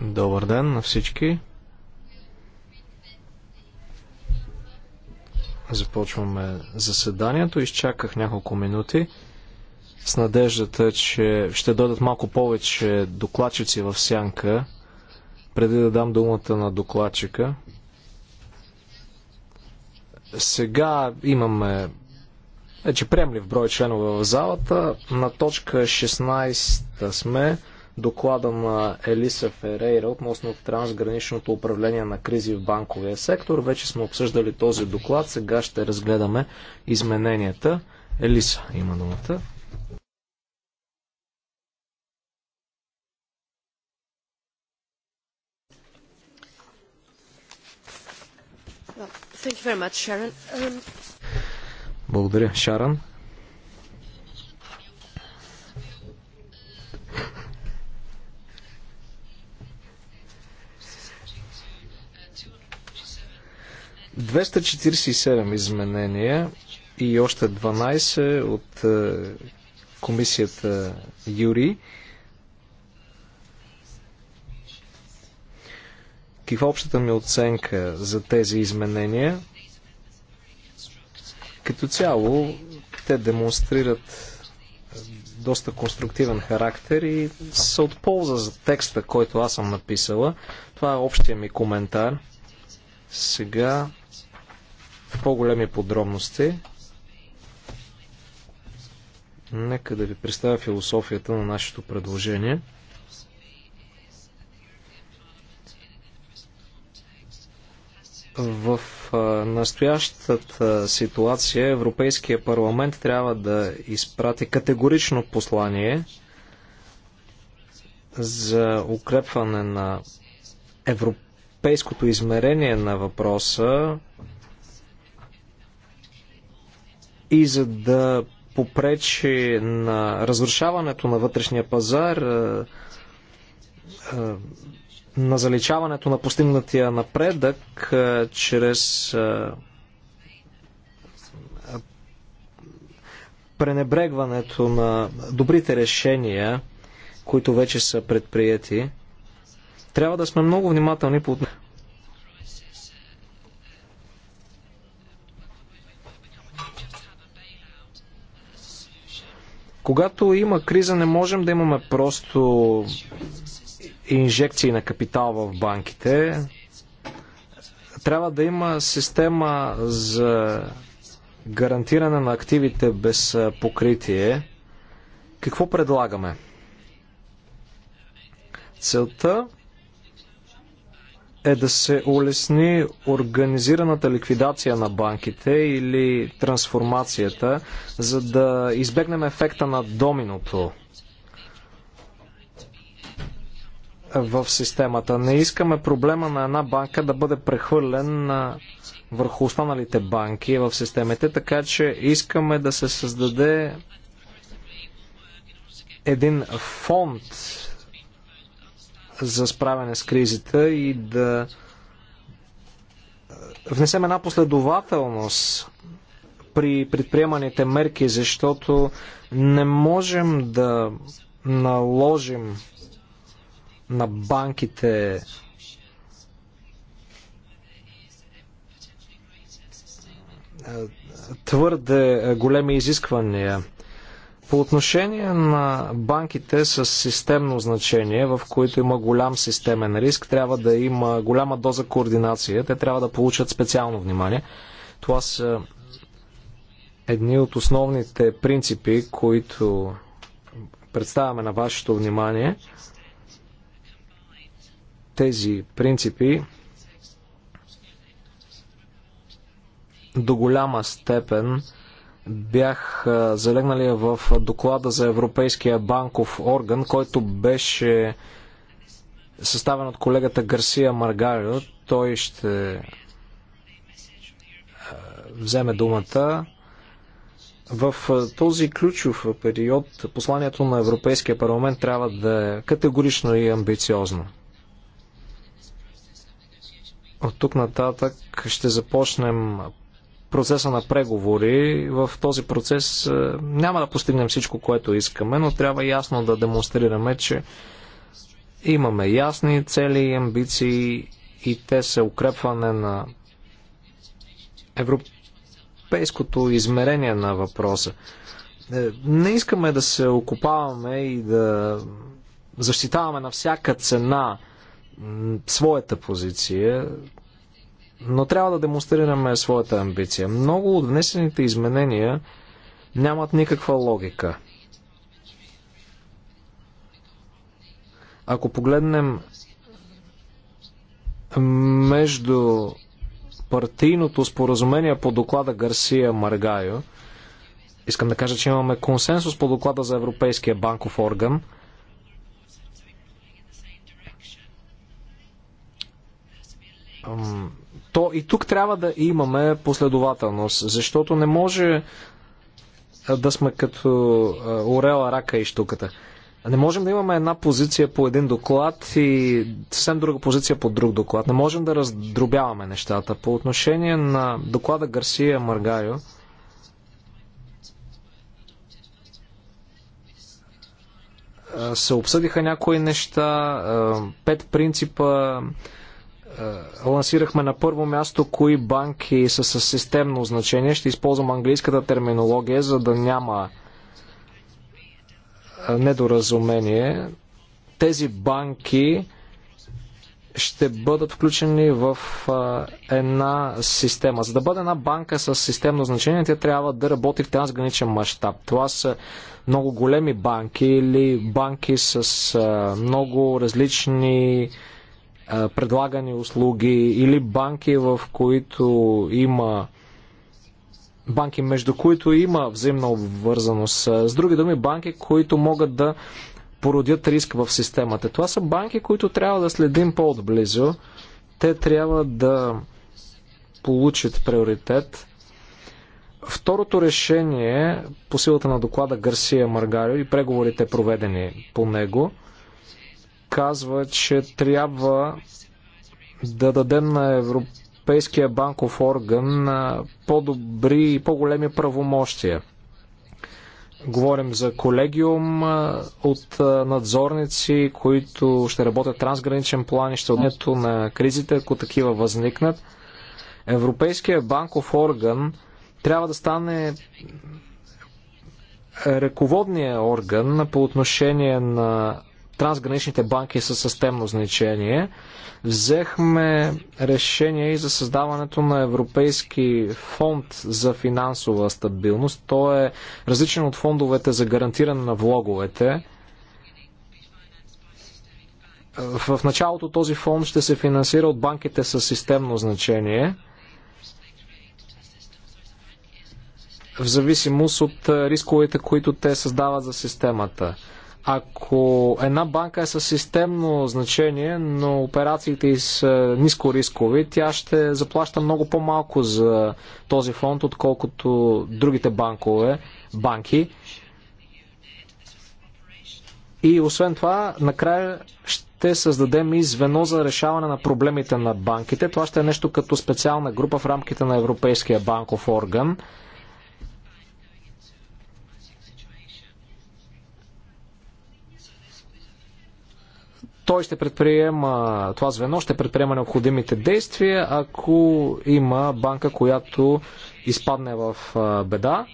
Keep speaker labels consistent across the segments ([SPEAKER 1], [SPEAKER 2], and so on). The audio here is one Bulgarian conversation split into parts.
[SPEAKER 1] Добър ден на всички. Започваме заседанието. Изчаках няколко минути с надеждата, че ще дойдат малко повече докладчици в сянка, преди да дам думата на докладчика. Сега имаме вече приемлив брой членове в залата. На точка 16 сме доклада на Елиса Ферейра относно трансграничното управление на кризи в банковия сектор. Вече сме обсъждали този доклад, сега ще разгледаме измененията. Елиса има думата.
[SPEAKER 2] much, Sharon. Um...
[SPEAKER 1] Благодаря, Шаран. 247 изменения и още 12 от е, комисията Юри. Каква е общата ми оценка за тези изменения? Като цяло, те демонстрират доста конструктивен характер и са от полза за текста, който аз съм написала. Това е общия ми коментар. Сега в по-големи подробности. Нека да ви представя философията на нашето предложение. В настоящата ситуация Европейския парламент трябва да изпрати категорично послание за укрепване на европейското измерение на въпроса и за да попречи на разрушаването на вътрешния пазар, е, е, на заличаването на постигнатия напредък е, чрез пренебрегването на добрите решения, които вече са предприяти, трябва да сме много внимателни по Когато има криза, не можем да имаме просто инжекции на капитал в банките. Трябва да има система за гарантиране на активите без покритие. Какво предлагаме? Целта е да се улесни организираната ликвидация на банките или трансформацията, за да избегнем ефекта на доминото в системата. Не искаме проблема на една банка да бъде прехвърлен върху останалите банки в системите, така че искаме да се създаде един фонд за справяне с кризата и да внесем една последователност при предприеманите мерки, защото не можем да наложим на банките твърде големи изисквания по отношение на банките с системно значение, в които има голям системен риск, трябва да има голяма доза координация. Те трябва да получат специално внимание. Това са едни от основните принципи, които представяме на вашето внимание. Тези принципи до голяма степен бях залегнали е в доклада за Европейския банков орган, който беше съставен от колегата Гарсия Маргарио. Той ще вземе думата. В този ключов период посланието на Европейския парламент трябва да е категорично и амбициозно. От тук нататък ще започнем процеса на преговори. В този процес е, няма да постигнем всичко, което искаме, но трябва ясно да демонстрираме, че имаме ясни цели и амбиции и те са укрепване на европейското измерение на въпроса. Е, не искаме да се окупаваме и да защитаваме на всяка цена своята позиция. Но трябва да демонстрираме своята амбиция. Много от внесените изменения нямат никаква логика. Ако погледнем между партийното споразумение по доклада Гарсия Маргайо, искам да кажа, че имаме консенсус по доклада за Европейския банков орган то и тук трябва да имаме последователност, защото не може да сме като орела, рака и штуката. Не можем да имаме една позиция по един доклад и съвсем друга позиция по друг доклад. Не можем да раздробяваме нещата. По отношение на доклада Гарсия Маргайо, се обсъдиха някои неща, пет принципа, е, лансирахме на първо място кои банки са с системно значение. Ще използвам английската терминология, за да няма е, недоразумение. Тези банки ще бъдат включени в а, е, една система. За да бъде една банка с системно значение, тя трябва да работи в трансграничен мащаб. Това са много големи банки или банки с а, много различни предлагани услуги или банки, в които има банки, между които има взаимна обвързаност. С други думи, банки, които могат да породят риск в системата. Това са банки, които трябва да следим по-отблизо. Те трябва да получат приоритет. Второто решение по силата на доклада Гарсия Маргарио и преговорите проведени по него – казва, че трябва да дадем на Европейския банков орган по-добри и по-големи правомощия. Говорим за колегиум от надзорници, които ще работят трансграничен план и ще отнето на кризите, ако такива възникнат. Европейския банков орган трябва да стане ръководния орган по отношение на трансграничните банки са системно значение. Взехме решение и за създаването на Европейски фонд за финансова стабилност. То е различен от фондовете за гарантиране на влоговете. В началото този фонд ще се финансира от банките с системно значение. в зависимост от рисковете, които те създават за системата. Ако една банка е със системно значение, но операциите и са е, ниско рискови, тя ще заплаща много по-малко за този фонд, отколкото другите банкове, банки. И освен това, накрая ще създадем и звено за решаване на проблемите на банките. Това ще е нещо като специална група в рамките на Европейския банков орган. той ще предприема, това звено ще предприема необходимите действия, ако има банка, която изпадне в беда.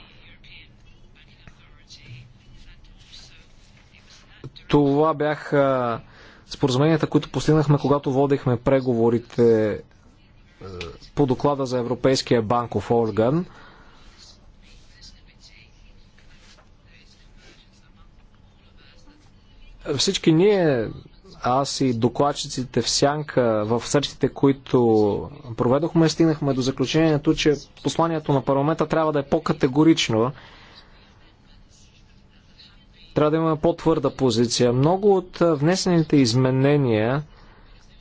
[SPEAKER 1] Това бяха споразуменията, които постигнахме, когато водихме преговорите по доклада за Европейския банков орган. Всички ние аз и докладчиците в Сянка в срещите, които проведохме, стигнахме до заключението, че посланието на парламента трябва да е по-категорично. Трябва да имаме по-твърда позиция. Много от внесените изменения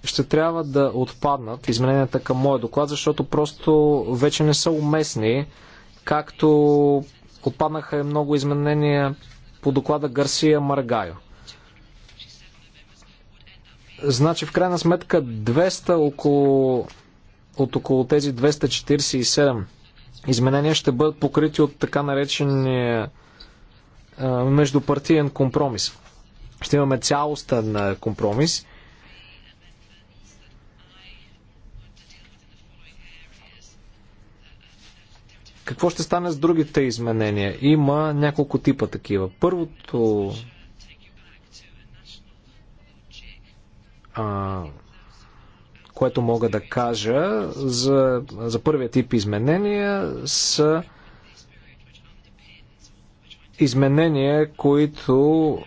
[SPEAKER 1] ще трябва да отпаднат измененията към моя доклад, защото просто вече не са уместни, както отпаднаха и много изменения по доклада Гарсия Маргайо. Значи в крайна сметка 200 около, от около тези 247 изменения ще бъдат покрити от така наречения междупартиен компромис. Ще имаме цялостен компромис. Какво ще стане с другите изменения? Има няколко типа такива. Първото а, което мога да кажа за, за първия тип изменения са изменения, които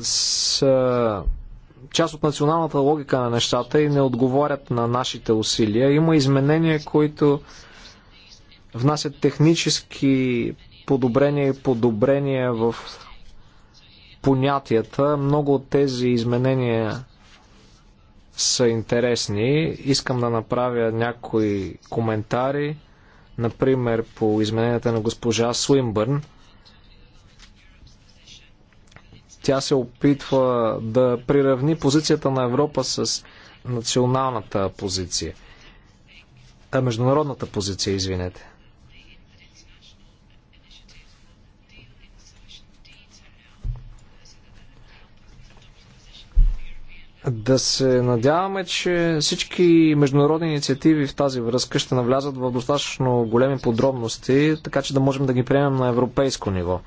[SPEAKER 1] са част от националната логика на нещата и не отговорят на нашите усилия. Има изменения, които внасят технически подобрения и подобрения в понятията. Много от тези изменения са интересни. Искам да направя някои коментари, например по измененията на госпожа Суинбърн. Тя се опитва да приравни позицията на Европа с националната позиция. А, международната позиция, извинете. Да се надяваме, че всички международни инициативи в тази връзка ще навлязат в достатъчно големи подробности, така че да можем да ги приемем на европейско ниво.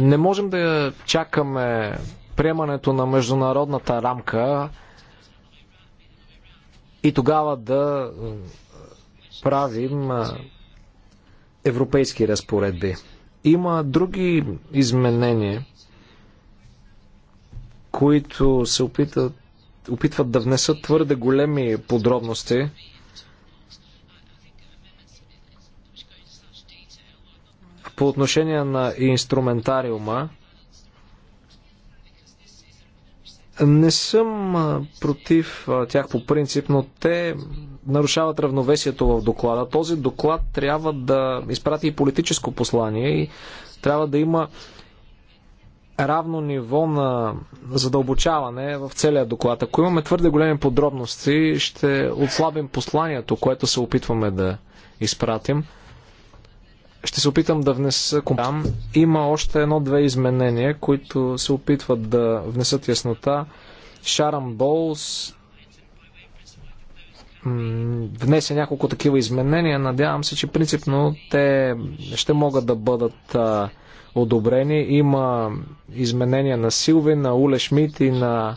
[SPEAKER 1] Не можем да чакаме приемането на международната рамка и тогава да правим европейски разпоредби. Има други изменения, които се опитат, опитват да внесат твърде големи подробности. По отношение на инструментариума, не съм против тях по принцип, но те нарушават равновесието в доклада. Този доклад трябва да изпрати и политическо послание и трябва да има равно ниво на задълбочаване в целия доклад. Ако имаме твърде големи подробности, ще отслабим посланието, което се опитваме да изпратим. Ще се опитам да внеса там. Има още едно-две изменения, които се опитват да внесат яснота. Шарам Болс внесе няколко такива изменения. Надявам се, че принципно те ще могат да бъдат одобрени. Има изменения на Силви, на Уле Шмидт и на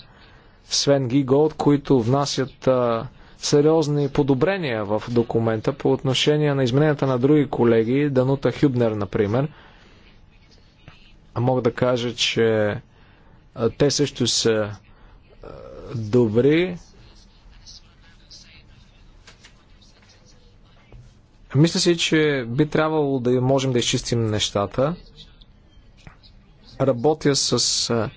[SPEAKER 1] Свен Гиголд, които внасят сериозни подобрения в документа по отношение на измененията на други колеги, Данута Хюбнер, например. Мога да кажа, че те също са добри. Мисля си, че би трябвало да можем да изчистим нещата. Работя с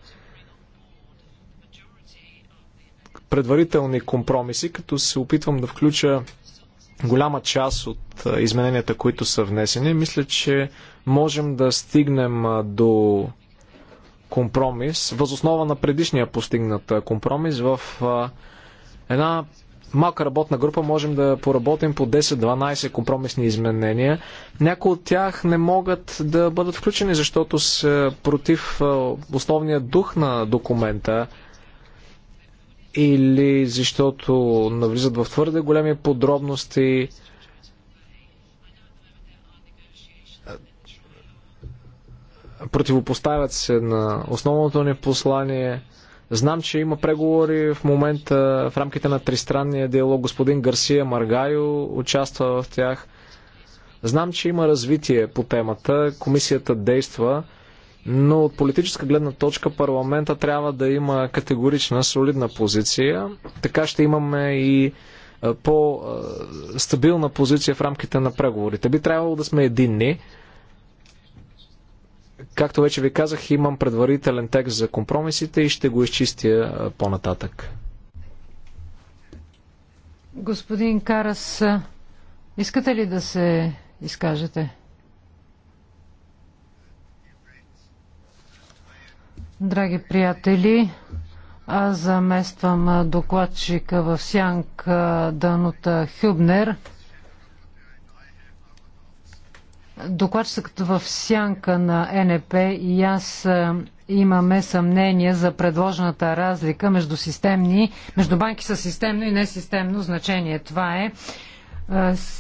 [SPEAKER 1] предварителни компромиси, като се опитвам да включа голяма част от измененията, които са внесени. Мисля, че можем да стигнем до компромис, възоснова на предишния постигнат компромис в една малка работна група можем да поработим по 10-12 компромисни изменения. Някои от тях не могат да бъдат включени, защото са против основния дух на документа или защото навлизат в твърде големи подробности. Противопоставят се на основното ни послание – Знам, че има преговори в момента в рамките на тристранния диалог. Господин Гарсия Маргайо участва в тях. Знам, че има развитие по темата. Комисията действа. Но от политическа гледна точка парламента трябва да има категорична, солидна позиция. Така ще имаме и е, по-стабилна е, позиция в рамките на преговорите. Би трябвало да сме единни. Както вече ви казах, имам предварителен текст за компромисите и ще го изчистя по-нататък.
[SPEAKER 2] Господин Карас, искате ли да се изкажете? Драги приятели, аз замествам докладчика в Сянк Данута Хюбнер. докладчикът в сянка на НП и аз е, имаме съмнение за предложената разлика между, системни, между банки с системно и несистемно значение. Това е, е,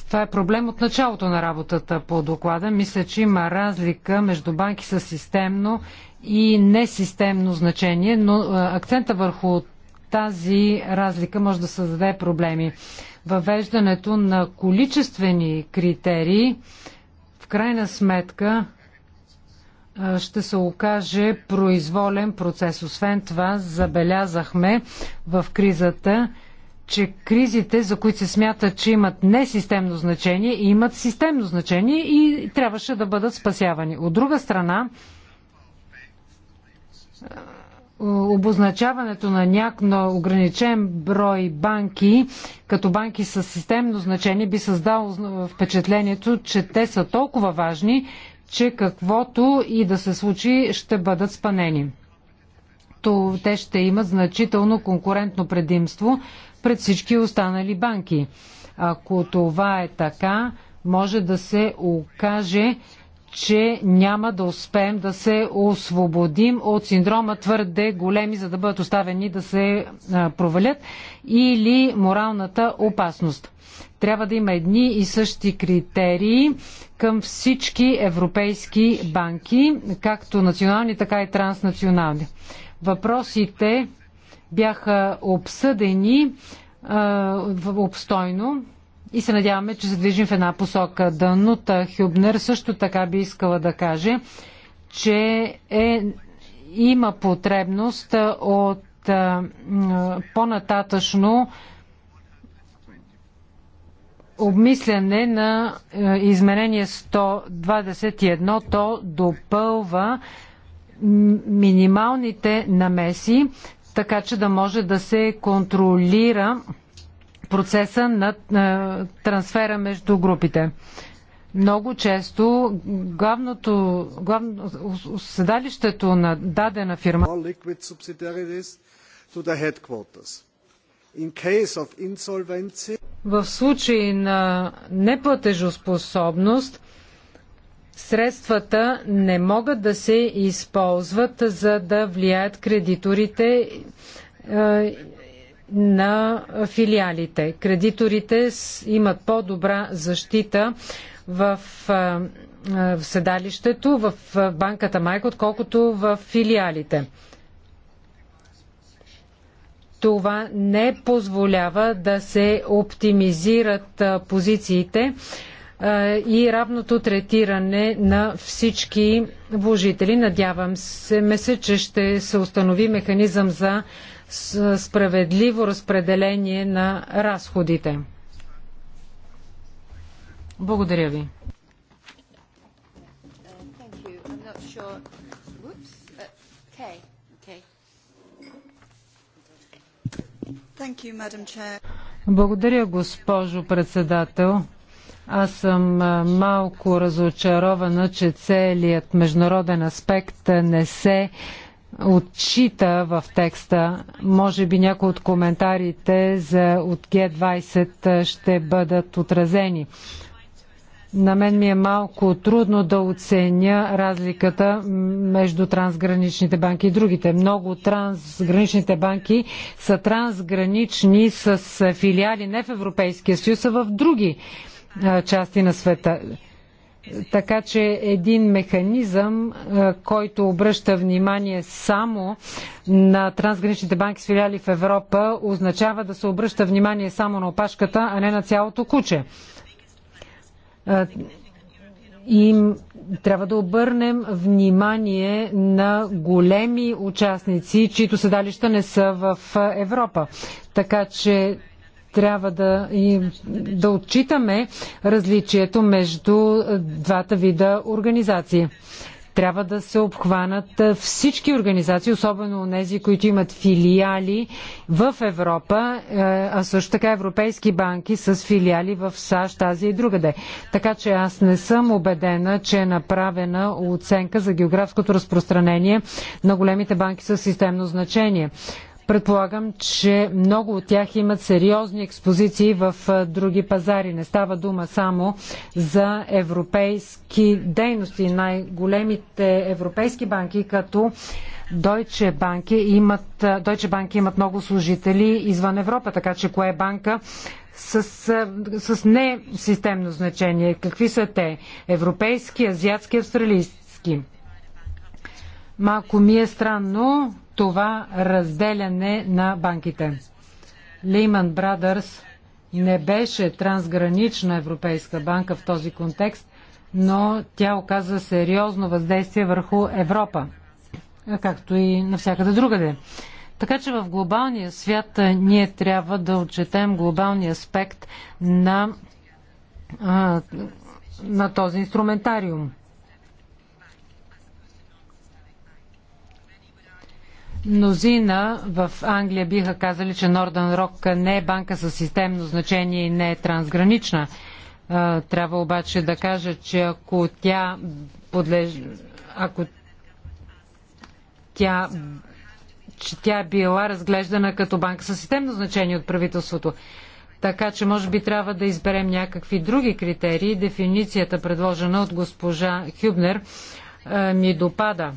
[SPEAKER 2] това е проблем от началото на работата по доклада. Мисля, че има разлика между банки с системно и несистемно значение, но е, акцента върху тази разлика може да създаде проблеми. Въвеждането на количествени критерии крайна сметка ще се окаже произволен процес. Освен това, забелязахме в кризата, че кризите, за които се смята, че имат несистемно значение, имат системно значение и трябваше да бъдат спасявани. От друга страна, обозначаването на някакъв ограничен брой банки, като банки с системно значение, би създало впечатлението, че те са толкова важни, че каквото и да се случи, ще бъдат спанени. То те ще имат значително конкурентно предимство пред всички останали банки. Ако това е така, може да се окаже, че няма да успеем да се освободим от синдрома твърде големи, за да бъдат оставени да се провалят или моралната опасност. Трябва да има едни и същи критерии към всички европейски банки, както национални, така и транснационални. Въпросите бяха обсъдени обстойно и се надяваме, че се движим в една посока. Данута Хюбнер също така би искала да каже, че е, има потребност от по-нататъчно обмислене на изменение 121. То допълва минималните намеси, така че да може да се контролира процеса на трансфера между групите. Много често главното, главно, седалището на дадена фирма в случай на неплатежоспособност, средствата не могат да се използват за да влияят кредиторите е, на филиалите. Кредиторите имат по-добра защита в, в седалището, в банката майка, отколкото в филиалите. Това не позволява да се оптимизират позициите и равното третиране на всички вложители. Надявам се, че ще се установи механизъм за справедливо разпределение на разходите. Благодаря ви. Благодаря, госпожо председател. Аз съм малко разочарована, че целият международен аспект не се отчита в текста. Може би някои от коментарите за, от Г20 ще бъдат отразени. На мен ми е малко трудно да оценя разликата между трансграничните банки и другите. Много трансграничните банки са трансгранични с филиали не в Европейския съюз, а в други части на света. Така че един механизъм, който обръща внимание само на трансграничните банки с филиали в Европа, означава да се обръща внимание само на опашката, а не на цялото куче. И трябва да обърнем внимание на големи участници, чието седалища не са в Европа. Така че трябва да, и, да отчитаме различието между двата вида организации. Трябва да се обхванат всички организации, особено тези, които имат филиали в Европа, а също така европейски банки с филиали в САЩ, тази и другаде. Така че аз не съм убедена, че е направена оценка за географското разпространение на големите банки с системно значение Предполагам, че много от тях имат сериозни експозиции в други пазари. Не става дума само за европейски дейности. Най-големите европейски банки, като Deutsche Bank, имат, Deutsche Bank имат много служители извън Европа, така че кое е банка с, с не системно значение? Какви са те? Европейски, азиатски, австралийски? Малко ми е странно, това разделяне на банките. Lehman Brothers не беше трансгранична европейска банка в този контекст, но тя оказа сериозно въздействие върху Европа, както и навсякъде другаде. Така че в глобалния свят ние трябва да отчетем глобалния аспект на, на този инструментариум. Мнозина в Англия биха казали, че Northern Rock не е банка със системно значение и не е трансгранична. Трябва обаче да кажа, че ако тя подлежи, ако тя че тя е била разглеждана като банка със системно значение от правителството. Така че може би трябва да изберем някакви други критерии. Дефиницията, предложена от госпожа Хюбнер, ми допада.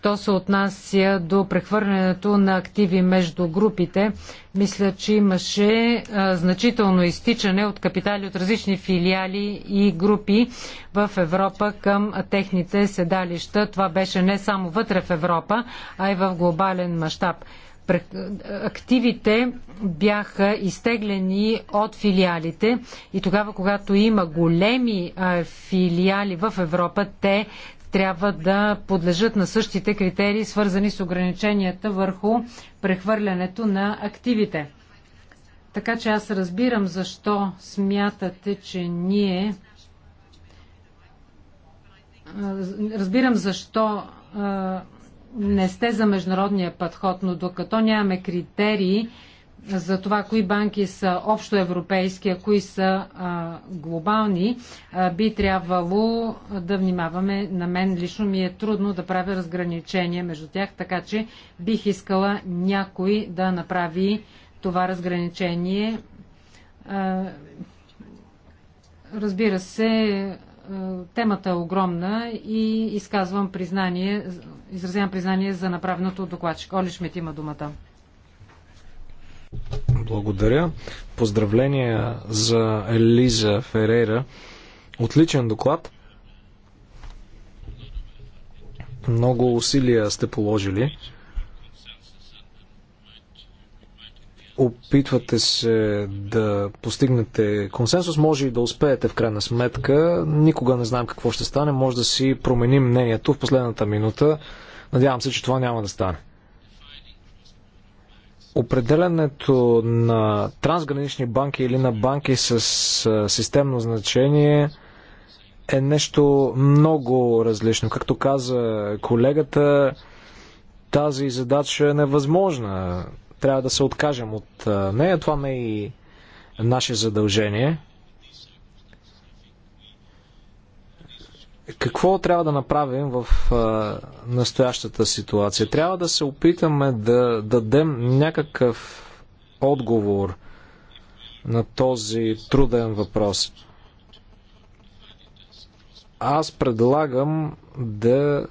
[SPEAKER 2] Що се отнася до прехвърлянето на активи между групите, мисля, че имаше а, значително изтичане от капитали от различни филиали и групи в Европа към техните седалища. Това беше не само вътре в Европа, а и в глобален мащаб. Активите бяха изтеглени от филиалите и тогава, когато има големи филиали в Европа, те трябва да подлежат на същите критерии, свързани с ограниченията върху прехвърлянето на активите. Така че аз разбирам защо смятате, че ние. Разбирам защо не сте за международния подход, но докато нямаме критерии, за това кои банки са общо европейски, а кои са а, глобални, а, би трябвало да внимаваме. На мен лично ми е трудно да правя разграничение между тях, така че бих искала някой да направи това разграничение. А, разбира се, темата е огромна и изказвам признание, изразявам признание за направеното от докладчик. Олиш Мет има думата.
[SPEAKER 1] Благодаря. Поздравления за Елиза Ферейра. Отличен доклад. Много усилия сте положили. опитвате се да постигнете консенсус, може и да успеете в крайна сметка. Никога не знаем какво ще стане. Може да си променим мнението в последната минута. Надявам се, че това няма да стане определенето на трансгранични банки или на банки с системно значение е нещо много различно. Както каза колегата, тази задача е невъзможна. Трябва да се откажем от нея. Това не е и наше задължение. Какво трябва да направим в а, настоящата ситуация? Трябва да се опитаме да дадем някакъв отговор на този труден въпрос. Аз предлагам да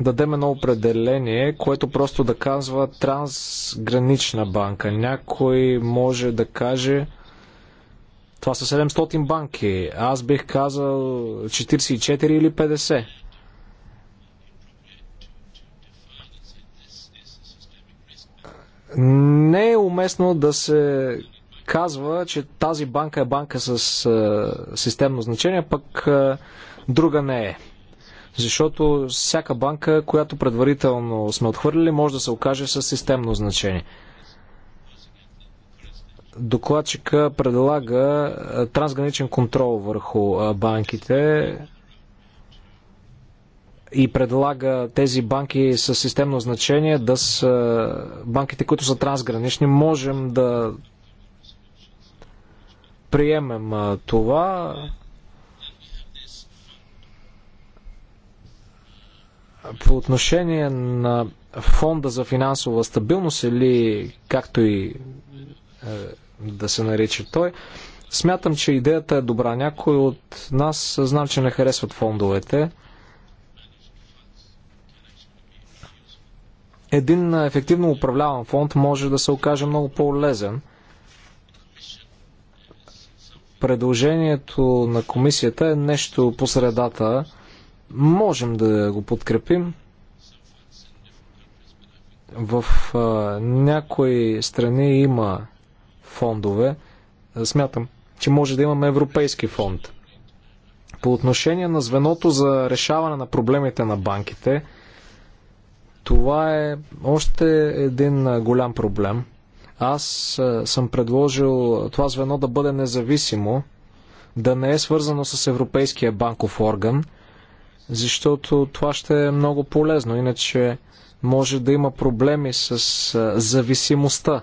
[SPEAKER 1] дадем едно определение, което просто да казва трансгранична банка. Някой може да каже това са 700 банки. Аз бих казал 44 или 50. Не е уместно да се казва, че тази банка е банка с е, системно значение, пък е, друга не е. Защото всяка банка, която предварително сме отхвърлили, може да се окаже с системно значение докладчика предлага трансграничен контрол върху банките и предлага тези банки с системно значение да са банките, които са трансгранични. Можем да приемем това. По отношение на фонда за финансова стабилност или както и е, да се нарича той. Смятам, че идеята е добра. Някой от нас знам, че не харесват фондовете. Един ефективно управляван фонд може да се окаже много по-лезен. Предложението на комисията е нещо по средата. Можем да го подкрепим. В а, някои страни има фондове, смятам, че може да имаме европейски фонд. По отношение на звеното за решаване на проблемите на банките, това е още един голям проблем. Аз съм предложил това звено да бъде независимо, да не е свързано с Европейския банков орган, защото това ще е много полезно. Иначе може да има проблеми с зависимостта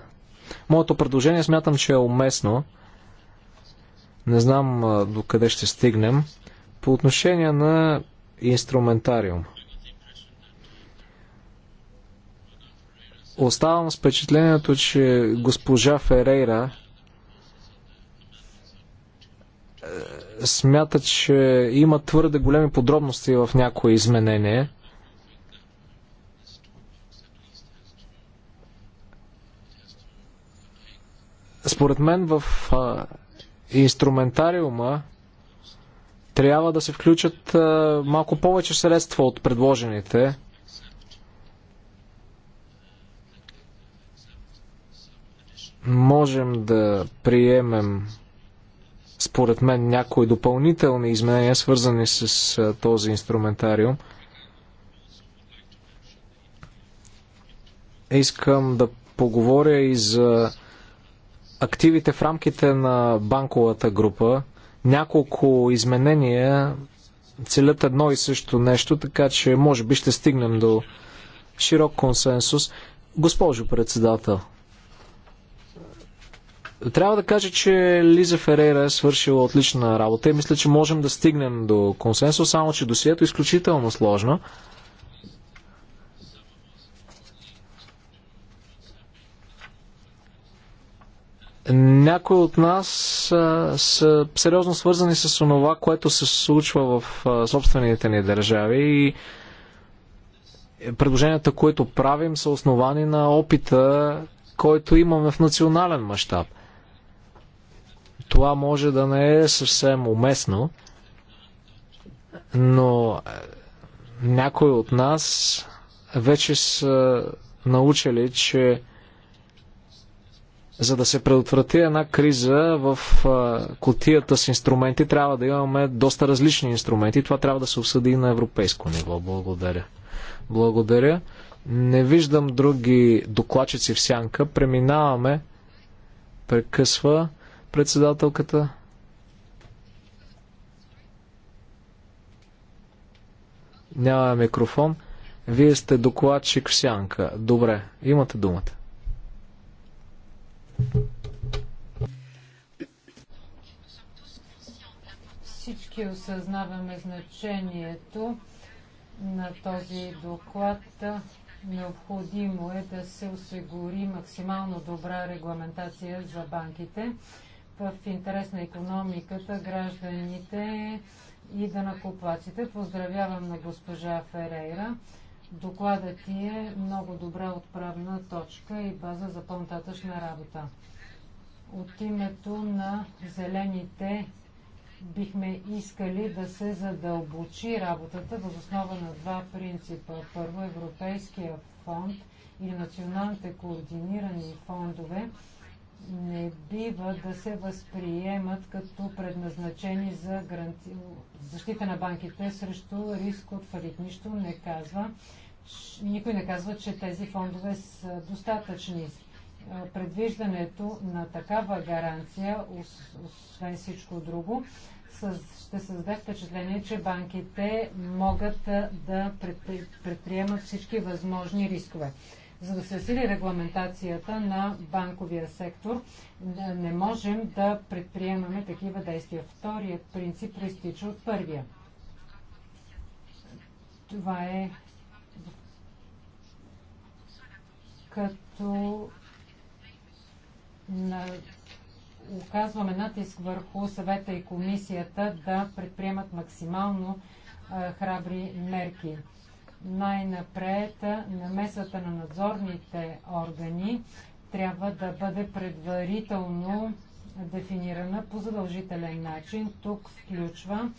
[SPEAKER 1] Моето предложение смятам, че е уместно. Не знам до къде ще стигнем. По отношение на инструментариум. Оставам с впечатлението, че госпожа Ферейра смята, че има твърде големи подробности в някои изменения – Според мен в инструментариума трябва да се включат малко повече средства от предложените. Можем да приемем според мен някои допълнителни изменения, свързани с този инструментариум. Искам да поговоря и за активите в рамките на банковата група. Няколко изменения целят едно и също нещо, така че може би ще стигнем до широк консенсус. Госпожо председател, трябва да кажа, че Лиза Ферейра е свършила отлична работа и мисля, че можем да стигнем до консенсус, само че досието е изключително сложно. Някои от нас а, са сериозно свързани с онова, което се случва в а, собствените ни държави и предложенията, които правим, са основани на опита, който имаме в национален мащаб. Това може да не е съвсем уместно, но някои от нас вече са научили, че за да се предотврати една криза в котията с инструменти, трябва да имаме доста различни инструменти. Това трябва да се обсъди и на европейско ниво. Благодаря. Благодаря. Не виждам други докладчици в сянка. Преминаваме. Прекъсва председателката. Няма микрофон. Вие сте докладчик в сянка. Добре, имате думата.
[SPEAKER 2] Всички осъзнаваме значението на този доклад. Необходимо е да се осигури максимално добра регламентация за банките в интерес на економиката, гражданите и да накоплаците. Поздравявам на госпожа Ферейра. Докладът ти е много добра отправна точка и база за по-нататъчна работа. От името на зелените бихме искали да се задълбочи работата въз основа на два принципа. Първо, Европейския фонд или националните координирани фондове не бива да се възприемат като предназначени за гаранти... защита на банките срещу риск от фалит. Нищо не казва, никой не казва, че тези фондове са достатъчни. Предвиждането на такава гаранция, освен всичко друго, ще създаде впечатление, че банките могат да предприемат всички възможни рискове. За да се сили регламентацията на банковия сектор, не можем да предприемаме такива действия. Вторият принцип проистича от първия. Това е като на... оказваме натиск върху съвета и комисията да предприемат максимално а, храбри мерки. Най-напред намесата на надзорните органи трябва да бъде предварително дефинирана по задължителен начин. Тук включва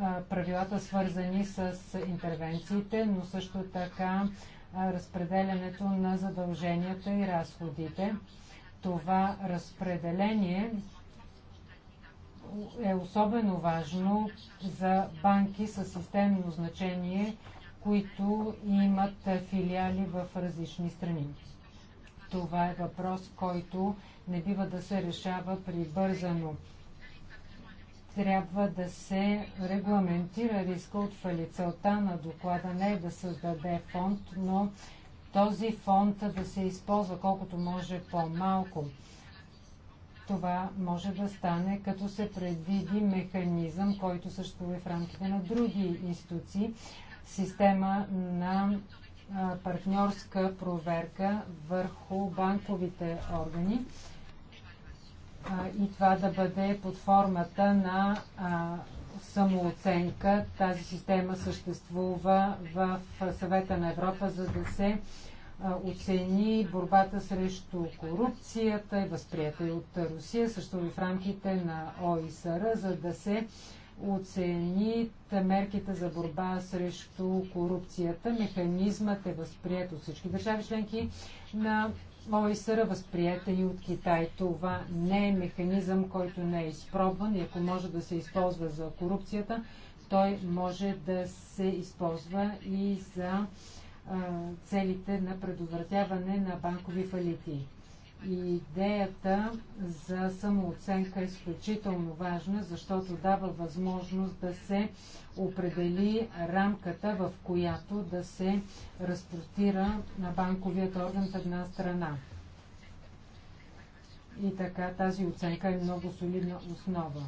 [SPEAKER 2] а, правилата свързани с интервенциите, но също така разпределянето на задълженията и разходите. Това разпределение е особено важно за банки със системно значение, които имат филиали в различни страни. Това е въпрос, който не бива да се решава прибързано трябва да се регламентира риска от фалит. Целта на доклада не е да създаде фонд, но този фонд да се използва колкото може по-малко. Това може да стане, като се предвиди механизъм, който съществува в рамките на други институции, система на партньорска проверка върху банковите органи и това да бъде под формата на самооценка. Тази система съществува в съвета на Европа, за да се оцени борбата срещу корупцията и възприята и от Русия, също и в рамките на ОИСР, за да се оценит мерките за борба срещу корупцията. Механизмът е възприят от всички държави членки на ОИСР възприета и от Китай. Това не е механизъм, който не е изпробван и ако може да се използва за корупцията, той може да се използва и за а, целите на предотвратяване на банкови фалити. Идеята за самооценка е изключително важна, защото дава възможност да се определи рамката, в която да се разпростира на банковият орган в една страна. И така тази оценка е много солидна основа.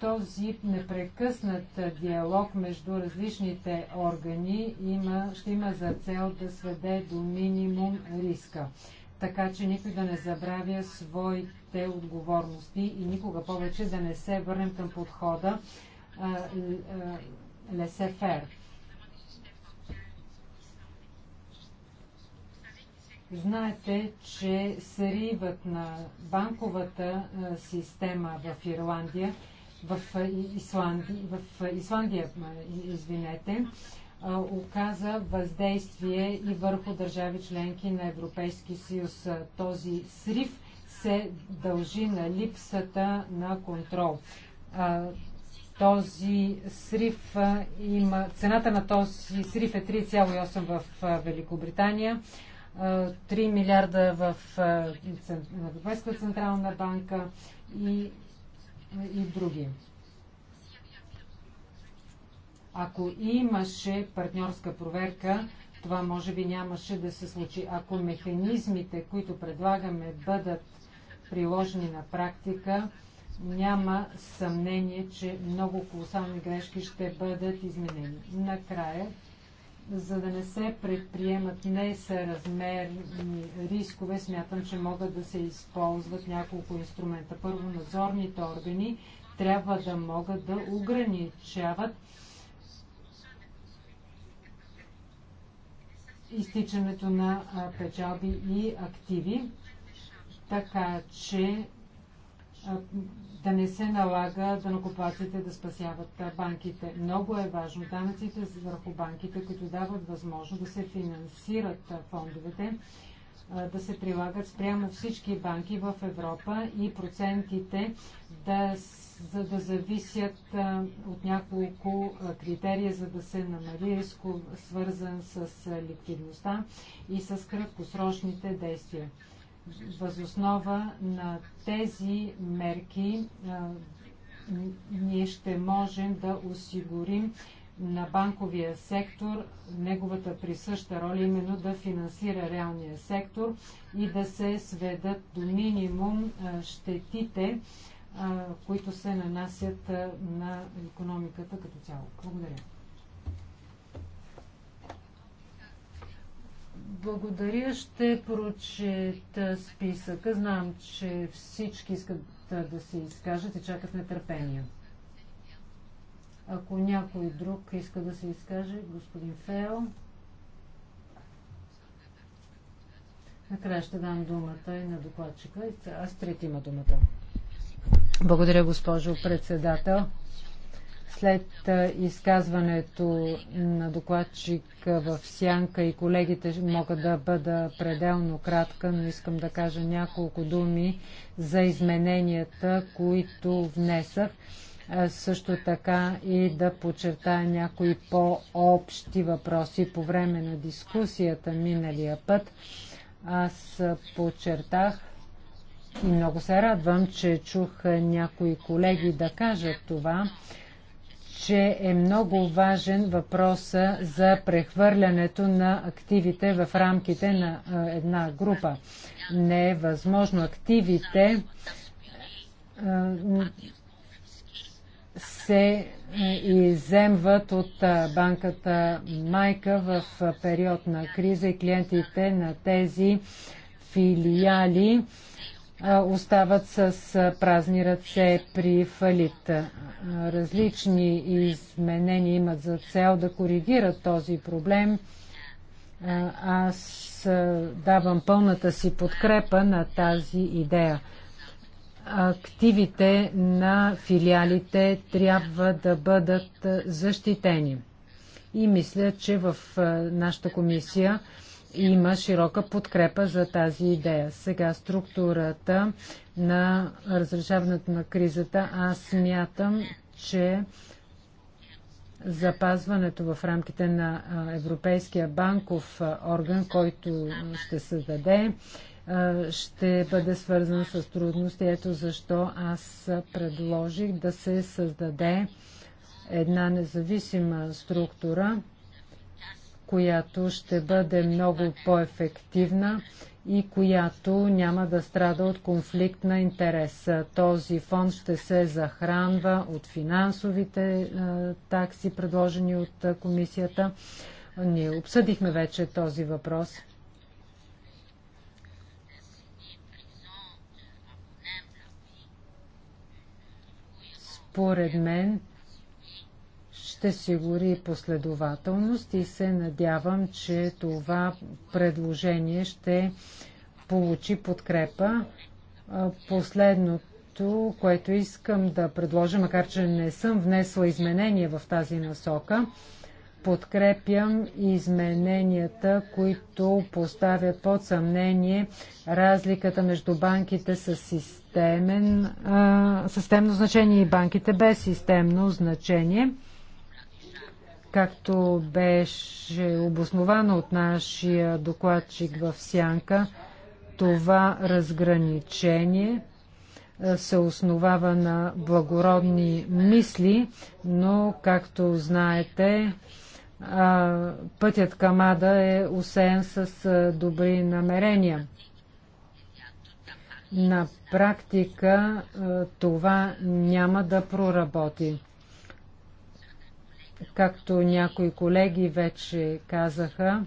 [SPEAKER 2] Този непрекъснат диалог между различните органи има, ще има за цел да сведе до минимум риска така че никой да не забравя своите отговорности и никога повече да не се върнем към подхода лесефер. Знаете, че сривът на банковата система в Ирландия, в Исландия, в Исландия извинете, оказа въздействие и върху държави членки на Европейски съюз. Този срив се дължи на липсата на контрол. Този срив има... Цената на този срив е 3,8 в Великобритания, 3 милиарда в Европейска централна банка и, и други. Ако имаше партньорска проверка, това може би нямаше да се случи. Ако механизмите, които предлагаме, бъдат приложени на практика, няма съмнение, че много колосални грешки ще бъдат изменени. Накрая, за да не се предприемат несъразмерни рискове, смятам, че могат да се използват няколко инструмента. Първо, надзорните органи трябва да могат да ограничават изтичането на печалби и активи, така че да не се налага данокоплаците да спасяват банките. Много е важно данъците върху банките, които дават възможност да се финансират фондовете, да се прилагат спрямо всички банки в Европа и процентите да се за да зависят от няколко критерия, за да се намали риск, свързан с ликвидността и с краткосрочните действия. Възоснова на тези мерки ние ще можем да осигурим на банковия сектор неговата присъща роля, именно да финансира реалния сектор и да се сведат до минимум щетите, които се нанасят на економиката като цяло. Благодаря. Благодаря. Ще прочета списъка. Знам, че всички искат да, да се изкажат и чакат нетърпение. Ако някой друг иска да се изкаже, господин Фео. Накрая ще дам думата и на докладчика. Аз трети има думата. Благодаря, госпожо председател. След изказването на докладчик в Сянка и колегите мога да бъда пределно кратка, но искам да кажа няколко думи за измененията, които внесах. Също така и да подчертая някои по-общи въпроси по време на дискусията миналия път. Аз подчертах, и Много се радвам, че чух някои колеги да кажат това, че е много важен въпроса за прехвърлянето на активите в рамките на една група. Не е възможно активите се иземват от банката майка в период на криза и клиентите на тези филиали остават с празни ръце при фалит. Различни изменения имат за цел да коригират този проблем. Аз давам пълната си подкрепа на тази идея. Активите на филиалите трябва да бъдат защитени. И мисля, че в нашата комисия има широка подкрепа за тази идея. Сега структурата на разрешаването на кризата, аз смятам, че запазването в рамките на Европейския банков орган, който ще създаде, ще бъде свързан с трудности. Ето защо аз предложих да се създаде една независима структура, която ще бъде много по-ефективна и която няма да страда от конфликт на интерес. Този фонд ще се захранва от финансовите е, такси, предложени от е, комисията. Ние обсъдихме вече този въпрос. Според мен ще сигури последователност и се надявам, че това предложение ще получи подкрепа. Последното, което искам да предложа, макар че не съм внесла изменения в тази насока, подкрепям измененията, които поставят под съмнение разликата между банките с системен, а, системно значение и банките без системно значение. Както беше обосновано от нашия докладчик в Сянка, това разграничение се основава на благородни мисли, но, както знаете, пътят към Ада е усеян с добри намерения. На практика това няма да проработи. Както някои колеги вече казаха,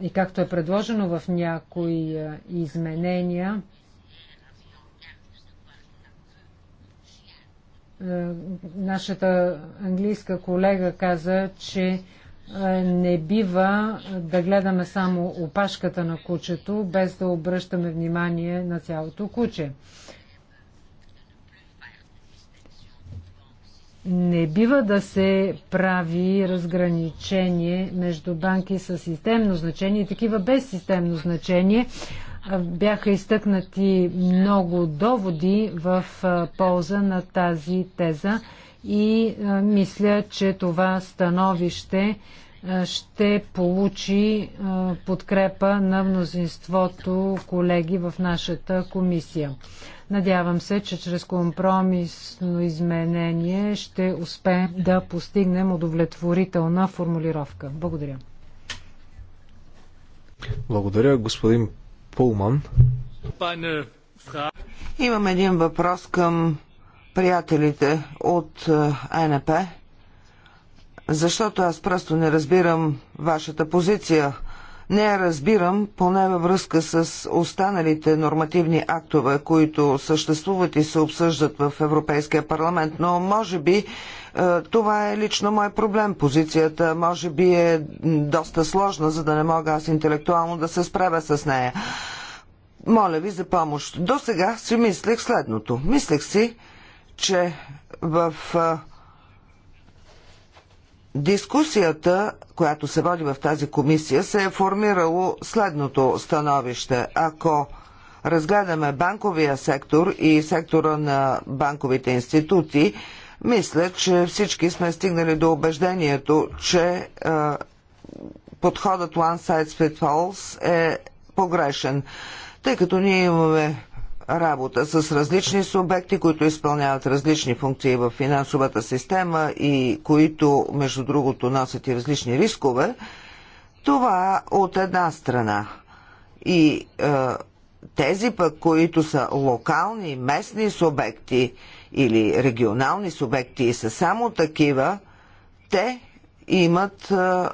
[SPEAKER 2] и както е предложено в някои изменения, нашата английска колега каза, че не бива да гледаме само опашката на кучето, без да обръщаме внимание на цялото куче. не бива да се прави разграничение между банки с системно значение и такива без системно значение. Бяха изтъкнати много доводи в полза на тази теза и мисля, че това становище ще получи подкрепа на мнозинството колеги в нашата комисия. Надявам се, че чрез компромисно изменение ще успеем да постигнем удовлетворителна формулировка. Благодаря.
[SPEAKER 1] Благодаря, господин Пулман.
[SPEAKER 3] Имам един въпрос към приятелите от е, НП, защото аз просто не разбирам вашата позиция не я разбирам, поне във връзка с останалите нормативни актове, които съществуват и се обсъждат в Европейския парламент, но може би е, това е лично мой проблем. Позицията може би е доста сложна, за да не мога аз интелектуално да се справя с нея. Моля ви за помощ. До сега си мислех следното. Мислех си, че в е, дискусията, която се води в тази комисия, се е формирало следното становище. Ако разгледаме банковия сектор и сектора на банковите институти, мисля, че всички сме стигнали до убеждението, че е, подходът One Size Fit Falls е погрешен, тъй като ние имаме работа с различни субекти, които изпълняват различни функции в финансовата система и които, между другото, носят и различни рискове, това от една страна. И е, тези пък, които са локални, местни субекти или регионални субекти и са само такива, те имат е, е,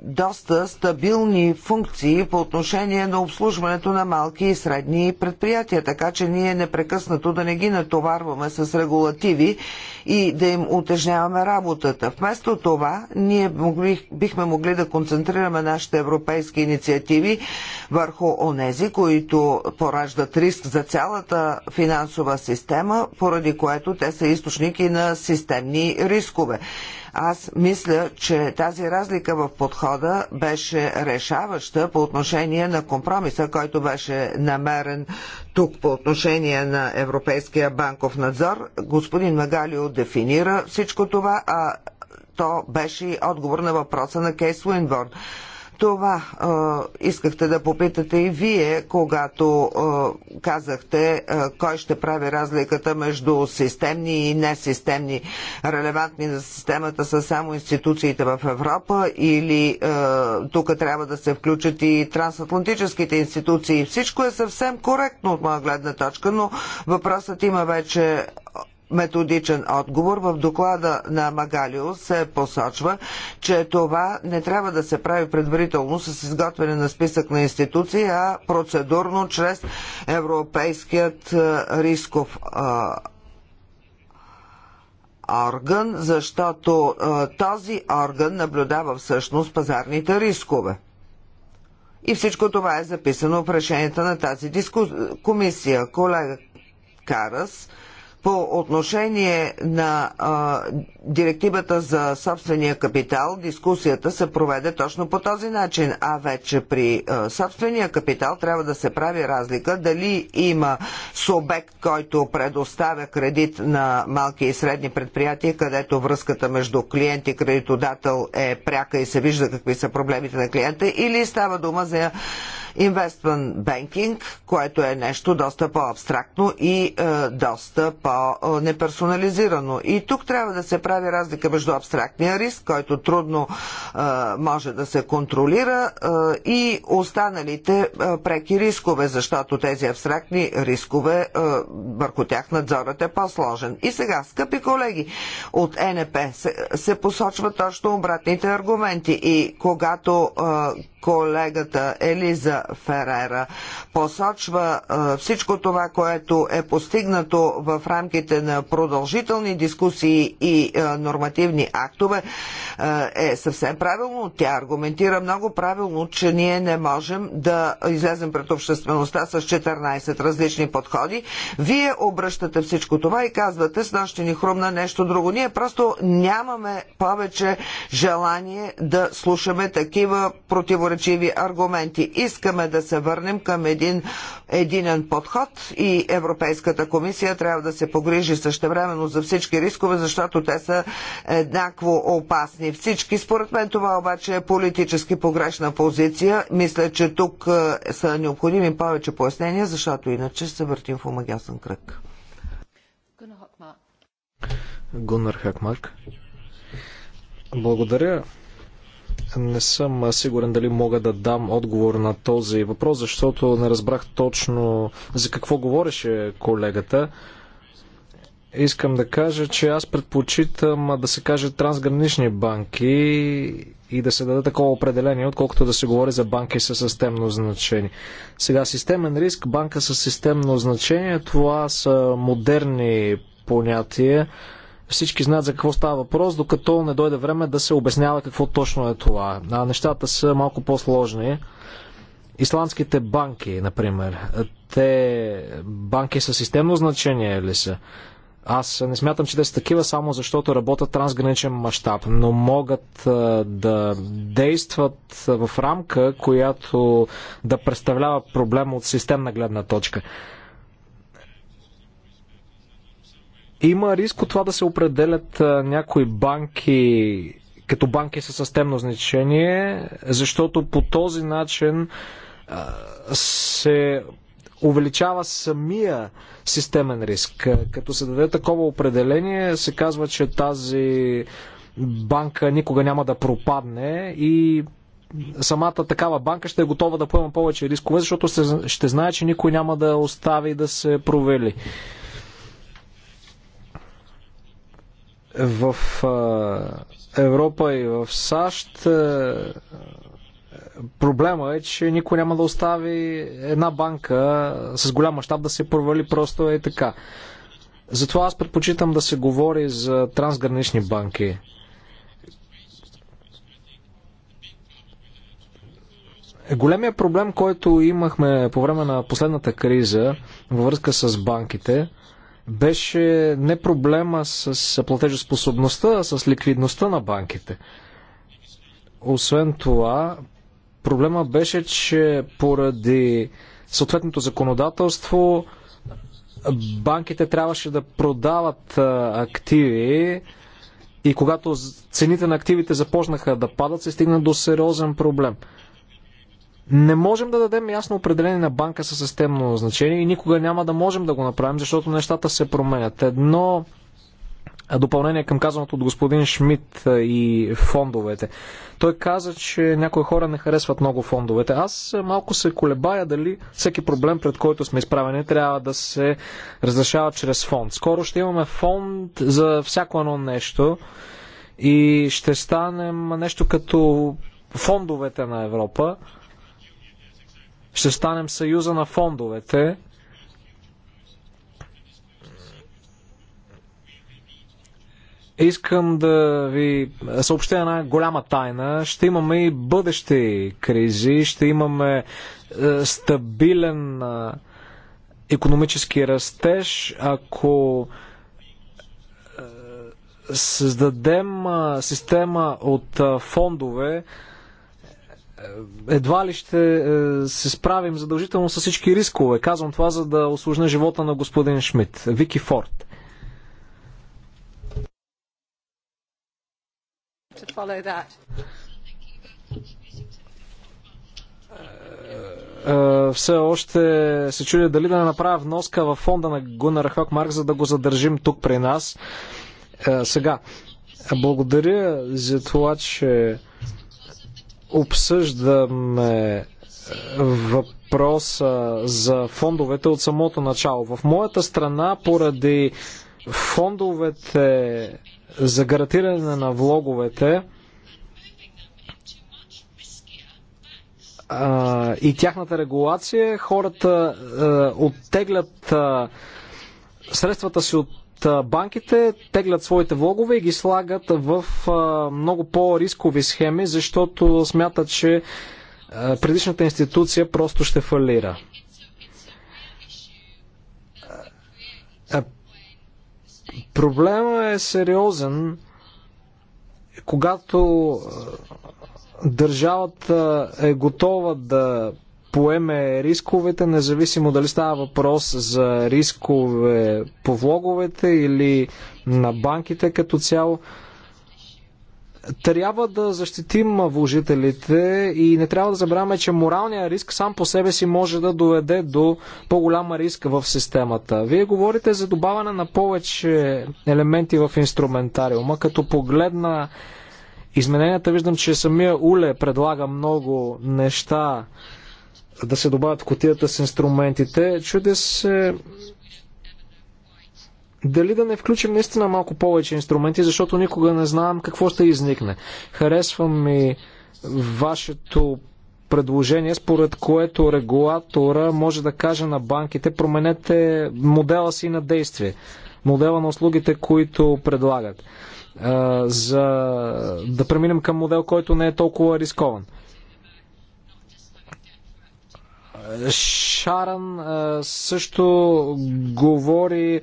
[SPEAKER 3] доста стабилни функции по отношение на обслужването на малки и средни предприятия, така че ние непрекъснато да не ги натоварваме с регулативи и да им утежняваме работата. Вместо това, ние могли, бихме могли да концентрираме нашите европейски инициативи върху онези, които пораждат риск за цялата финансова система, поради което те са източники на системни рискове. Аз мисля, че тази разлика в подхода беше решаваща по отношение на компромиса, който беше намерен тук по отношение на Европейския банков надзор. Господин Магалио дефинира всичко това, а то беше отговор на въпроса на Кейс Уинборн. Това а, искахте да попитате и вие, когато а, казахте а, кой ще прави разликата между системни и несистемни. Релевантни за системата са само институциите в Европа или тук трябва да се включат и трансатлантическите институции. Всичко е съвсем коректно от моя гледна точка, но въпросът има вече методичен отговор. В доклада на Магалио се посочва, че това не трябва да се прави предварително с изготвяне на списък на институции, а процедурно чрез Европейският е, рисков е, орган, защото е, този орган наблюдава всъщност пазарните рискове. И всичко това е записано в решенията на тази диску... комисия. Колега Карас, по отношение на а, директивата за собствения капитал, дискусията се проведе точно по този начин, а вече при а, собствения капитал трябва да се прави разлика дали има субект, който предоставя кредит на малки и средни предприятия, където връзката между клиент и кредитодател е пряка и се вижда какви са проблемите на клиента, или става дума за инвестмент бенкинг, което е нещо доста по-абстрактно и е, доста по- неперсонализирано. И тук трябва да се прави разлика между абстрактния риск, който трудно може да се контролира, и останалите преки рискове, защото тези абстрактни рискове, върху тях надзорът е по-сложен. И сега, скъпи колеги, от НП се, се посочват точно обратните аргументи. И когато колегата Елиза Ферера посочва всичко това, което е постигнато в рамките рамките на продължителни дискусии и е, нормативни актове е, е съвсем правилно. Тя аргументира много правилно, че ние не можем да излезем пред обществеността с 14 различни подходи. Вие обръщате всичко това и казвате, с нас ще ни хрумна нещо друго. Ние просто нямаме повече желание да слушаме такива противоречиви аргументи. Искаме да се върнем към един единен подход и Европейската комисия трябва да се погрижи същевременно за всички рискове, защото те са еднакво опасни. Всички, според мен това обаче е политически погрешна позиция. Мисля, че тук е, са необходими повече пояснения, защото иначе се въртим в
[SPEAKER 1] омагясен кръг. Гунър Хакмак, Благодаря. Не съм сигурен дали мога да дам отговор на този въпрос, защото не разбрах точно за какво говореше колегата искам да кажа, че аз предпочитам да се каже трансгранични банки и да се даде такова определение, отколкото да се говори за банки с системно значение. Сега, системен риск, банка с системно значение, това са модерни понятия. Всички знаят за какво става въпрос, докато не дойде време да се обяснява какво точно е това. А нещата са малко по-сложни. Исландските банки, например, те банки със системно значение ли са? Аз не смятам, че те са такива, само защото работят трансграничен мащаб, но могат да действат в рамка, която да представлява проблем от системна гледна точка. Има риск от това да се определят някои банки като банки със системно значение, защото по този начин се увеличава самия системен риск. Като се даде такова определение, се казва, че тази банка никога няма да пропадне и самата такава банка ще е готова да поема повече рискове, защото ще знае, че никой няма да остави да се провели. В Европа и в САЩ Проблема е, че никой няма да остави една банка с голям мащаб да се провали просто е така. Затова аз предпочитам да се говори за трансгранични банки. Големия проблем, който имахме по време на последната криза във връзка с банките, беше не проблема с платежоспособността, а с ликвидността на банките. Освен това, Проблема беше, че поради съответното законодателство банките трябваше да продават активи и когато цените на активите започнаха да падат, се стигна до сериозен проблем. Не можем да дадем ясно определение на банка със системно значение и никога няма да можем да го направим, защото нещата се променят. Едно допълнение към казаното от господин Шмидт и фондовете. Той каза, че някои хора не харесват много фондовете. Аз малко се колебая дали всеки проблем, пред който сме изправени, трябва да се разрешава чрез фонд. Скоро ще имаме фонд за всяко едно нещо и ще станем нещо като фондовете на Европа. Ще станем съюза на фондовете Искам да ви съобщя една голяма тайна. Ще имаме и бъдещи кризи, ще имаме е, стабилен е, економически растеж. Ако е, създадем е, система от е, фондове, е, едва ли ще е, се справим задължително с всички рискове. Казвам това, за да осложня живота на господин Шмидт. Вики Форд.
[SPEAKER 2] to follow that.
[SPEAKER 1] Е, все още се чудя дали да не направя вноска в фонда на Гунар Хокмарк, за да го задържим тук при нас. Е, сега, благодаря за това, че обсъждаме въпроса за фондовете от самото начало. В моята страна, поради фондовете за гарантиране на влоговете а, и тяхната регулация, хората а, оттеглят а, средствата си от банките теглят своите влогове и ги слагат в много по-рискови схеми, защото смятат, че предишната институция просто ще фалира. Проблема е сериозен, когато държавата е готова да поеме рисковете, независимо дали става въпрос за рискове по влоговете или на банките като цяло. Трябва да защитим вложителите и не трябва да забравяме, че моралният риск сам по себе си може да доведе до по-голяма риск в системата. Вие говорите за добавяне на повече елементи в инструментариума. Като погледна измененията, виждам, че самия Уле предлага много неща да се добавят в котията с инструментите. Чуде се дали да не включим наистина малко повече инструменти, защото никога не знаем какво ще изникне. Харесвам ми вашето предложение, според което регулатора може да каже на банките променете модела си на действие, модела на услугите, които предлагат, за да преминем към модел, който не е толкова рискован. Шаран също говори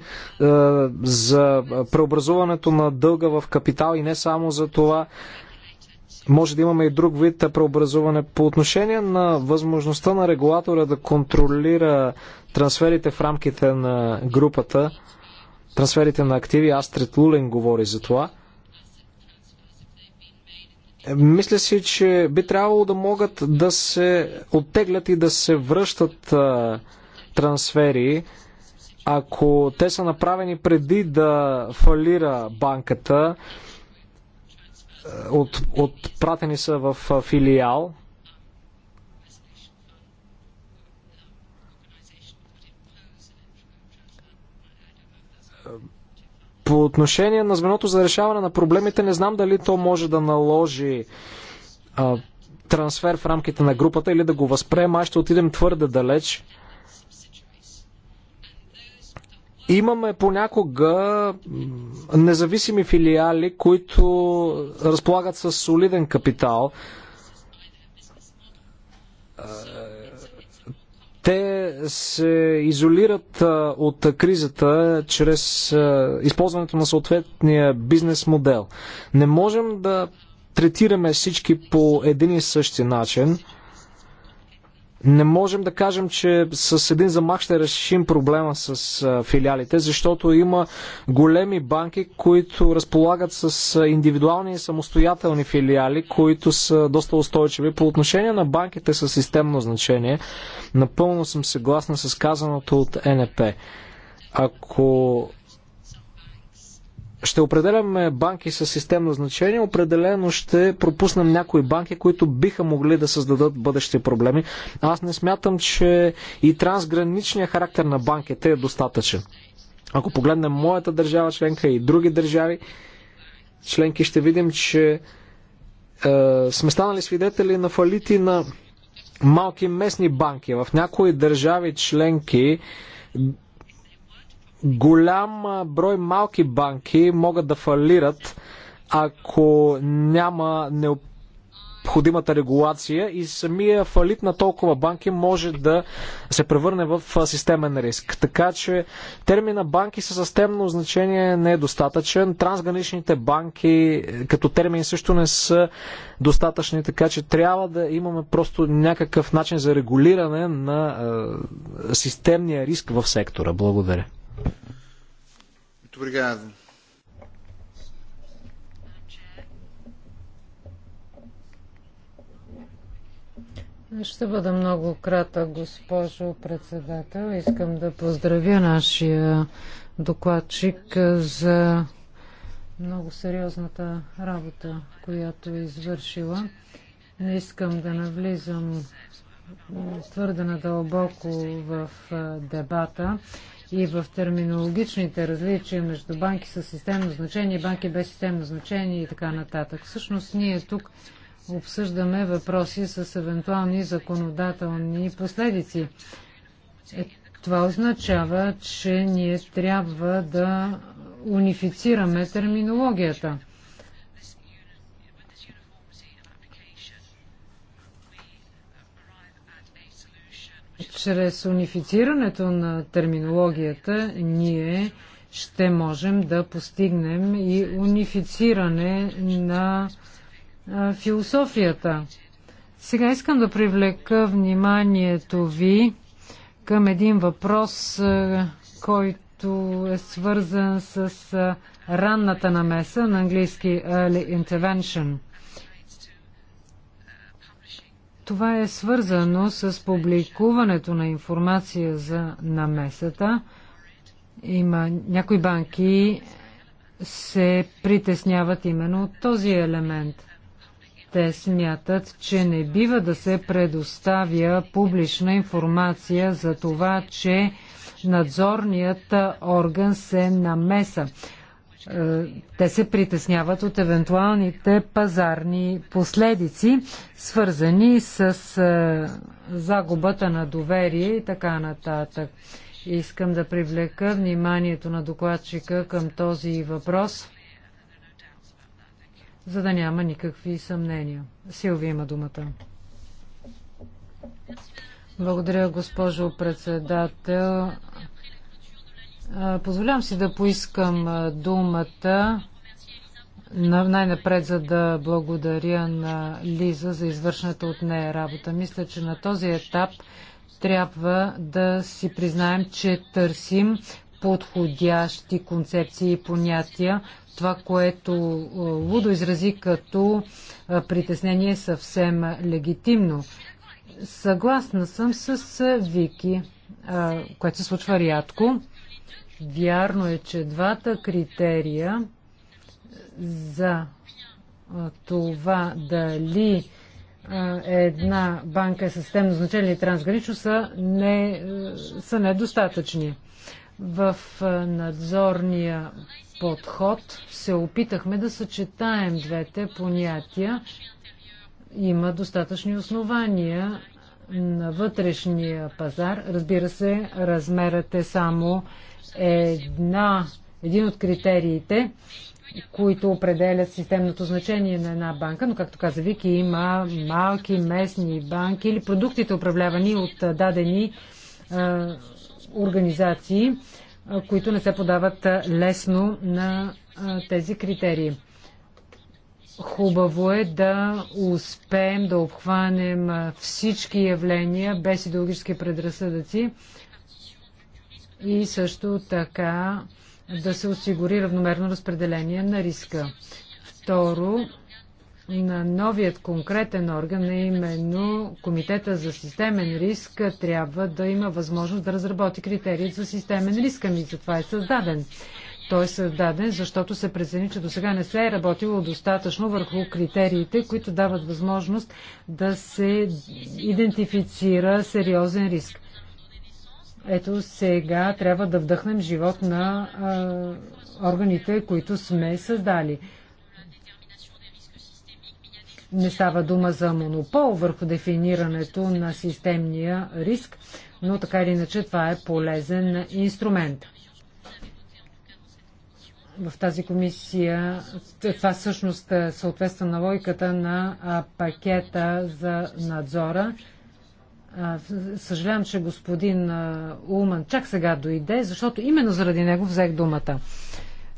[SPEAKER 1] за преобразуването на дълга в капитал и не само за това. Може да имаме и друг вид преобразуване по отношение на възможността на регулатора да контролира трансферите в рамките на групата, трансферите на активи. Астрид Лулен говори за това – мисля си, че би трябвало да могат да се оттеглят и да се връщат а, трансфери, ако те са направени преди да фалира банката, от, отпратени са в филиал. По отношение на звеното за решаване на проблемите, не знам дали то може да наложи а, трансфер в рамките на групата или да го възприема. Аз ще отидем твърде далеч. Имаме понякога независими филиали, които разполагат с солиден капитал те се изолират от кризата чрез използването на съответния бизнес модел. Не можем да третираме всички по един и същи начин. Не можем да кажем, че с един замах ще решим проблема с филиалите, защото има големи банки, които разполагат с индивидуални и самостоятелни филиали, които са доста устойчиви. По отношение на банките с системно значение, напълно съм съгласна с казаното от НП. Ако ще определяме банки с системно значение, определено ще пропуснем някои банки, които биха могли да създадат бъдещи проблеми. Аз не смятам, че и трансграничният характер на банките е достатъчен. Ако погледнем моята държава членка и други държави членки, ще видим, че е, сме станали свидетели на фалити на малки местни банки. В някои държави членки голям брой малки банки могат да фалират, ако няма необходимата регулация и самия фалит на толкова банки може да се превърне в системен риск. Така че термина банки със системно значение не е достатъчен. Трансграничните банки е, като термин също не са достатъчни, така че трябва да имаме просто някакъв начин за регулиране на е, системния риск в сектора. Благодаря.
[SPEAKER 4] Obrigado.
[SPEAKER 2] Ще бъда много крата, госпожо председател. Искам да поздравя нашия докладчик за много сериозната работа, която е извършила. Не искам да навлизам твърде надълбоко в дебата и в терминологичните различия между банки с системно значение, банки без системно значение и така нататък. Всъщност ние тук обсъждаме въпроси с евентуални законодателни последици. Е, това означава, че ние трябва да унифицираме терминологията. чрез унифицирането на терминологията ние ще можем да постигнем и унифициране на философията. Сега искам да привлека вниманието ви към един въпрос, който е свързан с ранната намеса на английски Early Intervention – това е свързано с публикуването на информация за намесата. Има някои банки се притесняват именно от този елемент. Те смятат, че не бива да се предоставя публична информация за това, че надзорният орган се намеса. Е, те се притесняват от евентуалните пазарни последици, свързани с е, загубата на доверие и така нататък. Искам да привлека вниманието на докладчика към този въпрос, за да няма никакви съмнения. Силви има думата. Благодаря, госпожо председател. Позволявам си да поискам думата най-напред, за да благодаря на Лиза за извършната от нея работа. Мисля, че на този етап трябва да си признаем, че търсим подходящи концепции и понятия. Това, което Лудо изрази като притеснение е съвсем легитимно. Съгласна съм с Вики, което се случва рядко. Вярно е, че двата критерия за това дали една банка е системно значение или трансгранично са, не, са недостатъчни. В надзорния подход се опитахме да съчетаем двете понятия. Има достатъчни основания на вътрешния пазар. Разбира се, размерът е само една, един от критериите, които определят системното значение на една банка, но както каза Вики, има малки местни банки или продуктите управлявани от дадени а, организации, а, които не се подават лесно на а, тези критерии. Хубаво е да успеем да обхванем всички явления без идеологически предразсъдъци и също така да се осигури равномерно разпределение на риска. Второ, на новият конкретен орган, а именно Комитета за системен риск, трябва да има възможност да разработи критерии за системен риск. Ами затова е създаден. Той е създаден, защото се прецени, че до сега не се е работило достатъчно върху критериите, които дават възможност да се идентифицира сериозен риск. Ето сега трябва да вдъхнем живот на а, органите, които сме създали. Не става дума за монопол върху дефинирането на системния риск, но така или иначе това е полезен инструмент. В тази комисия това всъщност съответства на логиката на пакета за надзора Съжалявам, че господин Улман чак сега дойде, защото именно заради него взех думата.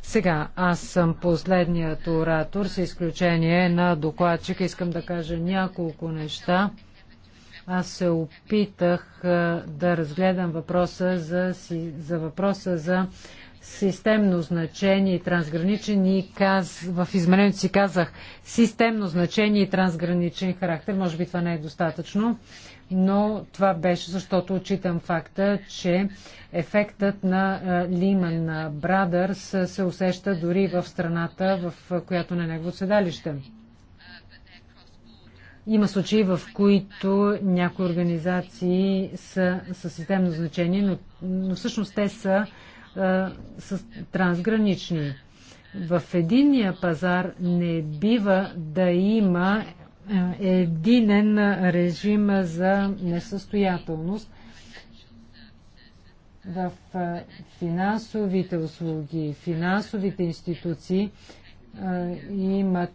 [SPEAKER 2] Сега, аз съм последният оратор, с изключение на докладчика. Искам да кажа няколко неща. Аз се опитах да разгледам въпроса за, за въпроса за системно значение и трансграничен и каз, в изменението си казах системно значение и трансграничен характер. Може би това не е достатъчно но това беше защото отчитам факта, че ефектът на Лиман Брадърс се усеща дори в страната, в която на е него седалище. Има случаи, в които някои организации са със системно значение, но, но всъщност те са, а, са трансгранични. В единния пазар не бива да има е, единен режим за несъстоятелност в е, финансовите услуги, финансовите институции е, имат,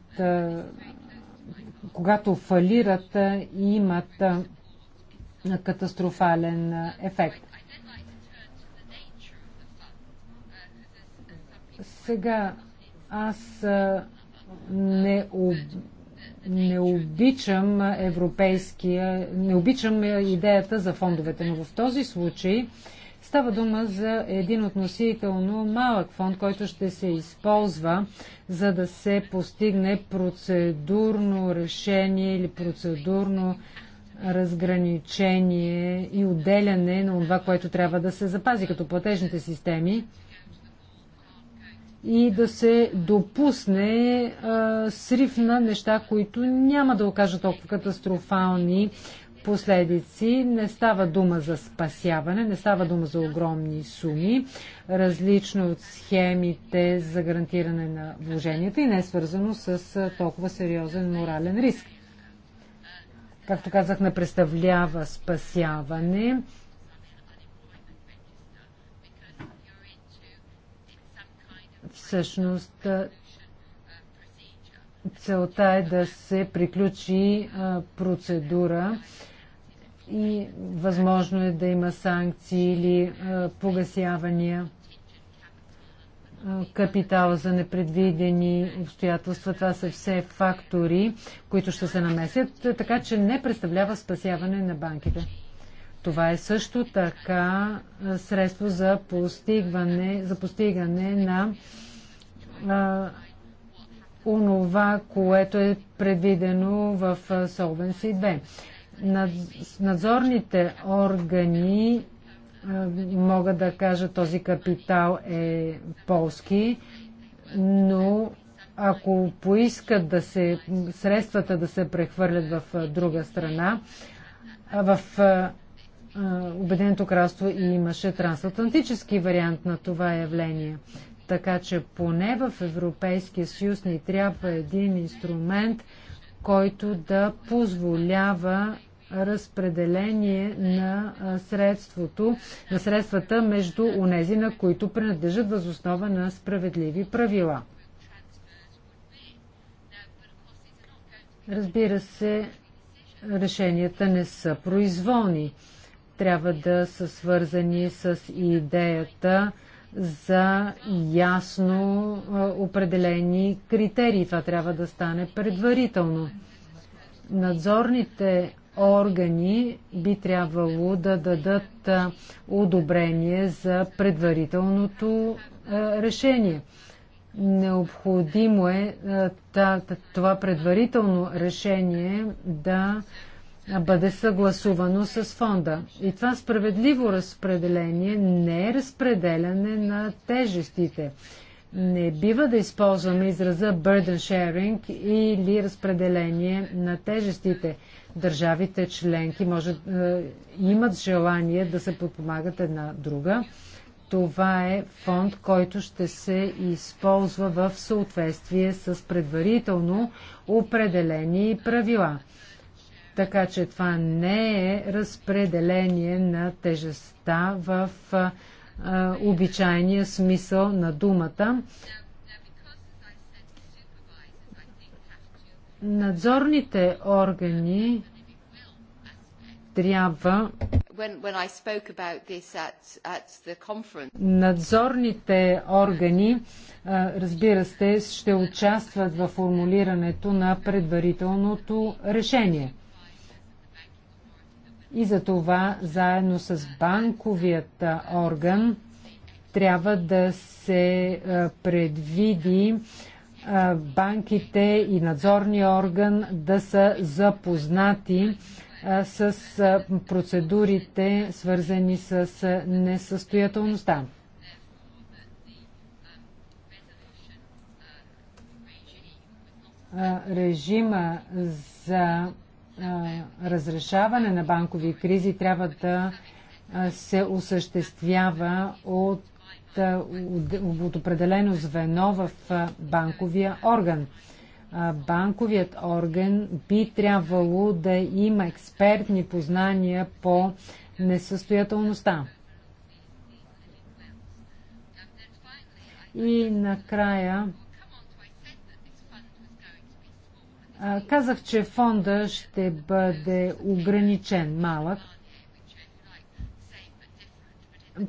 [SPEAKER 2] когато фалират, имат катастрофален ефект. Сега аз не, об не обичам европейския, не обичам идеята за фондовете, но в този случай става дума за един относително малък фонд, който ще се използва, за да се постигне процедурно решение или процедурно разграничение и отделяне на това, което трябва да се запази като платежните системи и да се допусне а, срив на неща, които няма да окажат толкова катастрофални последици. Не става дума за спасяване, не става дума за огромни суми, различно от схемите за гарантиране на вложенията и не е свързано с толкова сериозен морален риск. Както казах, не представлява спасяване Всъщност целта е да се приключи процедура и възможно е да има санкции или погасявания капитала за непредвидени обстоятелства. Това са все фактори, които ще се намесят, така че не представлява спасяване на банките. Това е също така средство за постигане, за постигане на а, онова, което е предвидено в Solvency 2. надзорните органи а, могат да кажат, този капитал е полски, но ако поискат да се, средствата да се прехвърлят в друга страна, в Обединеното кралство и имаше трансатлантически вариант на това явление. Така че поне в Европейския съюз ни трябва един инструмент, който да позволява разпределение на средството, на средствата между унези, на които принадлежат възоснова на справедливи правила. Разбира се, решенията не са произволни трябва да са свързани с идеята за ясно определени критерии. Това трябва да стане предварително. Надзорните органи би трябвало да дадат одобрение за предварителното решение. Необходимо е това предварително решение да бъде съгласувано с фонда. И това справедливо разпределение не е разпределяне на тежестите. Не бива да използваме израза burden sharing или разпределение на тежестите. Държавите членки може, е, имат желание да се подпомагат една друга. Това е фонд, който ще се използва в съответствие с предварително определени правила. Така че това не е разпределение на тежестта в а, обичайния смисъл на думата. Надзорните органи трябва надзорните органи, разбира се, ще участват в формулирането на предварителното решение. И за това заедно с банковият орган трябва да се предвиди банките и надзорния орган да са запознати с процедурите, свързани с несъстоятелността. Режима за разрешаване на банкови кризи трябва да се осъществява от, от определено звено в банковия орган. Банковият орган би трябвало да има експертни познания по несъстоятелността. И накрая Казах, че фонда ще бъде ограничен, малък.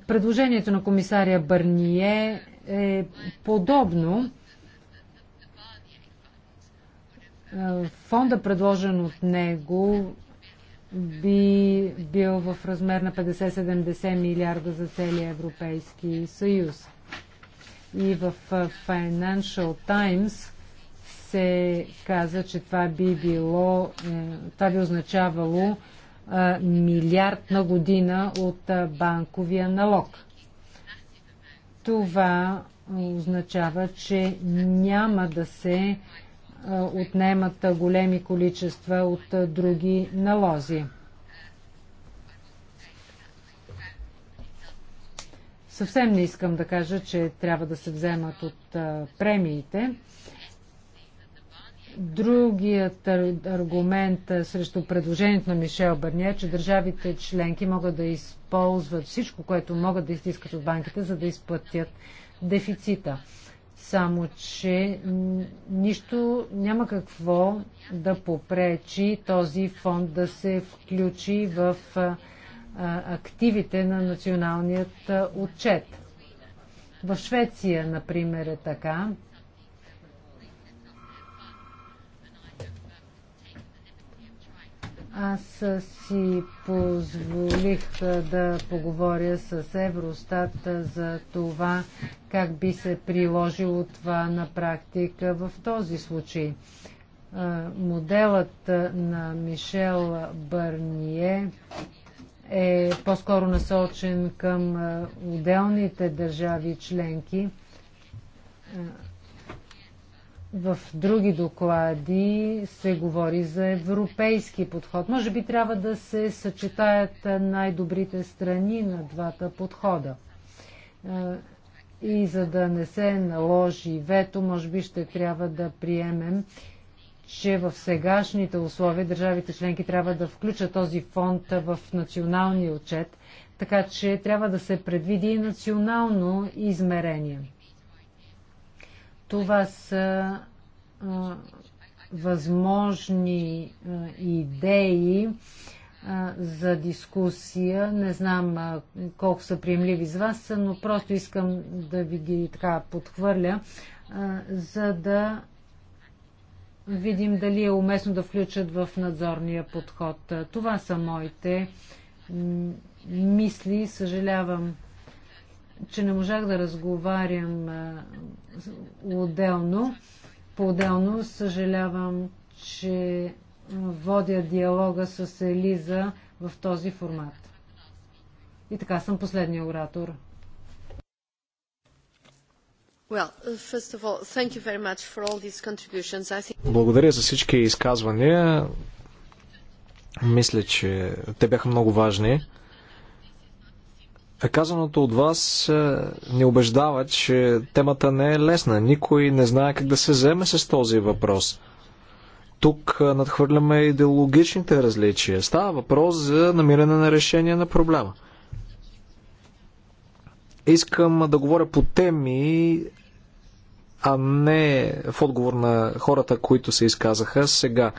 [SPEAKER 2] Предложението на комисария Бърние е подобно. Фонда, предложен от него, би бил в размер на 50-70 милиарда за целия Европейски съюз. И в Financial Times се каза, че това би било, това би означавало милиард на година от банковия налог. Това означава, че няма да се отнемат големи количества от други налози. Съвсем не искам да кажа, че трябва да се вземат от премиите, Другият аргумент срещу предложението на Мишел Бърния е, че държавите членки могат да използват всичко, което могат да изтискат от банките, за да изплатят дефицита. Само, че нищо няма какво да попречи този фонд да се включи в активите на националният отчет. В Швеция, например, е така. Аз си позволих да поговоря с Евростат за това как би се приложило това на практика в този случай. Моделът на Мишел Бърние е по-скоро насочен към отделните държави членки в други доклади се говори за европейски подход. Може би трябва да се съчетаят най-добрите страни на двата подхода. И за да не се наложи вето, може би ще трябва да приемем, че в сегашните условия държавите членки трябва да включат този фонд в националния отчет, така че трябва да се предвиди и национално измерение. Това са а, възможни а, идеи а, за дискусия. Не знам а, колко са приемливи с вас, но просто искам да ви ги така подхвърля, а, за да видим дали е уместно да включат в надзорния подход. Това са моите мисли. Съжалявам, че не можах да разговарям отделно. По-отделно съжалявам, че водя диалога с Елиза в този формат. И така съм последния оратор. Благодаря
[SPEAKER 1] за всички изказвания. Мисля, че те бяха много важни. Е, казаното от вас е, ни убеждава, че темата не е лесна. Никой не знае как да се вземе с този въпрос. Тук е, надхвърляме идеологичните различия. Става въпрос за намиране на решение на проблема. Искам да говоря по теми, а не в отговор на хората, които се изказаха сега.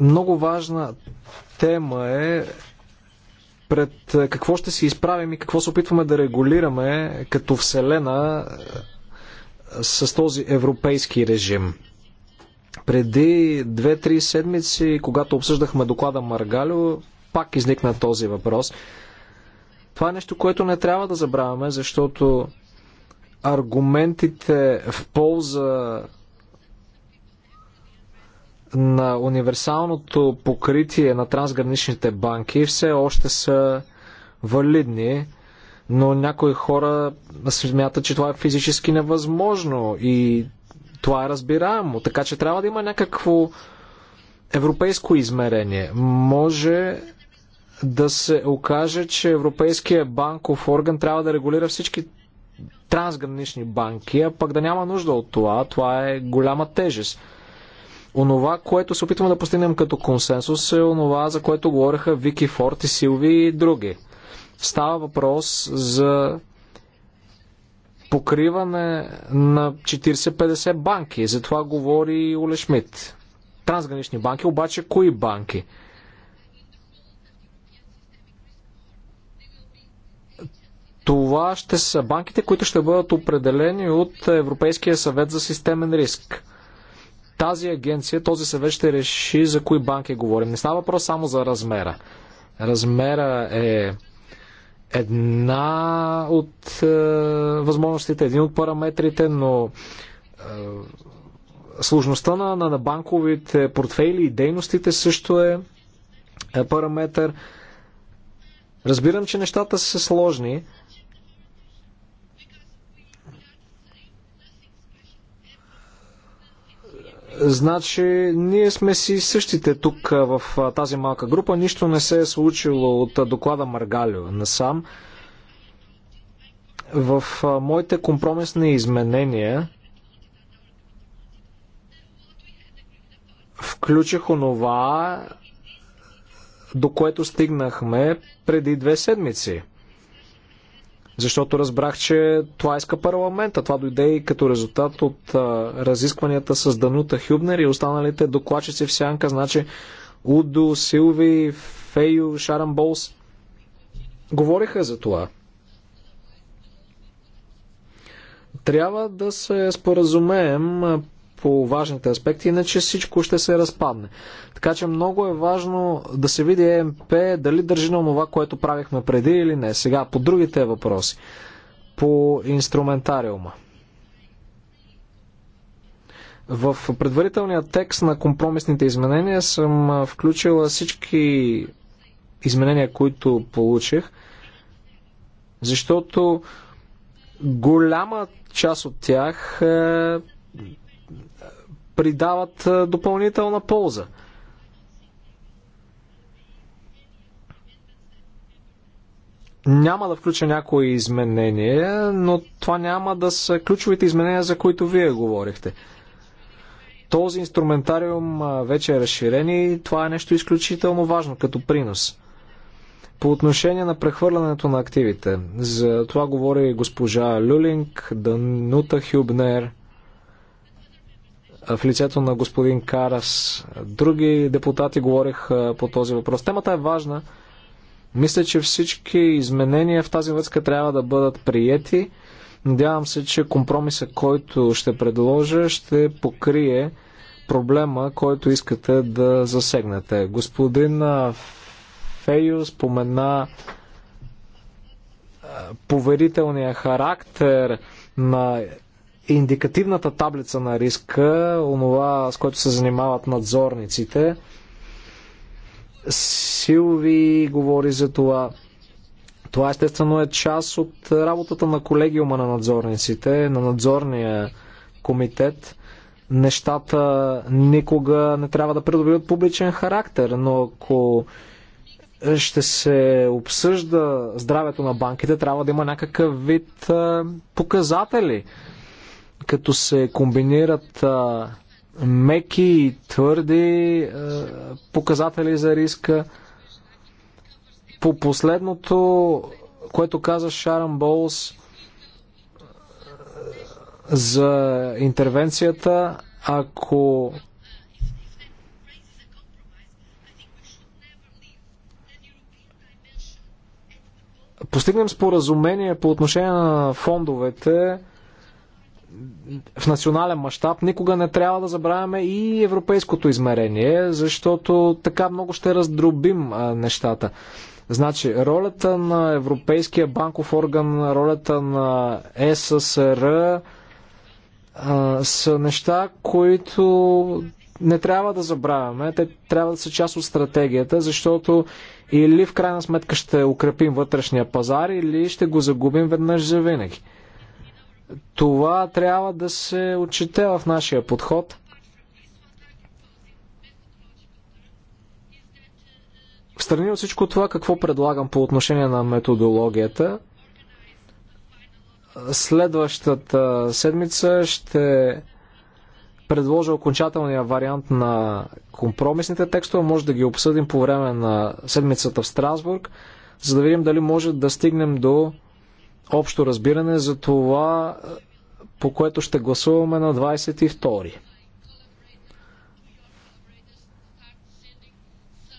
[SPEAKER 1] Много важна тема е пред е, какво ще се изправим и какво се опитваме да регулираме като Вселена е, с този европейски режим. Преди 2-3 седмици, когато обсъждахме доклада Маргалю, пак изникна този въпрос. Това е нещо, което не трябва да забравяме, защото аргументите в полза на универсалното покритие на трансграничните банки все още са валидни, но някои хора смятат, че това е физически невъзможно и това е разбираемо. Така че трябва да има някакво европейско измерение. Може да се окаже, че Европейския банков орган трябва да регулира всички трансгранични банки, а пък да няма нужда от това. Това е голяма тежест. Онова, което се опитваме да постигнем като консенсус е онова, за което говореха Вики Форт и Силви и други. Става въпрос за покриване на 40-50 банки. За това говори Оле Шмидт. Трансгранични банки, обаче кои банки? Това ще са банките, които ще бъдат определени от Европейския съвет за системен риск тази агенция, този съвет ще реши за кои банки говорим. Не става въпрос само за размера. Размера е една от е, възможностите, един от параметрите, но е, сложността на, на, на банковите портфейли и дейностите също е, е параметър. Разбирам, че нещата са сложни, Значи, ние сме си същите тук в тази малка група. Нищо не се е случило от доклада Маргалио насам. В моите компромисни изменения включих онова, до което стигнахме преди две седмици. Защото разбрах, че това иска парламента. Това дойде и като резултат от а, разискванията с Данута Хюбнер и останалите докладчици в сянка, значи Удо, Силви, Фейо, Шаран Болс. Говориха за това. Трябва да се споразумеем по важните аспекти, иначе всичко ще се разпадне. Така че много е важно да се види ЕМП дали държи на това, което правихме преди или не. Сега по другите въпроси. По инструментариума. В предварителния текст на компромисните изменения съм включила всички изменения, които получих, защото голяма част от тях е, придават допълнителна полза. Няма да включа някои изменения, но това няма да са ключовите изменения, за които вие говорихте. Този инструментариум вече е разширен и това е нещо изключително важно като принос. По отношение на прехвърлянето на активите, за това говори госпожа Люлинг, Данута Хюбнер – в лицето на господин Карас. Други депутати говорих по този въпрос. Темата е важна. Мисля, че всички изменения в тази връзка трябва да бъдат приети. Надявам се, че компромиса, който ще предложа, ще покрие проблема, който искате да засегнете. Господин Фейо спомена поверителния характер на индикативната таблица на риска, онова с което се занимават надзорниците. Силви говори за това. Това естествено е част от работата на колегиума на надзорниците, на надзорния комитет. Нещата никога не трябва да придобиват публичен характер, но ако ще се обсъжда здравето на банките, трябва да има някакъв вид показатели като се комбинират а, меки и твърди а, показатели за риска. По последното, което каза Шаран Боулс за интервенцията, ако постигнем споразумение по отношение на фондовете, в национален мащаб, никога не трябва да забравяме и европейското измерение, защото така много ще раздробим нещата. Значи, ролята на Европейския банков орган, ролята на ССР а, са неща, които не трябва да забравяме. Те трябва да са част от стратегията, защото или в крайна сметка ще укрепим вътрешния пазар, или ще го загубим веднъж за винаги. Това трябва да се отчете в нашия подход. В страни от всичко това, какво предлагам по отношение на методологията, следващата седмица ще предложа окончателния вариант на компромисните текстове. Може да ги обсъдим по време на седмицата в Страсбург, за да видим дали може да стигнем до общо разбиране за това, по което ще гласуваме на 22.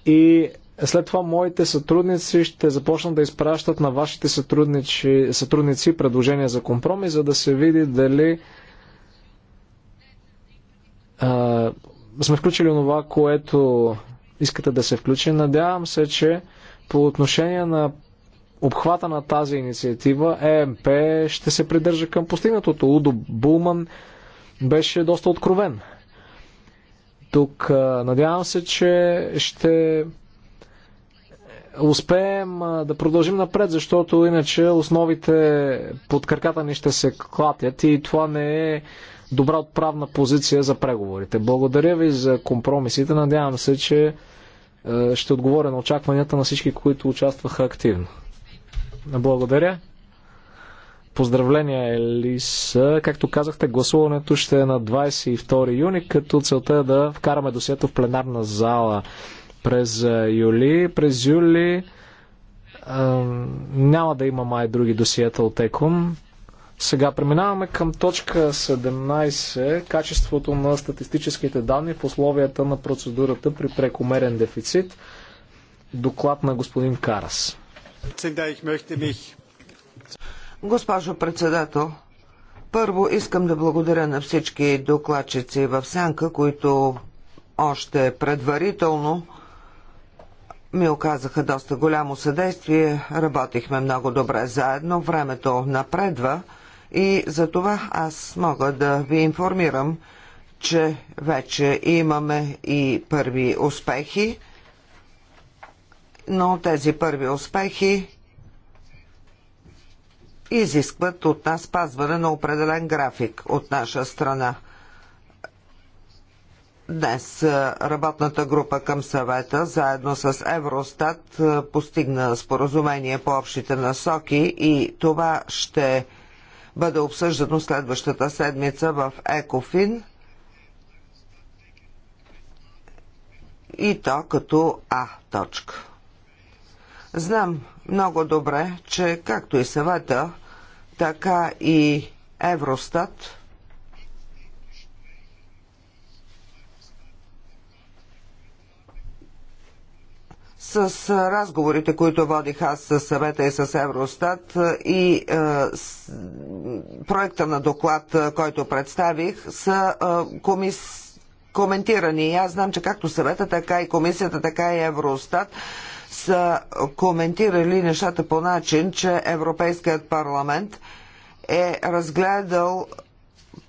[SPEAKER 1] И след това моите сътрудници ще започнат да изпращат на вашите сътрудници, сътрудници предложения за компромис, за да се види дали а, сме включили това, което искате да се включи. Надявам се, че по отношение на обхвата на тази инициатива ЕМП ще се придържа към постигнатото. Удо Булман беше доста откровен. Тук надявам се, че ще успеем да продължим напред, защото иначе основите под краката ни ще се клатят и това не е добра отправна позиция за преговорите. Благодаря ви за компромисите. Надявам се, че ще отговоря на очакванията на всички, които участваха активно. Благодаря. Поздравления, Елиса. Както казахте, гласуването ще е на 22 юни, като целта е да вкараме досието в пленарна зала през юли. През юли е, няма да има май други досиета от ЕКОН. Сега преминаваме към точка 17. Качеството на статистическите данни в условията на процедурата при прекомерен дефицит. Доклад на господин Карас.
[SPEAKER 2] Госпожо
[SPEAKER 3] председател, първо искам да благодаря на всички докладчици в Сянка, които още предварително ми оказаха доста голямо съдействие. Работихме много добре заедно. Времето напредва и за това аз мога да ви информирам, че вече имаме и първи успехи но тези първи успехи изискват от нас пазване на определен график от наша страна. Днес работната група към съвета заедно с Евростат постигна споразумение по общите насоки и това ще бъде обсъждано следващата седмица в Екофин и то като А точка. Знам много добре, че както и съвета, така и Евростат с разговорите, които водих аз с съвета и с Евростат и е, с, проекта на доклад, е, който представих, са е, комис, коментирани. И аз знам, че както съвета, така и комисията, така и Евростат са коментирали нещата по начин, че Европейският парламент е разгледал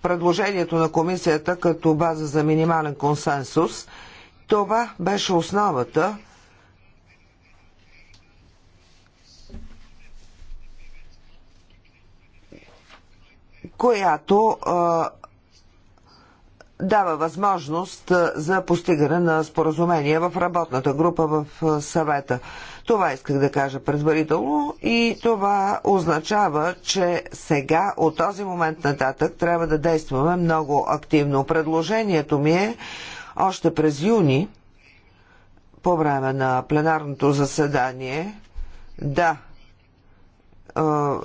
[SPEAKER 3] предложението на комисията като база за минимален консенсус. Това беше основата която а, дава възможност за постигане на споразумение в работната група в съвета. Това исках да кажа предварително и това означава, че сега, от този момент нататък, трябва да действаме много активно. Предложението ми е още през юни, по време на пленарното заседание, да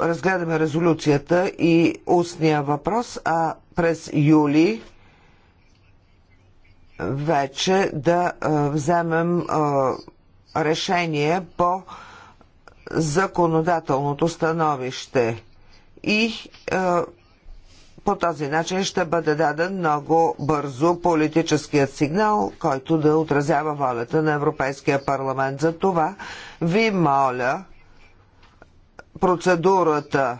[SPEAKER 3] разгледаме резолюцията и устния въпрос, а през юли вече да вземем решение по законодателното становище и по този начин ще бъде даден много бързо политическият сигнал, който да отразява волята на Европейския парламент. За това ви моля процедурата,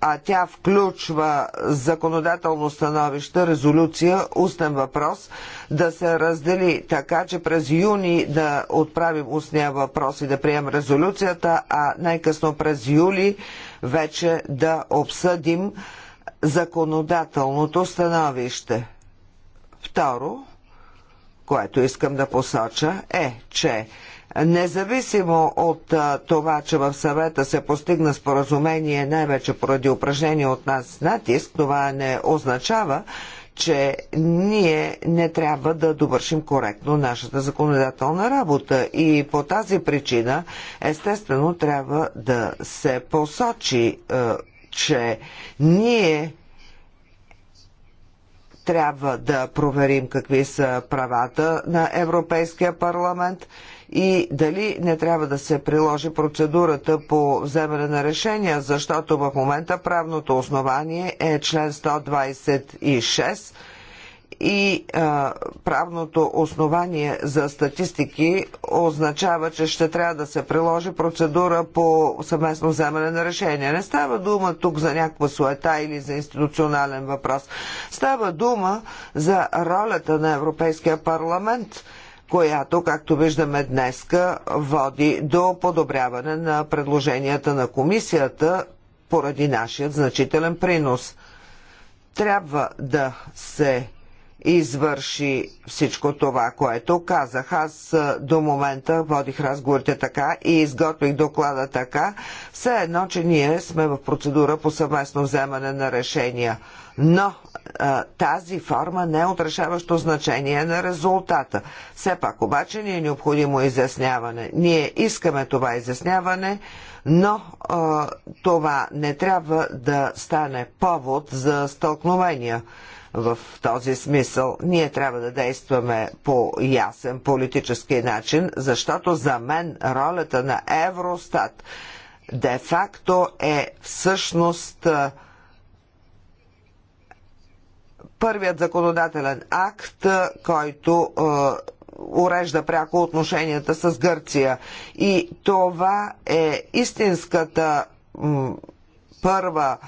[SPEAKER 3] а тя включва законодателно становище, резолюция, устен въпрос, да се раздели така, че през юни да отправим устния въпрос и да прием резолюцията, а най-късно през юли вече да обсъдим законодателното становище. Второ, което искам да посоча е, че Независимо от това, че в съвета се постигна споразумение най-вече поради упражнение от нас натиск, това не означава, че ние не трябва да довършим коректно нашата законодателна работа. И по тази причина, естествено, трябва да се посочи, че ние трябва да проверим какви са правата на Европейския парламент – и дали не трябва да се приложи процедурата по вземане на решения, защото в момента правното основание е член 126 и а, правното основание за статистики означава, че ще трябва да се приложи процедура по съвместно вземане на решение. Не става дума тук за някаква суета или за институционален въпрос. Става дума за ролята на Европейския парламент – която, както виждаме днеска, води до подобряване на предложенията на комисията поради нашият значителен принос. Трябва да се извърши всичко това, което казах. Аз до момента водих разговорите така и изготвих доклада така, все едно, че ние сме в процедура по съвместно вземане на решения. Но а, тази форма не е отрешаващо значение на резултата. Все пак обаче ни е необходимо изясняване. Ние искаме това изясняване, но а, това не трябва да стане повод за стълкновения. В този смисъл ние трябва да действаме по ясен политически начин, защото за мен ролята на Евростат де-факто е всъщност първият законодателен акт, който урежда пряко отношенията с Гърция. И това е истинската първа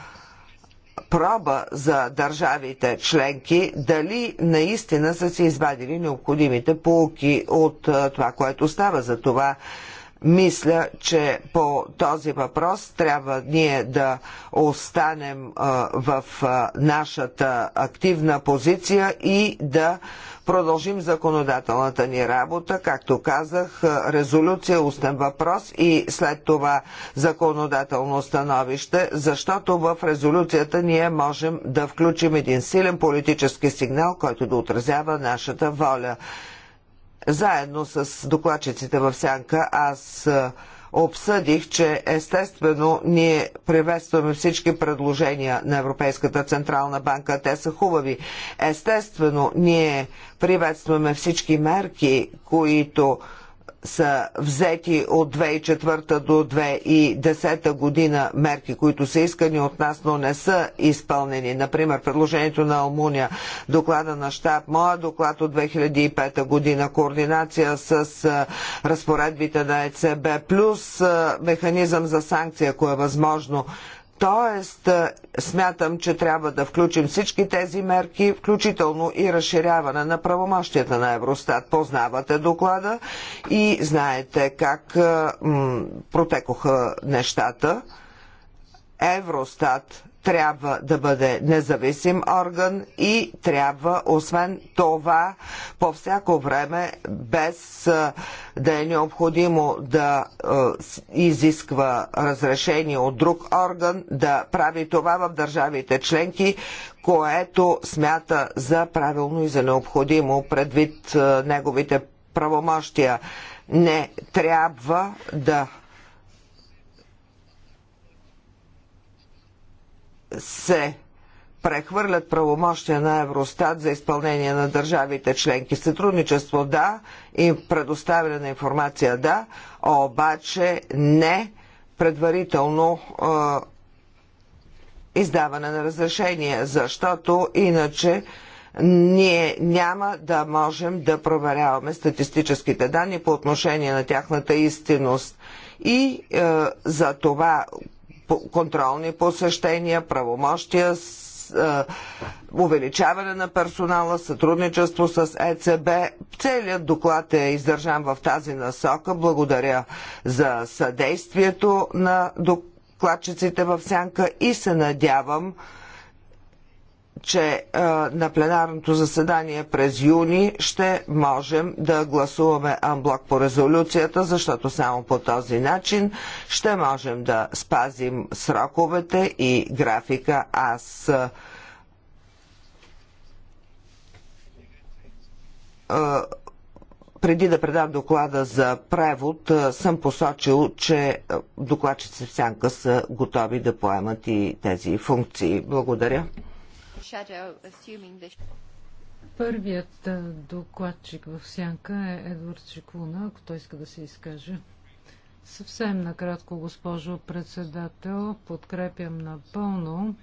[SPEAKER 3] проба за държавите членки дали наистина са се извадили необходимите полки от това, което става. За това мисля, че по този въпрос трябва ние да останем в нашата активна позиция и да продължим законодателната ни работа. Както казах, резолюция, устен въпрос и след това законодателно становище, защото в резолюцията ние можем да включим един силен политически сигнал, който да отразява нашата воля. Заедно с докладчиците в Сянка аз е, обсъдих, че естествено ние приветстваме всички предложения на Европейската Централна банка. Те са хубави. Естествено ние приветстваме всички мерки, които са взети от 2004 до 2010 година мерки, които са искани от нас, но не са изпълнени. Например, предложението на Алмуния, доклада на щаб, моя доклад от 2005 година, координация с разпоредбите на ЕЦБ, плюс механизъм за санкция, ако е възможно. Тоест, смятам, че трябва да включим всички тези мерки, включително и разширяване на правомощията на Евростат. Познавате доклада и знаете как протекоха нещата. Евростат трябва да бъде независим орган и трябва, освен това, по всяко време, без да е необходимо да изисква разрешение от друг орган, да прави това в държавите членки, което смята за правилно и за необходимо предвид неговите правомощия. Не трябва да се прехвърлят правомощия на Евростат за изпълнение на държавите членки. Сътрудничество да, и предоставяне на информация да, обаче не предварително е, издаване на разрешение, защото иначе ние няма да можем да проверяваме статистическите данни по отношение на тяхната истинност. И е, за това контролни посещения, правомощия, увеличаване на персонала, сътрудничество с ЕЦБ. Целият доклад е издържан в тази насока. Благодаря за съдействието на докладчиците в Сянка и се надявам, че на пленарното заседание през юни ще можем да гласуваме анблок по резолюцията, защото само по този начин ще можем да спазим сроковете и графика. Аз преди да предам доклада за превод, съм посочил, че докладчите в сянка са готови да поемат и тези функции. Благодаря.
[SPEAKER 2] Първият докладчик в сянка е Едвард Чеклуна, ако той иска да се изкаже. Съвсем накратко, госпожо председател, подкрепям напълно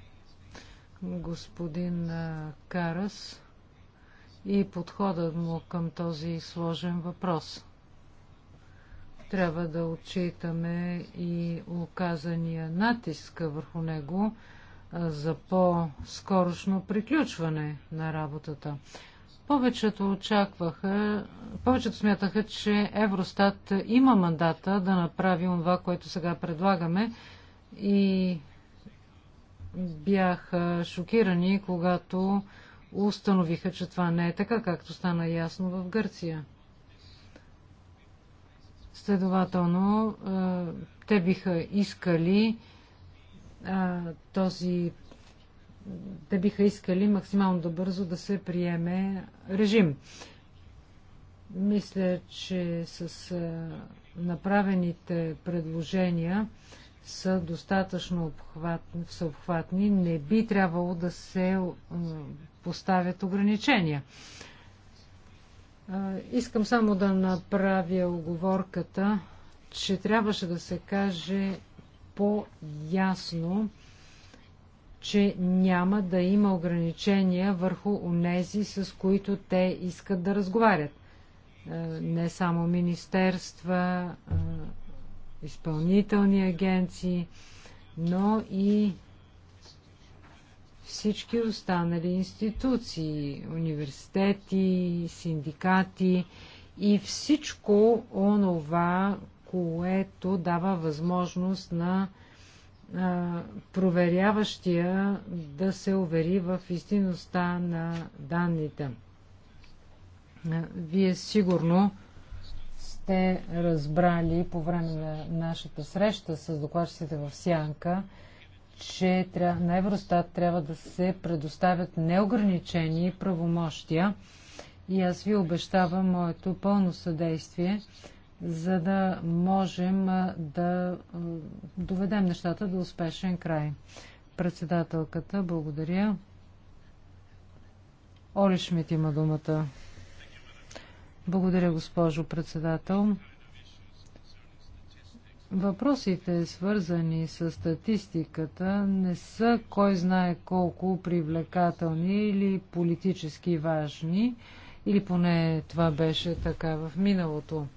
[SPEAKER 2] господин Карас и подходът му към този сложен въпрос. Трябва да отчитаме и оказания натиск върху него за по-скорошно приключване на работата. Повечето очакваха, повечето смятаха, че Евростат има мандата да направи това, което сега предлагаме и бяха шокирани, когато установиха, че това не е така, както стана ясно в Гърция. Следователно, те биха искали а, този те биха искали максимално да бързо да се приеме режим. Мисля, че с направените предложения са достатъчно съобхватни. всеобхватни. Не би трябвало да се поставят ограничения. Искам само да направя оговорката, че трябваше да се каже по-ясно, че няма да има ограничения върху унези, с които те искат да разговарят. Е, не само министерства, е, изпълнителни агенции, но и всички останали институции, университети, синдикати и всичко онова, което дава възможност на проверяващия да се увери в истинността на данните. Вие сигурно сте разбрали по време на нашата среща с докладчиците в Сянка, че на Евростат трябва да се предоставят неограничени правомощия и аз ви обещавам моето пълно съдействие за да можем да доведем нещата до успешен край. Председателката, благодаря. Оли Шмидт има думата. Благодаря, госпожо председател. Въпросите, свързани с статистиката, не са кой знае колко привлекателни или политически важни, или поне това беше така в миналото.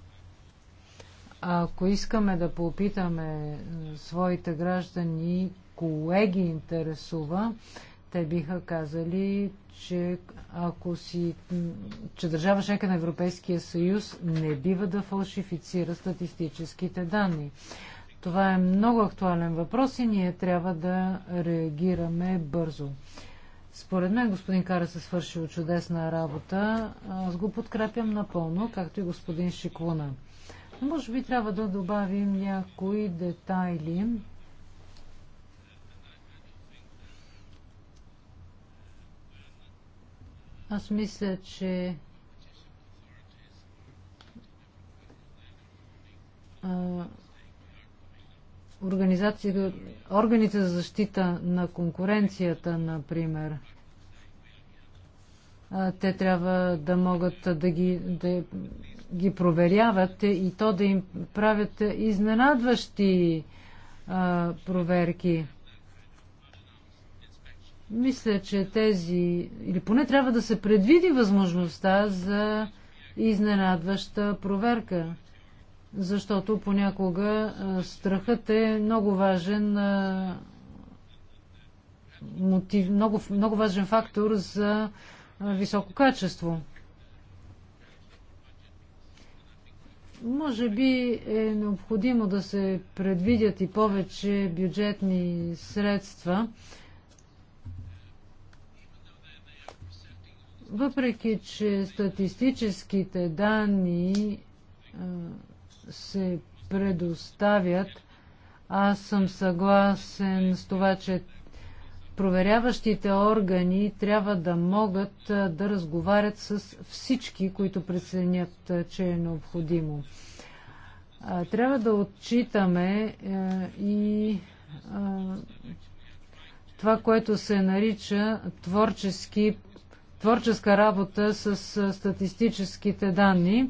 [SPEAKER 2] Ако искаме да попитаме е, своите граждани, кое ги интересува, те биха казали, че ако си, че държава членка на Европейския съюз не бива да фалшифицира статистическите данни. Това е много актуален въпрос и ние трябва да реагираме бързо. Според мен господин Кара се свършил чудесна работа. Аз го подкрепям напълно, както и господин Шиклуна. Може би трябва да добавим някои детайли. Аз мисля, че органите за защита на конкуренцията, например, те трябва да могат да ги да ги проверяват и то да им правят изненадващи а, проверки. Мисля, че тези, или поне трябва да се предвиди възможността за изненадваща проверка, защото понякога а, страхът е много важен а, мотив, много, много важен фактор за високо качество. Може би е необходимо да се предвидят и повече бюджетни средства. Въпреки, че статистическите данни се предоставят, аз съм съгласен с това, че проверяващите органи трябва да могат да разговарят с всички, които преценят, че е необходимо. Трябва да отчитаме и това, което се нарича творчески, творческа работа с статистическите данни.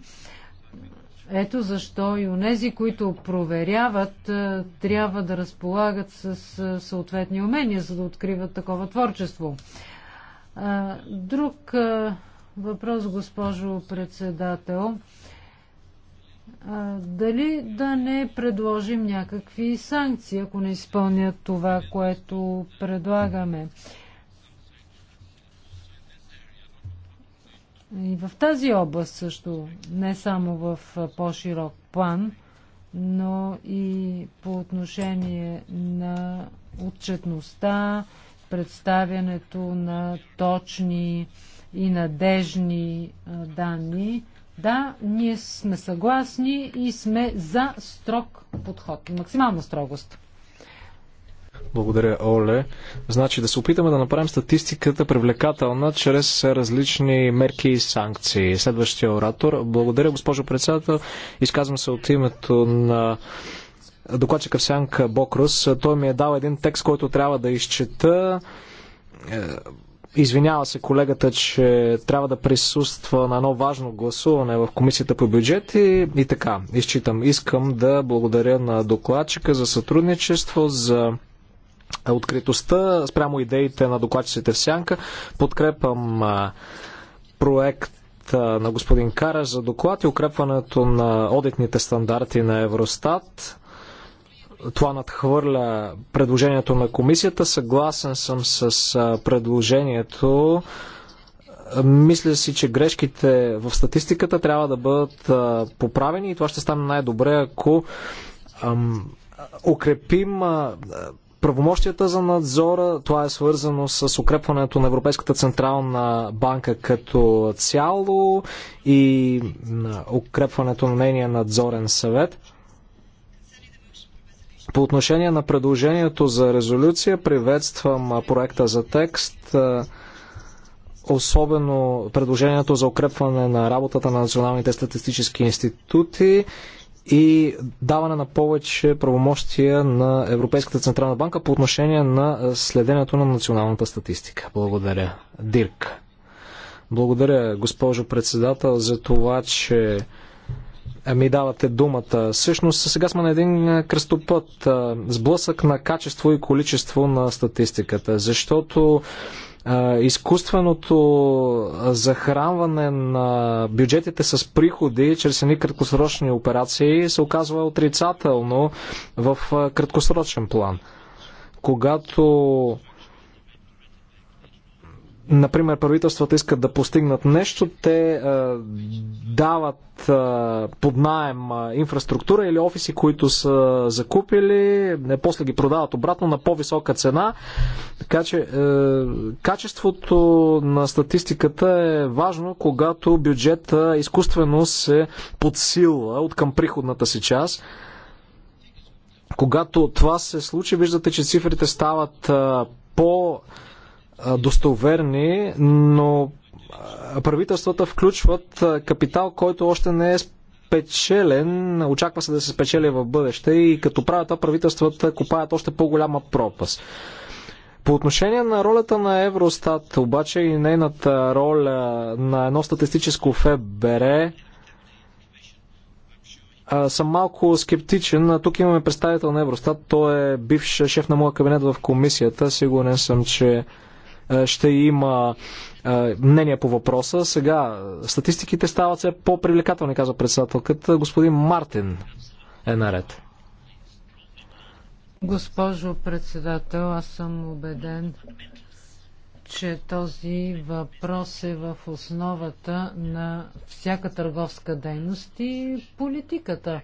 [SPEAKER 2] Ето защо и нези, които проверяват, е, трябва да разполагат с е, съответни умения, за да откриват такова творчество. Друг е, въпрос, госпожо председател. Дали да не предложим някакви санкции, ако не изпълнят това, което предлагаме? И в тази област също, не само в по-широк план, но и по отношение на отчетността, представянето на точни и надежни данни. Да, ние сме съгласни и сме за строг подход, максимална строгост.
[SPEAKER 1] Благодаря, Оле. Значи да се опитаме да направим статистиката привлекателна чрез различни мерки и санкции. Следващия оратор. Благодаря, госпожо председател. Изказвам се от името на докладчика в Сянка Бокрус. Той ми е дал един текст, който трябва да изчета. Е, извинява се колегата, че трябва да присъства на едно важно гласуване в Комисията по бюджет и, и така. Изчитам. Искам да благодаря на докладчика за сътрудничество, за е, откритостта спрямо идеите на докладчиците в Сянка. Подкрепям проект на господин Кара за доклад и укрепването на одитните стандарти на Евростат. Това надхвърля предложението на комисията. Съгласен съм с предложението. Мисля си, че грешките в статистиката трябва да бъдат поправени и това ще стане най-добре, ако укрепим правомощията за надзора, това е свързано с укрепването на Европейската централна банка като цяло и укрепването на нейния надзорен съвет. По отношение на предложението за резолюция, приветствам проекта за текст, особено предложението за укрепване на работата на националните статистически институти и даване на повече правомощия на Европейската Централна банка по отношение на следенето на националната статистика. Благодаря. Дирк. Благодаря, госпожо председател, за това, че ми давате думата. Всъщност, сега сме на един кръстопът, сблъсък на качество и количество на статистиката, защото изкуственото захранване на бюджетите с приходи чрез едни краткосрочни операции се оказва отрицателно в краткосрочен план. Когато например, правителствата искат да постигнат нещо, те а, е, дават а, е, под найем а, е, инфраструктура или офиси, които са закупили, не после ги продават обратно на по-висока цена. Така че а, качеството на статистиката е важно, когато бюджета изкуствено се подсилва от към приходната си част. Когато това се случи, виждате, че цифрите стават а, по- достоверни, но правителствата включват капитал, който още не е спечелен, очаква се да се спечели в бъдеще и като правят това правителствата копаят още по-голяма пропаст. По отношение на ролята на Евростат, обаче и нейната роля на едно статистическо ФБР, съм малко скептичен. Тук имаме представител на Евростат. Той е бивш шеф на моя кабинет в комисията. Сигурен съм, че е, ще има е, мнение по въпроса. Сега е, статистиките стават все по-привлекателни, казва председателката. Господин Мартин е наред.
[SPEAKER 2] Госпожо председател, аз съм убеден, че този въпрос е в основата на всяка търговска дейност и политиката.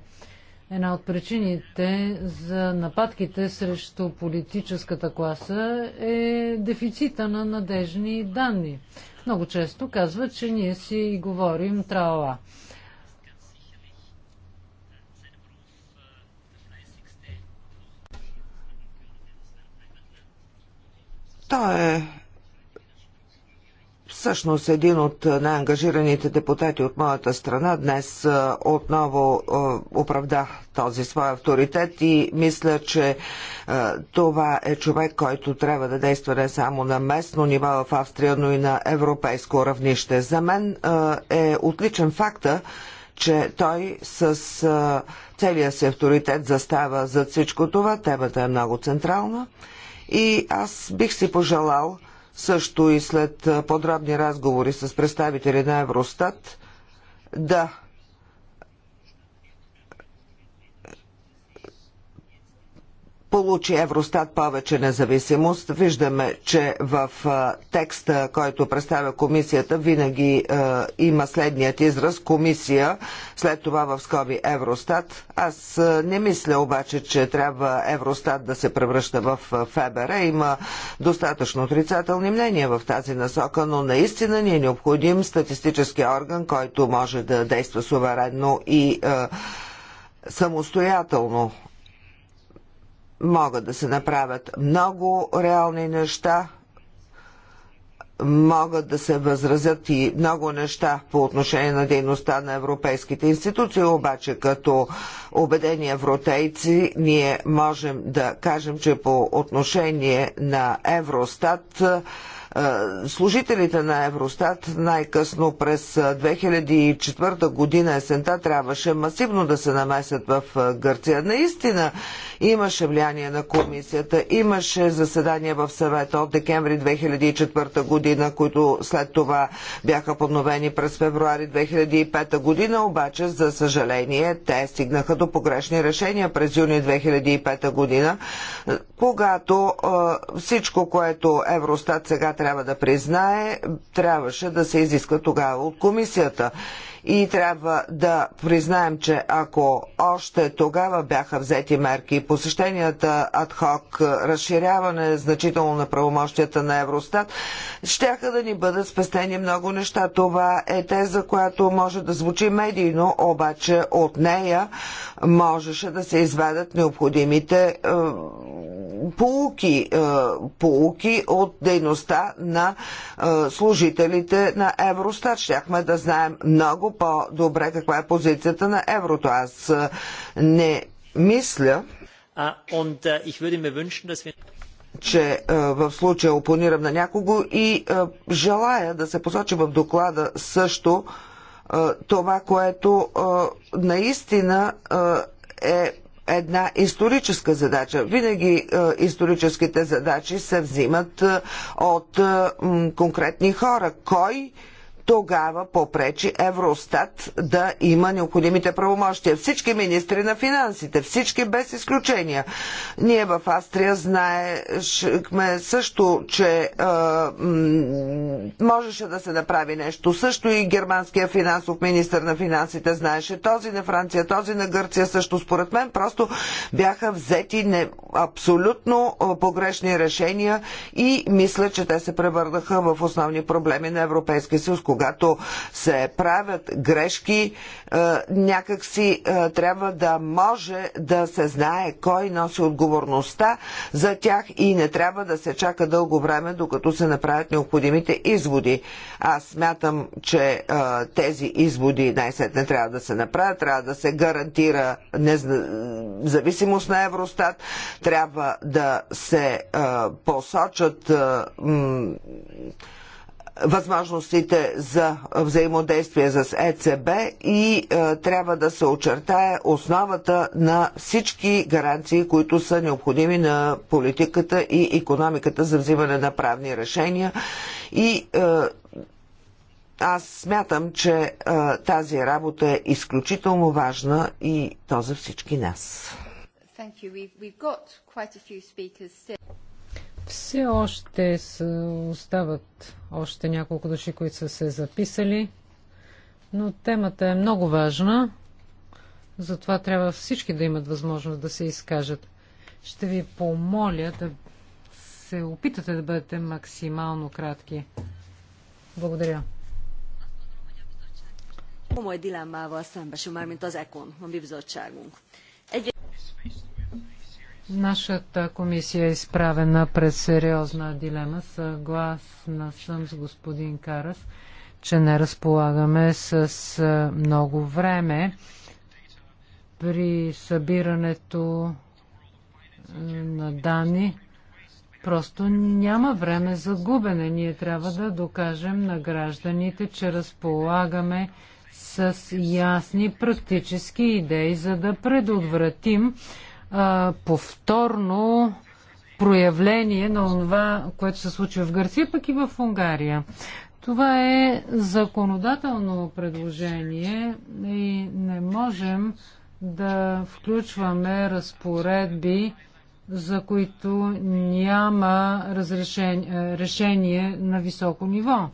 [SPEAKER 2] Една от причините за нападките срещу политическата класа е дефицита на надежни данни. Много често казват, че ние си говорим трала. Той
[SPEAKER 3] е Всъщност един от най-ангажираните депутати от моята страна днес е, отново е, оправда този свой авторитет и мисля, че е, това е човек, който трябва да действа не само на местно ниво в Австрия, но и на европейско равнище. За мен е отличен факта, че той с целия си авторитет застава за всичко това. Темата е много централна и аз бих си пожелал също и след подробни разговори с представители на Евростат, да получи Евростат повече независимост. Виждаме, че в текста, който представя комисията, винаги е, има следният израз комисия, след това в скоби Евростат. Аз не мисля обаче, че трябва Евростат да се превръща в ФБР. Има достатъчно отрицателни мнения в тази насока, но наистина ни е необходим статистически орган, който може да действа суверенно и е, самостоятелно могат да се направят много реални неща, могат да се възразят и много неща по отношение на дейността на европейските институции, обаче като убедени евротейци ние можем да кажем, че по отношение на Евростат е, служителите на Евростат най-късно през 2004 е, година есента трябваше масивно да се намесят в е, Гърция. Наистина имаше влияние на комисията, имаше заседания в съвета от декември 2004 година, които след това бяха подновени през февруари 2005 година, обаче за съжаление те стигнаха до погрешни решения през юни 2005 година, когато всичко, което Евростат сега трябва да признае, трябваше да се изиска тогава от комисията. И трябва да признаем, че ако още тогава бяха взети мерки, посещенията адхок, разширяване значително на правомощията на Евростат, щяха да ни бъдат спестени много неща. Това е теза, която може да звучи медийно, обаче от нея можеше да се извадат необходимите е, полуки, е, полуки от дейността на е, служителите на Евростат. Щяхме да знаем много по-добре каква е позицията на еврото. Аз е, не мисля, че в случая опонирам на някого и желая да се посочи в доклада също това, което наистина е една историческа задача. Винаги е, историческите задачи се взимат е, от е, конкретни хора. Кой тогава попречи Евростат да има необходимите правомощия. Всички министри на финансите, всички без изключения. Ние в Австрия знаехме също, че е, можеше да се направи нещо. Също и германския финансов министр на финансите знаеше. Този на Франция, този на Гърция също според мен просто бяха взети не, абсолютно погрешни решения и мисля, че те се превърнаха в основни проблеми на Европейския съюз когато се правят грешки, е, някакси е, трябва да може да се знае кой носи отговорността за тях и не трябва да се чака дълго време, докато се направят необходимите изводи. Аз смятам, че е, тези изводи най-сетне трябва да се направят, трябва да се гарантира независимост на Евростат, трябва да се посочат възможностите за взаимодействие с ЕЦБ и е, трябва да се очертае основата на всички гаранции, които са необходими на политиката и економиката за взимане на правни решения и е, аз смятам, че е, тази работа е изключително важна и то за всички нас.
[SPEAKER 2] Все още са, остават още няколко души, които са се записали, но темата е много важна, затова трябва всички да имат възможност да се изкажат. Ще ви помоля да се опитате да бъдете максимално кратки. Благодаря. Komoly dilemmával szembesül már, mint az ECON, a mi bizottságunk. Нашата комисия е изправена пред сериозна дилема. Съгласна съм с господин Карас, че не разполагаме с много време при събирането на данни. Просто няма време за губене. Ние трябва да докажем на гражданите, че разполагаме с ясни практически идеи, за да предотвратим а, повторно проявление на това, което се случва в Гърция, пък и в Унгария. Това е законодателно предложение и не можем да включваме разпоредби, за които няма разрешение, решение на високо ниво.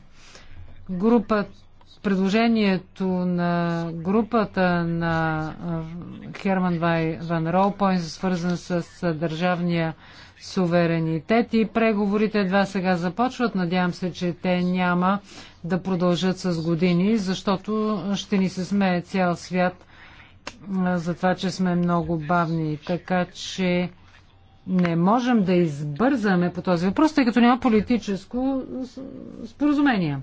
[SPEAKER 2] Групата предложението на групата на Херман Вай Ван Ролпойн, свързан с държавния суверенитет и преговорите едва сега започват. Надявам се, че те няма да продължат с години, защото ще ни се смее цял свят за това, че сме много бавни. Така че не можем да избързаме по този въпрос, тъй като няма политическо споразумение.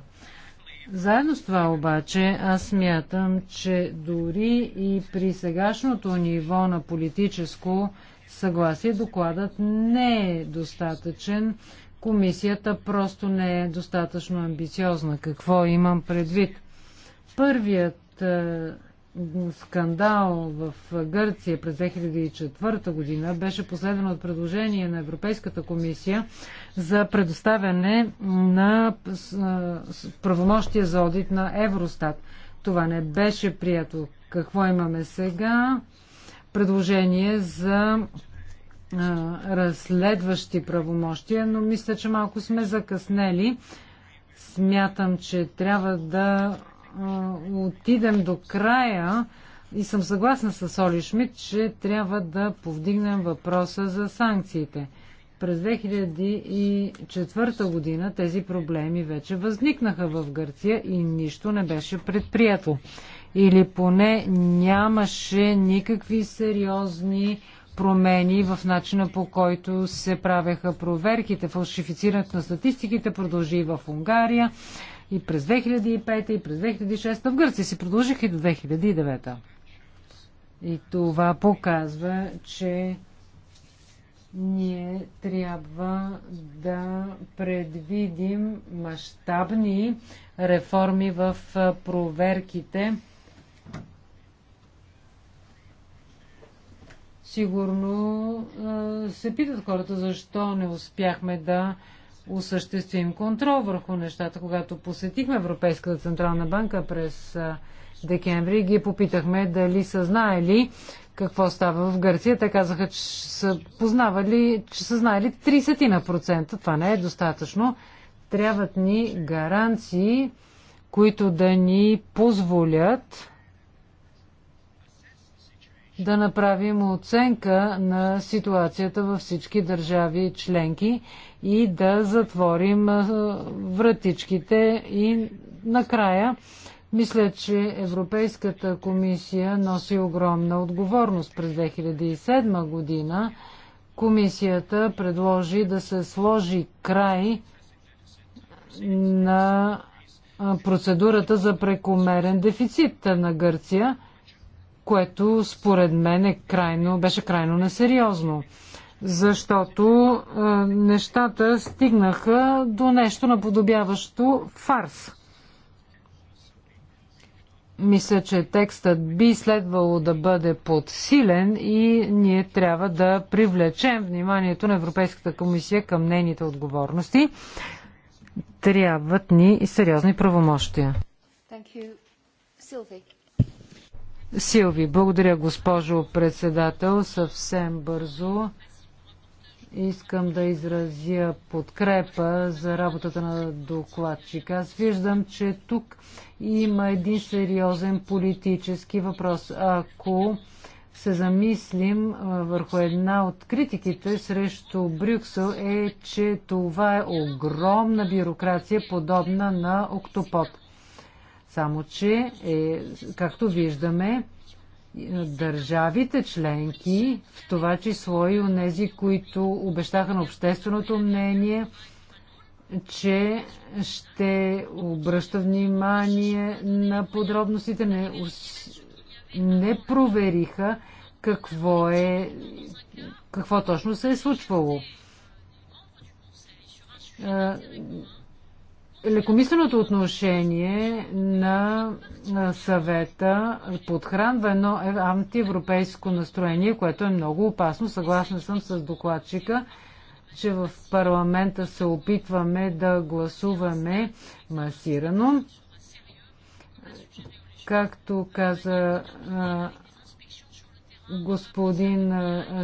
[SPEAKER 2] Заедно с това обаче аз смятам, че дори и при сегашното ниво на политическо съгласие докладът не е достатъчен. Комисията просто не е достатъчно амбициозна. Какво имам предвид? Първият е, скандал в Гърция през 2004 година беше последен от предложение на Европейската комисия за предоставяне на правомощия за одит на Евростат. Това не беше прието. Какво имаме сега? Предложение за разследващи правомощия, но мисля, че малко сме закъснели. Смятам, че трябва да отидем до края, и съм съгласна с Оли Шмидт, че трябва да повдигнем въпроса за санкциите. През 2004 година тези проблеми вече възникнаха в Гърция и нищо не беше предприето. Или поне нямаше никакви сериозни промени в начина по който се правеха проверките. Фалшифицирането на статистиките продължи и в Унгария и през 2005 и през 2006 в Гърция си продължиха и до 2009. И това показва, че ние трябва да предвидим мащабни реформи в проверките. Сигурно се питат хората защо не успяхме да осъществим контрол върху нещата. Когато посетихме Европейската Централна банка през декември, ги попитахме дали са знаели какво става в Гърция. Те казаха, че са познавали, че са знаели 30%. Това не е достатъчно. Трябват ни гаранции, които да ни позволят да направим оценка на ситуацията във всички държави членки и да затворим вратичките и накрая. Мисля, че Европейската комисия носи огромна отговорност. През 2007 година комисията предложи да се сложи край на процедурата за прекомерен дефицит на Гърция което според мен е крайно, беше крайно несериозно. Защото е, нещата стигнаха до нещо наподобяващо фарс. Мисля, че текстът би следвало да бъде подсилен и ние трябва да привлечем вниманието на Европейската комисия към нейните отговорности. Трябват ни и сериозни правомощия. Thank you. Силви, благодаря госпожо председател. Съвсем бързо искам да изразя подкрепа за работата на докладчика. Аз виждам, че тук има един сериозен политически въпрос. Ако се замислим върху една от критиките срещу Брюксел е, че това е огромна бюрокрация, подобна на октопод. Само, че, е, както виждаме, държавите членки, в това число и нези, които обещаха на общественото мнение, че ще обръща внимание на подробностите, не, не провериха какво, е, какво точно се е случвало лекомисленото отношение на съвета подхранва едно антиевропейско настроение, което е много опасно. Съгласна съм с докладчика, че в парламента се опитваме да гласуваме масирано. Както каза господин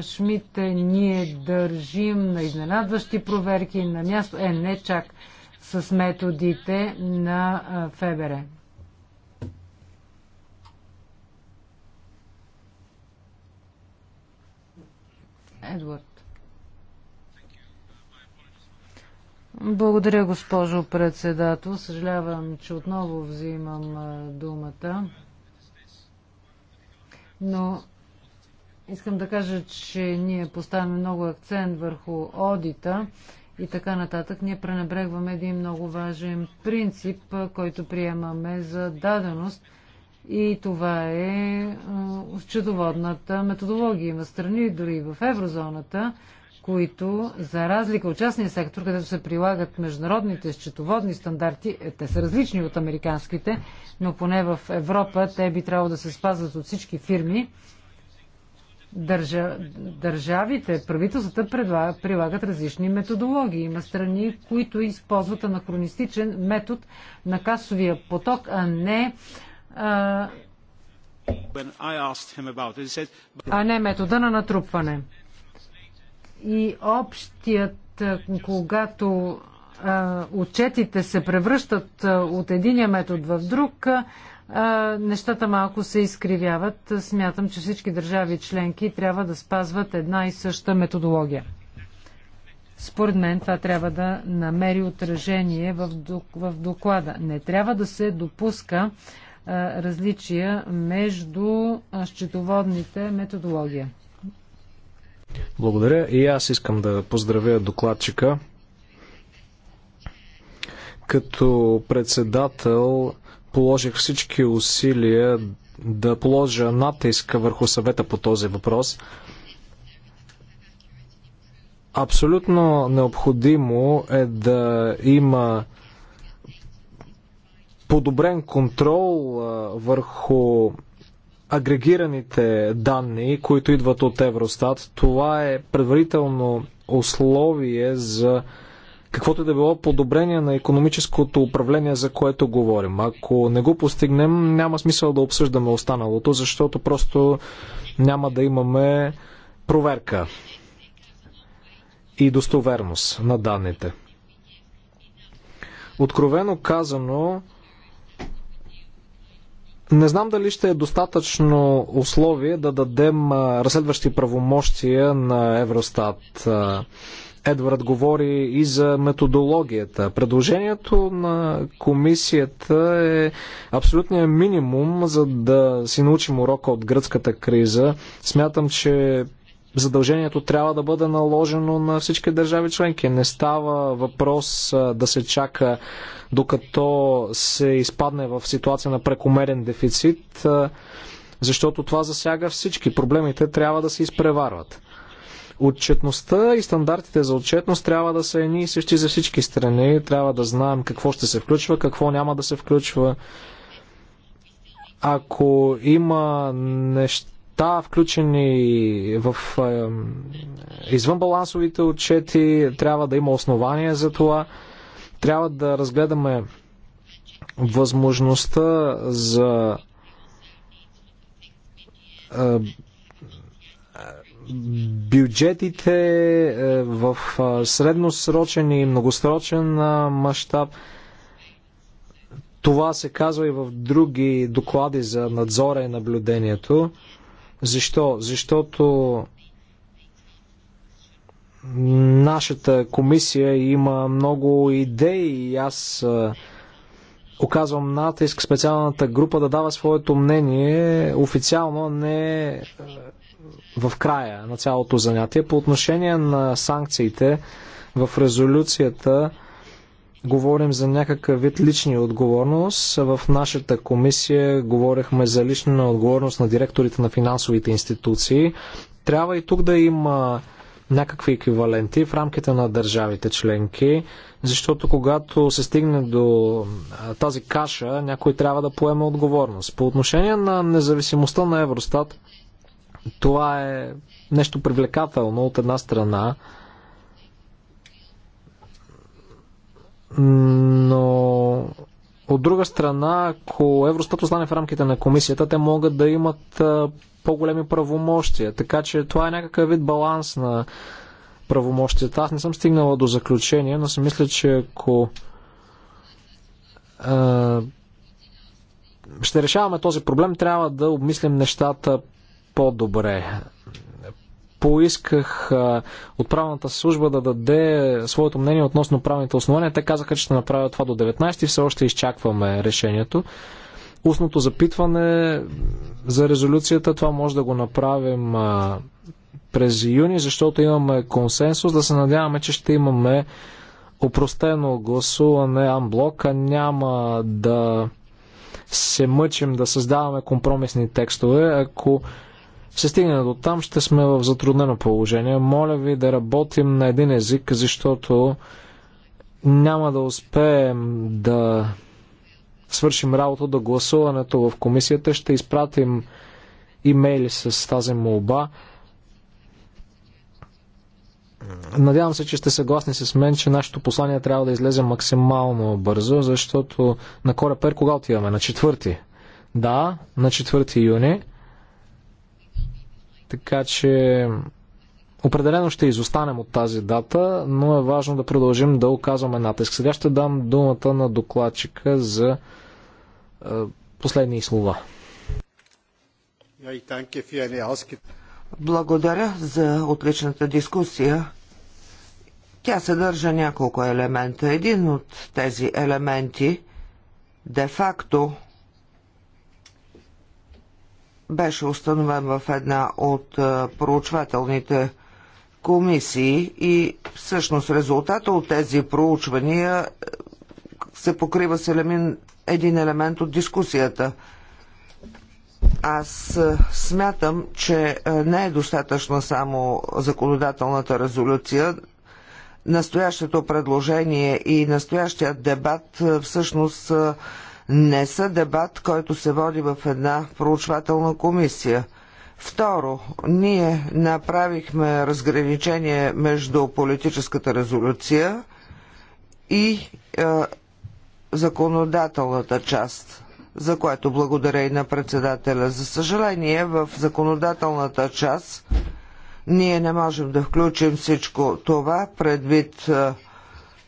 [SPEAKER 2] Шмидт, ние държим на изненадващи проверки на място. Е, не чак с методите на Фебере. Едвард. Благодаря, госпожо председател. Съжалявам, че отново взимам думата. Но искам да кажа, че ние поставяме много акцент върху одита и така нататък, ние пренебрегваме един много важен принцип, който приемаме за даденост и това е счетоводната методология. Има страни, дори в еврозоната, които, за разлика от частния сектор, където се прилагат международните счетоводни стандарти, е, те са различни от американските, но поне в Европа те би трябвало да се спазват от всички фирми държа, държавите, правителствата прилагат различни методологии. Има страни, които използват анахронистичен метод на касовия поток, а не а, а не метода на натрупване. И общият, когато а, отчетите се превръщат от единия метод в друг, а, нещата малко се изкривяват. Смятам, че всички държави членки трябва да спазват една и съща методология. Според мен това трябва да намери отражение в доклада. Не трябва да се допуска различия между счетоводните методология.
[SPEAKER 1] Благодаря и аз искам да поздравя докладчика. Като председател положих всички усилия да положа натиска върху съвета по този въпрос. Абсолютно необходимо е да има подобрен контрол върху агрегираните данни, които идват от Евростат. Това е предварително условие за каквото е да било подобрение на економическото управление, за което говорим. Ако не го постигнем, няма смисъл да обсъждаме останалото, защото просто няма да имаме проверка и достоверност на данните. Откровено казано, не знам дали ще е достатъчно условие да дадем разследващи правомощия на Евростат. Едвард говори и за методологията. Предложението на комисията е абсолютният минимум, за да си научим урока от гръцката криза. Смятам, че задължението трябва да бъде наложено на всички държави членки. Не става въпрос да се чака докато се изпадне в ситуация на прекомерен дефицит, защото това засяга всички. Проблемите трябва да се изпреварват. Отчетността и стандартите за отчетност трябва да са едни и същи за всички страни. Трябва да знаем какво ще се включва, какво няма да се включва. Ако има неща включени в извънбалансовите отчети, трябва да има основания за това. Трябва да разгледаме възможността за е, бюджетите е, в средносрочен и многосрочен мащаб. Това се казва и в други доклади за надзора и наблюдението. Защо? Защото нашата комисия има много идеи и аз е, оказвам натиск специалната група да дава своето мнение официално, не е, в края на цялото занятие. По отношение на санкциите, в резолюцията говорим за някакъв вид лични отговорност. В нашата комисия говорихме за лична отговорност на директорите на финансовите институции. Трябва и тук да има някакви еквиваленти в рамките на държавите членки, защото когато се стигне до тази каша, някой трябва да поеме отговорност. По отношение на независимостта на Евростат, това е нещо привлекателно от една страна, но от друга страна, ако Евростат остане в рамките на комисията, те могат да имат по-големи правомощия. Така че това е някакъв вид баланс на правомощията. Аз не съм стигнала до заключение, но си мисля, че ако е, ще решаваме този проблем, трябва да обмислим нещата по-добре. Поисках от правната служба да даде своето мнение относно правните основания. Те казаха, че ще направят това до 19 и все още изчакваме решението. Устното запитване за резолюцията, това може да го направим през юни, защото имаме консенсус. Да се надяваме, че ще имаме опростено гласуване анблок, а няма да се мъчим да създаваме компромисни текстове. Ако се стигне до там, ще сме в затруднено положение. Моля ви да работим на един език, защото няма да успеем да свършим работа до гласуването в комисията. Ще изпратим имейли с тази молба. Надявам се, че сте съгласни с мен, че нашето послание трябва да излезе максимално бързо, защото на Пер, кога отиваме? На 4. Да, на 4 юни така че определено ще изостанем от тази дата, но е важно да продължим да оказваме натиск. Сега ще дам думата на докладчика за е, последни слова. Благодаря за отличната
[SPEAKER 3] дискусия. Тя съдържа няколко елемента. Един от тези елементи де-факто беше установен в една от проучвателните комисии и всъщност резултата от тези проучвания се покрива с елемин, един елемент от дискусията. Аз смятам, че не е достатъчна само законодателната резолюция. Настоящето предложение и настоящият дебат всъщност не са дебат, който се води в една проучвателна комисия. Второ, ние направихме разграничение между политическата резолюция и е, законодателната част, за което благодаря и на председателя. За съжаление, в законодателната част ние не можем да включим всичко това предвид е,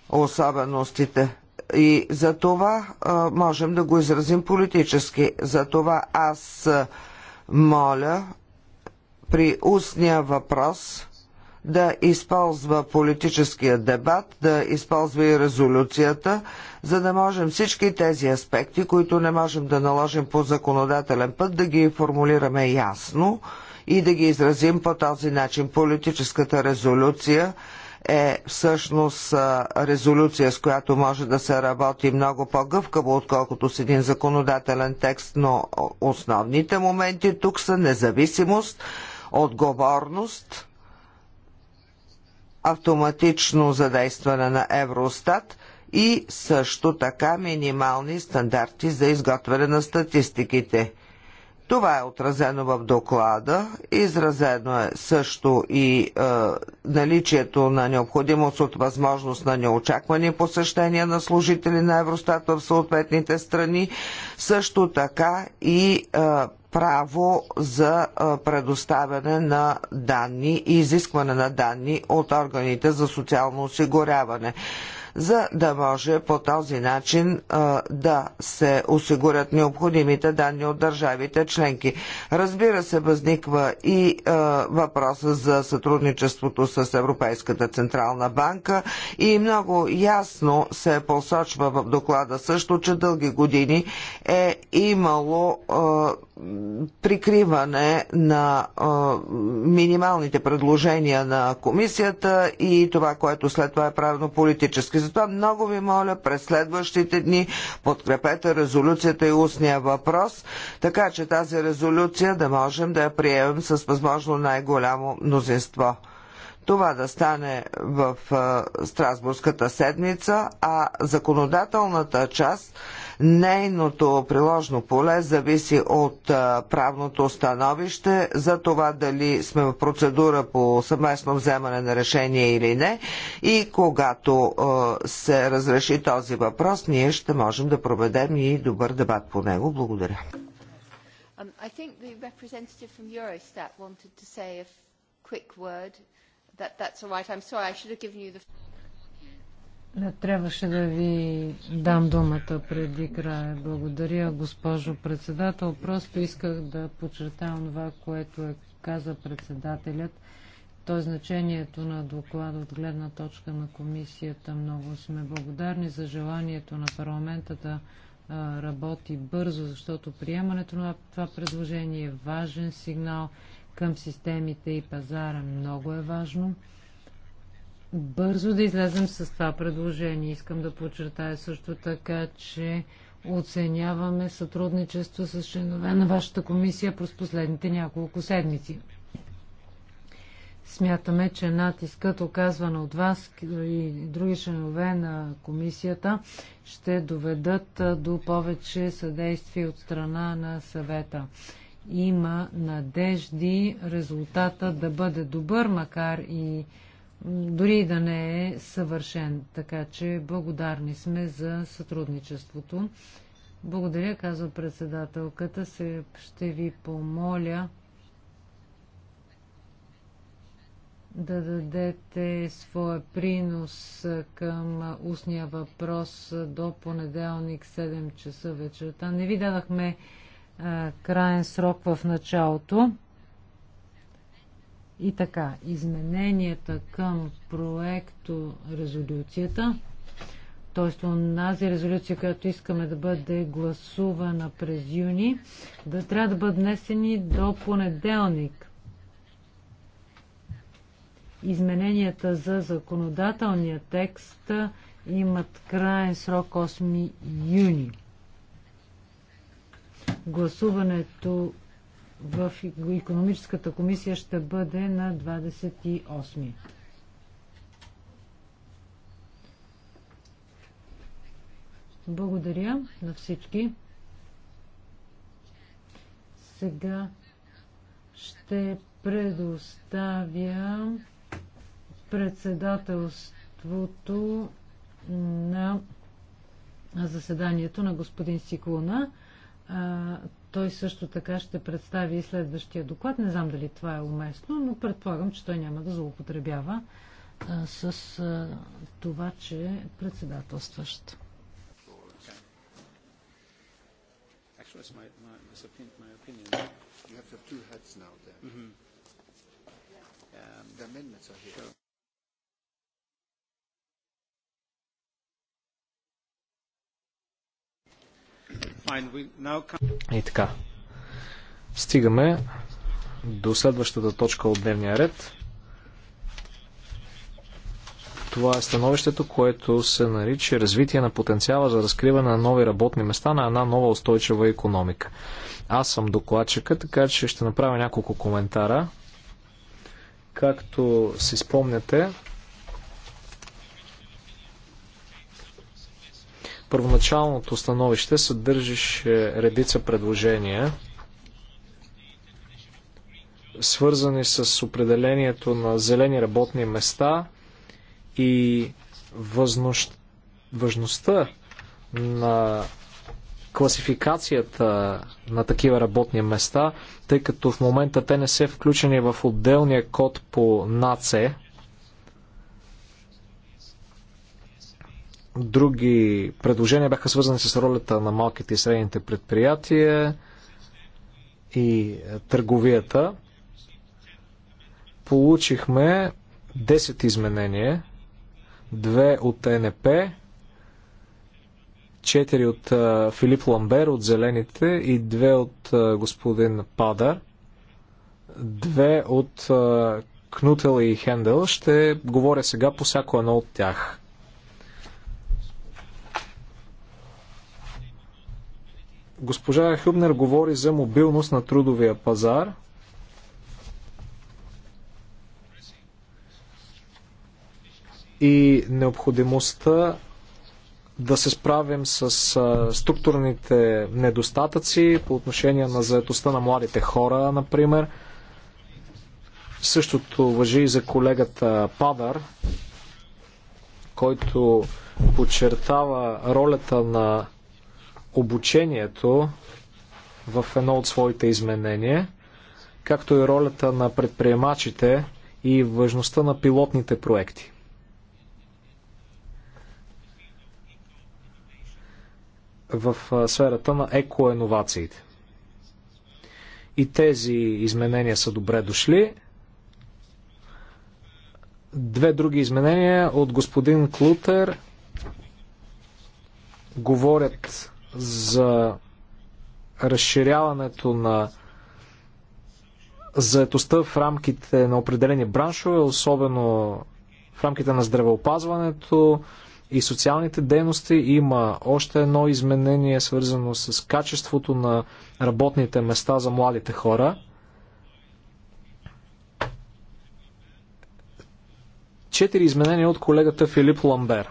[SPEAKER 3] особеностите. И за това а, можем да го изразим политически. За това аз моля при устния въпрос да използва политическия дебат, да използва и резолюцията, за да можем всички тези аспекти, които не можем да наложим по законодателен път, да ги формулираме ясно и да ги изразим по този начин. Политическата резолюция е всъщност резолюция, с която може да се работи много по-гъвкаво, отколкото с един законодателен текст, но основните моменти тук са независимост, отговорност, автоматично задействане на Евростат и също така минимални стандарти за изготвяне на статистиките. Това е отразено в доклада. Изразено е също и е, наличието на необходимост от възможност на неочаквани посещения на служители на Евростат в съответните страни. Също така и е, право за е, предоставяне на данни и изискване на данни от органите за социално осигуряване за да може по този начин да се осигурят необходимите данни от държавите членки. Разбира се, възниква и въпроса за сътрудничеството с Европейската централна банка и много ясно се посочва в доклада също, че дълги години е имало прикриване на минималните предложения на комисията и това, което след това е правено политически затова много ви моля през следващите дни подкрепете резолюцията и устния въпрос, така че тази резолюция да можем да я приемем с възможно най-голямо мнозинство. Това да стане в Страсбургската седмица, а законодателната част – Нейното приложно поле зависи от правното становище за това дали сме в процедура по съвместно вземане на решение или не. И когато се разреши този въпрос, ние ще можем да проведем и добър дебат по него. Благодаря.
[SPEAKER 2] Um, quick word. That,
[SPEAKER 4] that's all right. I'm sorry. I should have given you the.
[SPEAKER 2] Трябваше да ви дам думата преди края. Благодаря, госпожо председател. Просто исках да подчертавам това, което е каза председателят. То е значението на доклада от гледна точка на комисията. Много сме благодарни за желанието на парламента да работи бързо, защото приемането на това предложение е важен сигнал към системите и пазара. Много е важно бързо да излезем с това предложение. Искам да подчертая също така, че оценяваме сътрудничество с членове на вашата комисия през последните няколко седмици. Смятаме, че натискът, оказван от вас и други членове на комисията, ще доведат до повече съдействие от страна на съвета. Има надежди резултата да бъде добър, макар и дори и да не е съвършен. Така че благодарни сме за сътрудничеството. Благодаря, казва председателката. Се ще ви помоля да дадете своя принос към устния въпрос до понеделник 7 часа вечерта. Не ви дадахме а, срок в началото. И така, измененията към проекто резолюцията, т.е. онази резолюция, която искаме да бъде гласувана през юни, да трябва да бъдат внесени до понеделник. Измененията за законодателния текст имат крайен срок 8 юни. Гласуването в економическата комисия ще бъде на 28. Благодаря на всички. Сега ще предоставя председателството на заседанието на господин Сиклона. Той също така ще представи и следващия доклад. Не знам дали това е уместно, но предполагам, че той няма да злоупотребява с а, това, че е председателстващ.
[SPEAKER 4] Mm-hmm. Um, the amendments are here. Sure.
[SPEAKER 1] И така. Стигаме до следващата точка от дневния ред. Това е становището, което се нарича развитие на потенциала за разкриване на нови работни места на една нова устойчива економика. Аз съм докладчика, така че ще направя няколко коментара. Както си спомняте, Първоначалното становище съдържаше редица предложения, свързани с определението на зелени работни места и възнощ... важността на класификацията на такива работни места, тъй като в момента те не са включени в отделния код по НАЦЕ, Други предложения бяха свързани с ролята на малките и средните предприятия и търговията. Получихме 10 изменения, 2 от НП, 4 от Филип Ламбер от Зелените и 2 от господин Падар, 2 от Кнутел и Хендел. Ще говоря сега по всяко едно от тях. Госпожа Хюбнер говори за мобилност на трудовия пазар. И необходимостта да се справим с а, структурните недостатъци по отношение на заетостта на младите хора, например. Същото въжи и за колегата Падар, който подчертава ролята на обучението в едно от своите изменения, както и ролята на предприемачите и важността на пилотните проекти. в сферата на екоеновациите. И тези изменения са добре дошли. Две други изменения от господин Клутер говорят за разширяването на заетостта в рамките на определени браншове, особено в рамките на здравеопазването и социалните дейности. Има още едно изменение, свързано с качеството на работните места за младите хора. Четири изменения от колегата Филип Ламбер.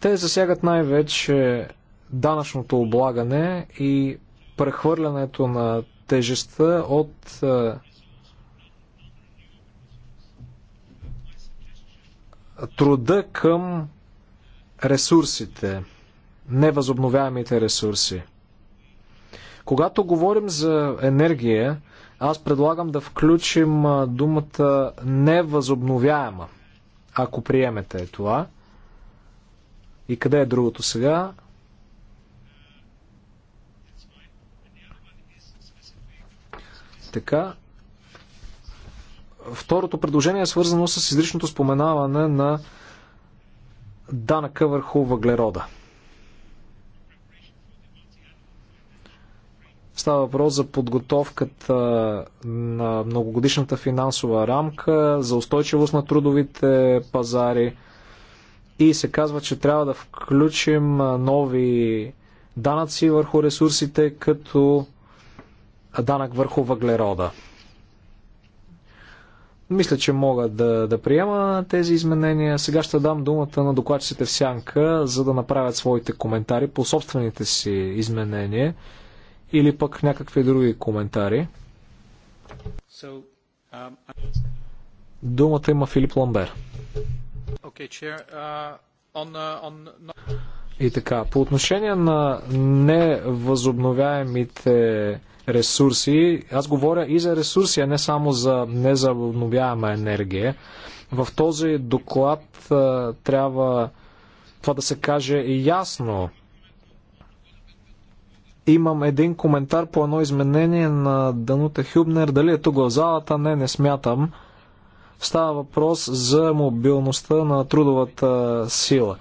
[SPEAKER 1] Те засягат най-вече данъчното облагане и прехвърлянето на тежестта от е, труда към ресурсите, невъзобновяемите ресурси. Когато говорим за енергия, аз предлагам да включим думата невъзобновяема, ако приемете това. И къде е другото сега? Така. Второто предложение е свързано с изричното споменаване на данъка върху въглерода. Става въпрос за подготовката на многогодишната финансова рамка, за устойчивост на трудовите пазари, и се казва, че трябва да включим нови данъци върху ресурсите, като данък върху въглерода. Мисля, че мога да, да приема тези изменения. Сега ще дам думата на докладчиците в сянка, за да направят своите коментари по собствените си изменения или пък някакви други коментари. Um, думата има Филип Ламбер. Uh, uh, и така, по отношение на невъзобновяемите ресурси, аз говоря и за ресурси, а не само за незавъзобновяема енергия. В този доклад а, трябва това да се каже ясно. Имам един коментар по едно изменение на Данута Хюбнер. Дали е тук в залата? Не, не смятам. Става въпрос за мобилността на трудовата сила.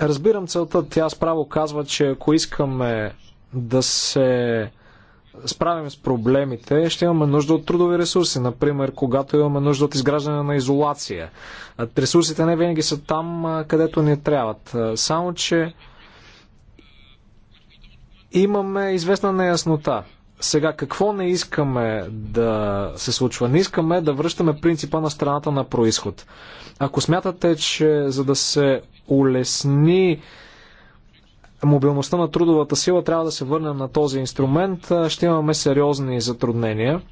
[SPEAKER 1] Разбирам целта. Тя справо казва, че ако искаме да се справим с проблемите, ще имаме нужда от трудови ресурси. Например, когато имаме нужда от изграждане на изолация. Е, ресурсите не винаги са там, е, където ни трябват. Е, само, че имаме известна неяснота. Сега, какво не искаме да се случва? Не искаме да връщаме принципа на страната на происход. Ако смятате, че за да се улесни мобилността на трудовата сила, трябва да се върнем на този инструмент, ще имаме сериозни затруднения.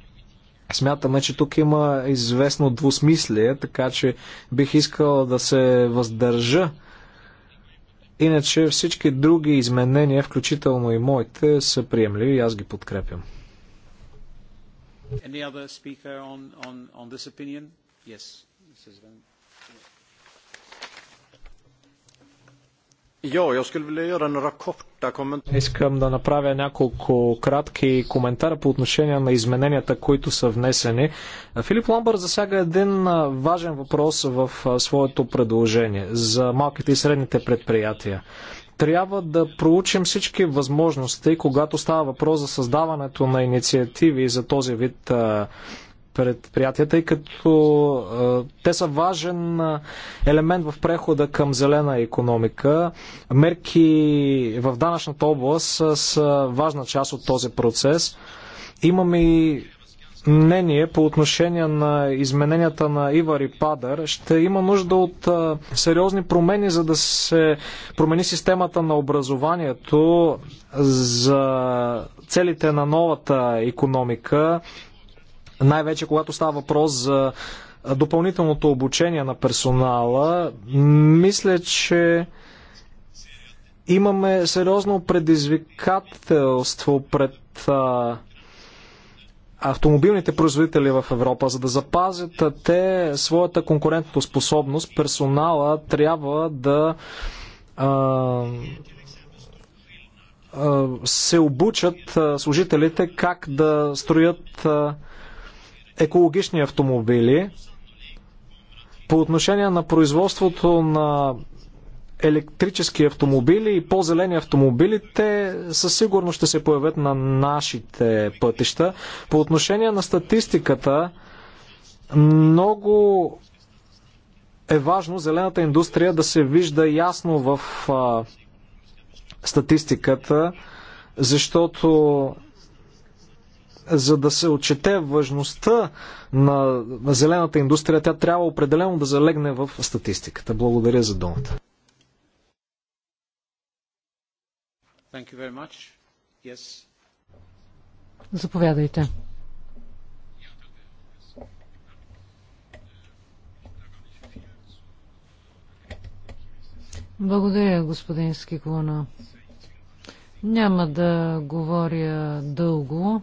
[SPEAKER 1] Смятаме, че тук има известно двусмислие, така че бих искал да се въздържа Иначе всички други изменения, включително и моите, са приемливи и аз ги подкрепям. Any other speaker on, on, on this opinion? Yes, Mrs. Van... Искам да направя няколко кратки коментара по отношение на измененията, които са внесени. Филип Ламбър засяга един важен въпрос в своето предложение за малките и средните предприятия трябва да проучим всички възможности, когато става въпрос за създаването на инициативи за този вид а, предприятия, тъй като те са важен елемент в прехода към зелена економика. Мерки в данъчната област са важна част от този процес. Имаме и мнение по отношение на измененията на Ивар и Падър, ще има нужда от а, сериозни промени, за да се промени системата на образованието за целите на новата економика най-вече когато става въпрос за допълнителното обучение на персонала, мисля, че имаме сериозно предизвикателство пред а, автомобилните производители в Европа. За да запазят те своята конкурентна способност. персонала трябва да а, се обучат служителите как да строят екологични автомобили. По отношение на производството на електрически автомобили и по-зелени автомобили, те със сигурност ще се появят на нашите пътища. По отношение на статистиката, много е важно зелената индустрия да се вижда ясно в а, статистиката, защото за да се отчете важността на, на зелената индустрия, тя трябва определено да залегне в статистиката. Благодаря за думата. Yes. Заповядайте.
[SPEAKER 2] Благодаря, господин Скиклона. Няма да говоря дълго.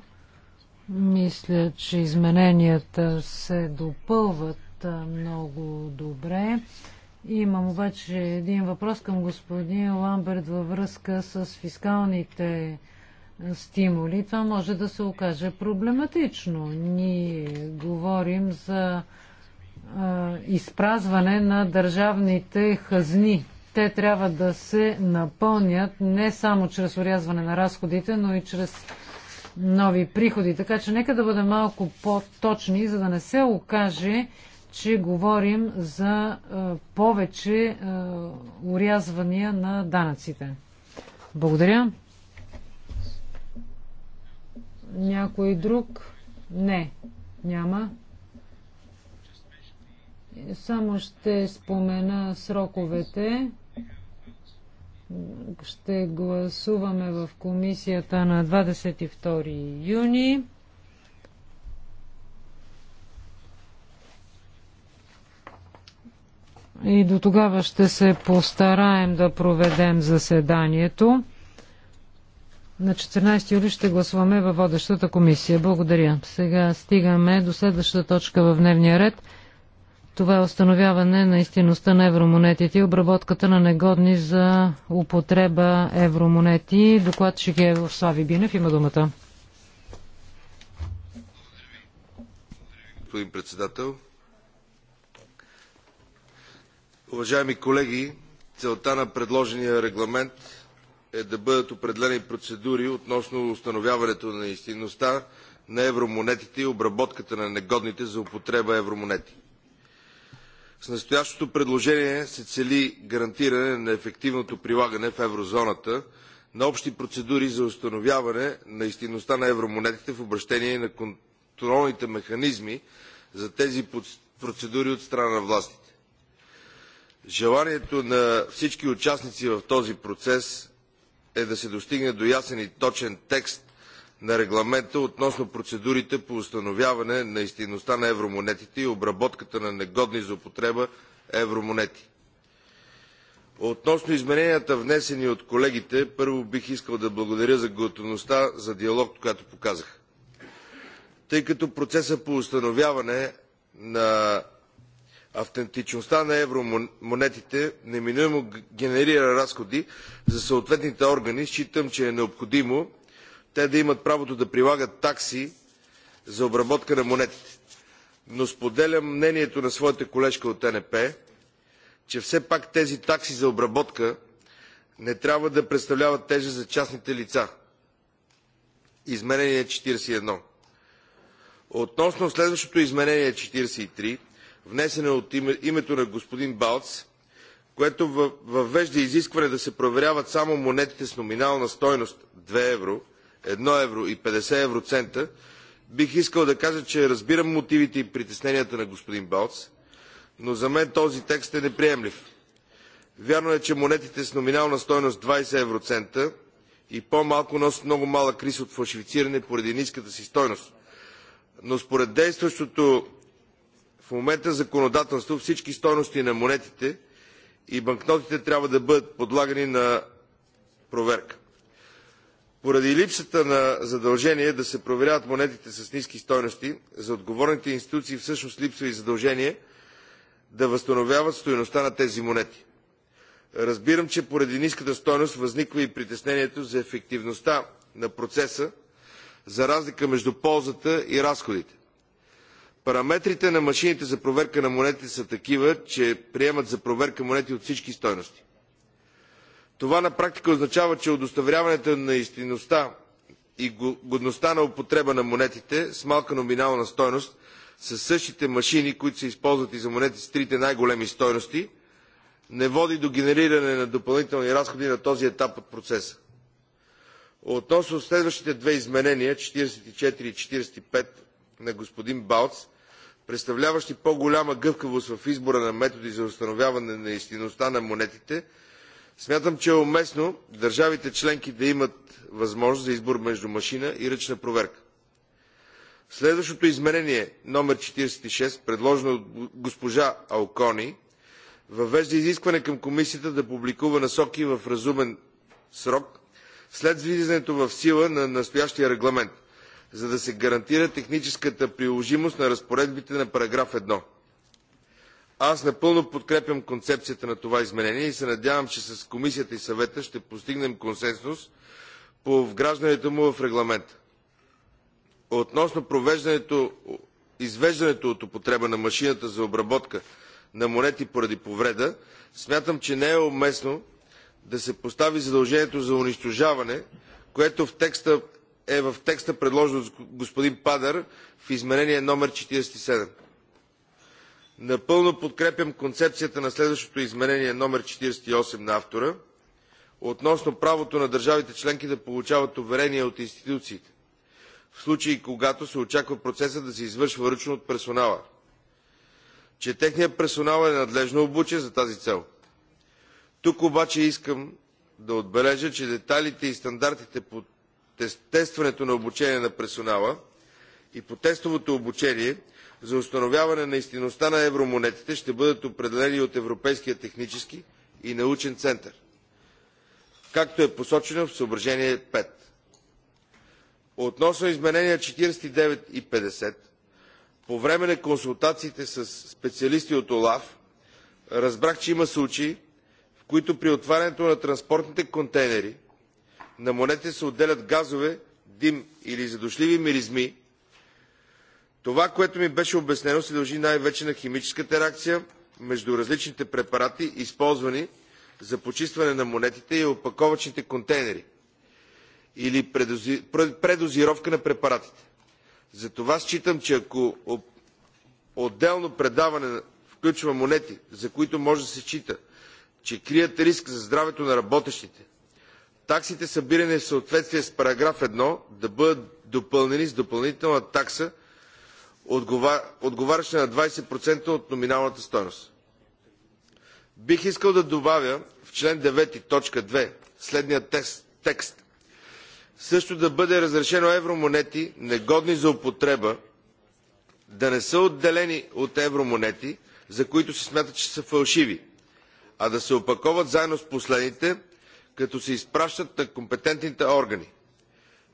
[SPEAKER 2] Мисля, че измененията се допълват много добре. Имам обаче един въпрос към господин Ламберт във връзка с фискалните стимули. Това може да се окаже проблематично. Ние говорим за а, изпразване на държавните хазни. Те трябва да се напълнят не само чрез урязване на разходите, но и чрез нови приходи. Така че нека да бъдем малко по-точни, за да не се окаже, че говорим за повече урязвания на данъците. Благодаря. Някой друг? Не, няма. Само ще спомена сроковете ще гласуваме в комисията на 22 юни. И до тогава ще се постараем да проведем заседанието. На 14 юли ще гласуваме във водещата комисия. Благодаря. Сега стигаме до следващата точка в дневния ред. Това е установяване на истинността на евромонетите и обработката на негодни за употреба евромонети. Доклад е в Слави Бинев. Има думата.
[SPEAKER 4] Господин председател, уважаеми колеги, целта на предложения регламент е да бъдат определени процедури относно установяването на истинността на евромонетите и обработката на негодните за употреба евромонети. С настоящото предложение се цели гарантиране на ефективното прилагане в еврозоната на общи процедури за установяване на истинността на евромонетите в обращение на контролните механизми за тези процедури от страна на властите. Желанието на всички участници в този процес е да се достигне до ясен и точен текст на Регламента относно процедурите по установяване на истинността на евромонетите и обработката на негодни за употреба евромонети. Относно измененията, внесени от колегите, първо бих искал да благодаря за готовността за диалог, която показаха. Тъй като процесът по установяване на автентичността на евромонетите неминуемо генерира разходи за съответните органи, считам, че е необходимо те да имат правото да прилагат такси за обработка на монетите. Но споделям мнението на своята колежка от НП, че все пак тези такси за обработка не трябва да представляват тежест за частните лица. Изменение 41. Относно следващото изменение 43, внесено от името на господин Балц, което въвежда изискване да се проверяват само монетите с номинална стойност 2 евро, 1 евро и 50 цента, бих искал да кажа, че разбирам мотивите и притесненията на господин Балц, но за мен този текст е неприемлив. Вярно е, че монетите с номинална стойност 20 евро цента и по-малко носят много малък риск от фалшифициране поради ниската си стойност. Но според действащото в момента законодателство всички стойности на монетите и банкнотите трябва да бъдат подлагани на проверка. Поради липсата на задължение да се проверяват монетите с ниски стойности, за отговорните институции всъщност липсва и задължение да възстановяват стойността на тези монети. Разбирам, че поради ниската стойност възниква и притеснението за ефективността на процеса за разлика между ползата и разходите. Параметрите на машините за проверка на монетите са такива, че приемат за проверка монети от всички стойности. Това на практика означава, че удостоверяването на истинността и годността на употреба на монетите с малка номинална стойност със същите машини, които се използват и за монети с трите най-големи стойности, не води до генериране на допълнителни разходи на този етап от процеса. Относно следващите две изменения, 44 и 45 на господин Балц, представляващи по-голяма гъвкавост в избора на методи за установяване на истинността на монетите Смятам, че е уместно държавите членки да имат възможност за избор между машина и ръчна проверка. Следващото изменение, номер 46, предложено от госпожа Алкони, въвежда изискване към комисията да публикува насоки в разумен срок след влизането в сила на настоящия регламент, за да се гарантира техническата приложимост на разпоредбите на параграф 1 аз напълно подкрепям концепцията на това изменение и се надявам че с комисията и съвета ще постигнем консенсус по вграждането му в регламента. относно извеждането от употреба на машината за обработка на монети поради повреда смятам че не е уместно да се постави задължението за унищожаване което е в текста предложен от господин падър в изменение №. 47. Напълно подкрепям концепцията на следващото изменение номер 48 на автора относно правото на държавите членки да получават уверения от институциите, в случай когато се очаква процесът да се извършва ръчно от персонала, че техният персонал е надлежно обучен за тази цел. Тук обаче искам да отбележа, че детайлите и стандартите по тестването на обучение на персонала и по тестовото обучение – за установяване на истинността на евромонетите ще бъдат определени от Европейския технически и научен център, както е посочено в съображение 5. Относно изменения 49 и 50, по време на консултациите с специалисти от ОЛАФ, разбрах, че има случаи, в които при отварянето на транспортните контейнери на монетите се отделят газове, дим или задушливи миризми, това, което ми беше обяснено, се дължи най-вече на химическата реакция между различните препарати, използвани за почистване на монетите и опаковачните контейнери или предозировка на препаратите. Затова считам, че ако отделно предаване включва монети, за които може да се счита, че крият риск за здравето на работещите, таксите, събирани в съответствие с параграф 1, да бъдат допълнени с допълнителна такса отговаряща на 20% от номиналната стойност. Бих искал да добавя в чл. 9, т. 2 следния текст. Също да бъде разрешено евромонети, негодни за употреба, да не са отделени от евромонети, за които се смята, че са фалшиви, а да се опаковат заедно с последните, като се изпращат на компетентните органи.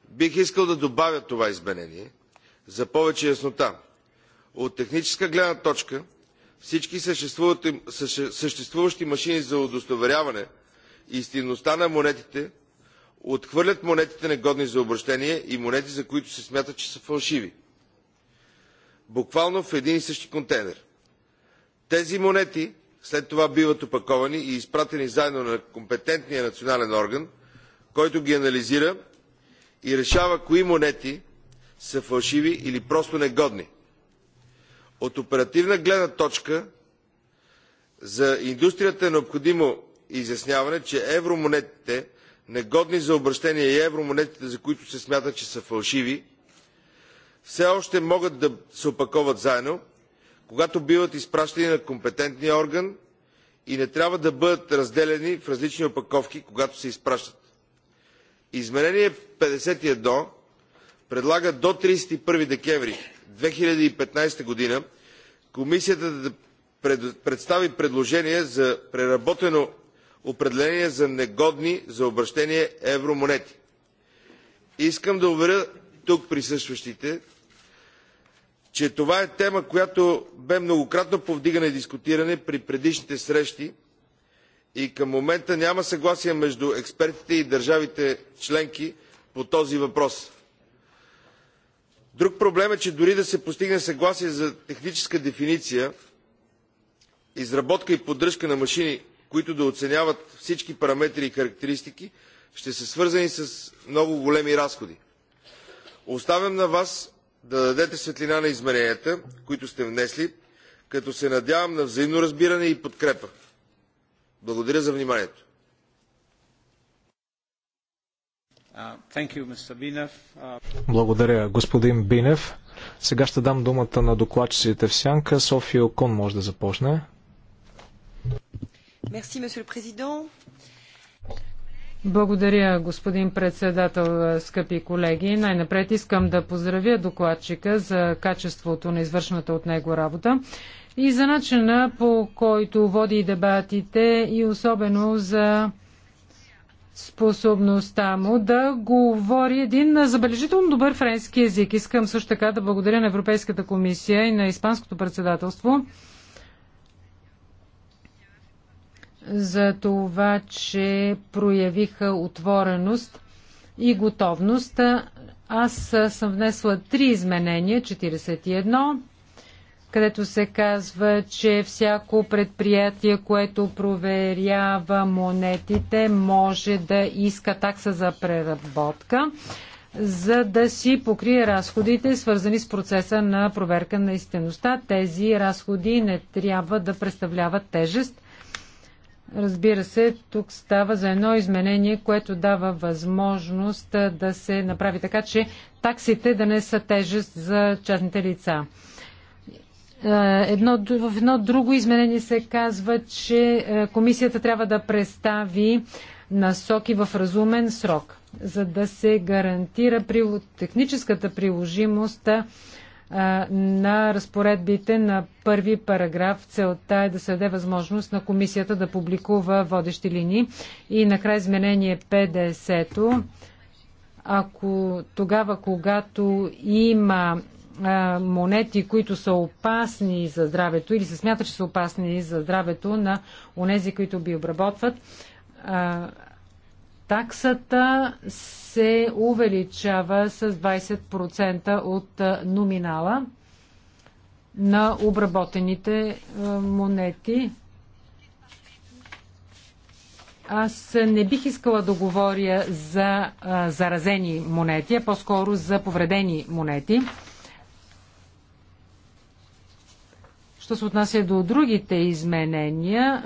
[SPEAKER 4] Бих искал да добавя това изменение, за повече яснота. От техническа гледна точка всички съществуващи машини за удостоверяване истинността на монетите отхвърлят монетите негодни за обращение и монети, за които се смята, че са фалшиви. Буквално в един и същи контейнер. Тези монети след това биват опаковани и изпратени заедно на компетентния национален орган, който ги анализира и решава кои монети са фалшиви или просто негодни. От оперативна гледна точка за индустрията е необходимо изясняване, че евромонетите, негодни за обращение и евромонетите, за които се смята, че са фалшиви, все още могат да се опаковат заедно, когато биват изпращани на компетентния орган и не трябва да бъдат разделени в различни опаковки, когато се изпращат. Изменение 51 предлага до 31 декември 2015 година Комисията да представи предложение за преработено определение за негодни за обращение евромонети. Искам да уверя тук присъстващите, че това е тема, която бе многократно повдигана и дискутирана при предишните срещи и към момента няма съгласие между експертите и държавите членки по този въпрос. Друг проблем е, че дори да се постигне съгласие за техническа дефиниция, изработка и поддръжка на машини, които да оценяват всички параметри и характеристики, ще са свързани с много големи разходи. Оставям на вас да дадете светлина на измененията, които сте внесли, като се надявам на взаимно разбиране и подкрепа. Благодаря за вниманието. Uh, uh,
[SPEAKER 1] Благодаря, господин Бинев. Сега ще дам думата на докладчиците в сянка. София Окон може да започне.
[SPEAKER 2] Благодаря, господин председател, скъпи колеги. Най-напред искам да поздравя докладчика за качеството на извършната от него работа и за начина по който води дебатите и особено за способността му да говори един забележително добър френски език. Искам също така да благодаря на Европейската комисия и на Испанското председателство за това, че проявиха отвореност и готовност. Аз съм внесла три изменения, 41, където се казва, че всяко предприятие, което проверява монетите, може да иска такса за преработка, за да си покрие разходите, свързани с процеса на проверка на истинността. Тези разходи не трябва да представляват тежест. Разбира се, тук става за едно изменение, което дава възможност да се направи така, че таксите да не са тежест за частните лица. Е, едно, в едно друго изменение се казва, че е, комисията трябва да представи насоки в разумен срок, за да се гарантира техническата приложимост е, на разпоредбите на първи параграф. Целта е да се даде възможност на комисията да публикува водещи линии. И накрая изменение 50-то. Ако тогава, когато има монети, които са опасни за здравето или се смята, че са опасни за здравето на онези, които би обработват, таксата се увеличава с 20% от номинала на обработените монети. Аз не бих искала да говоря за а, заразени монети, а по-скоро за повредени монети. Що се отнася до другите изменения,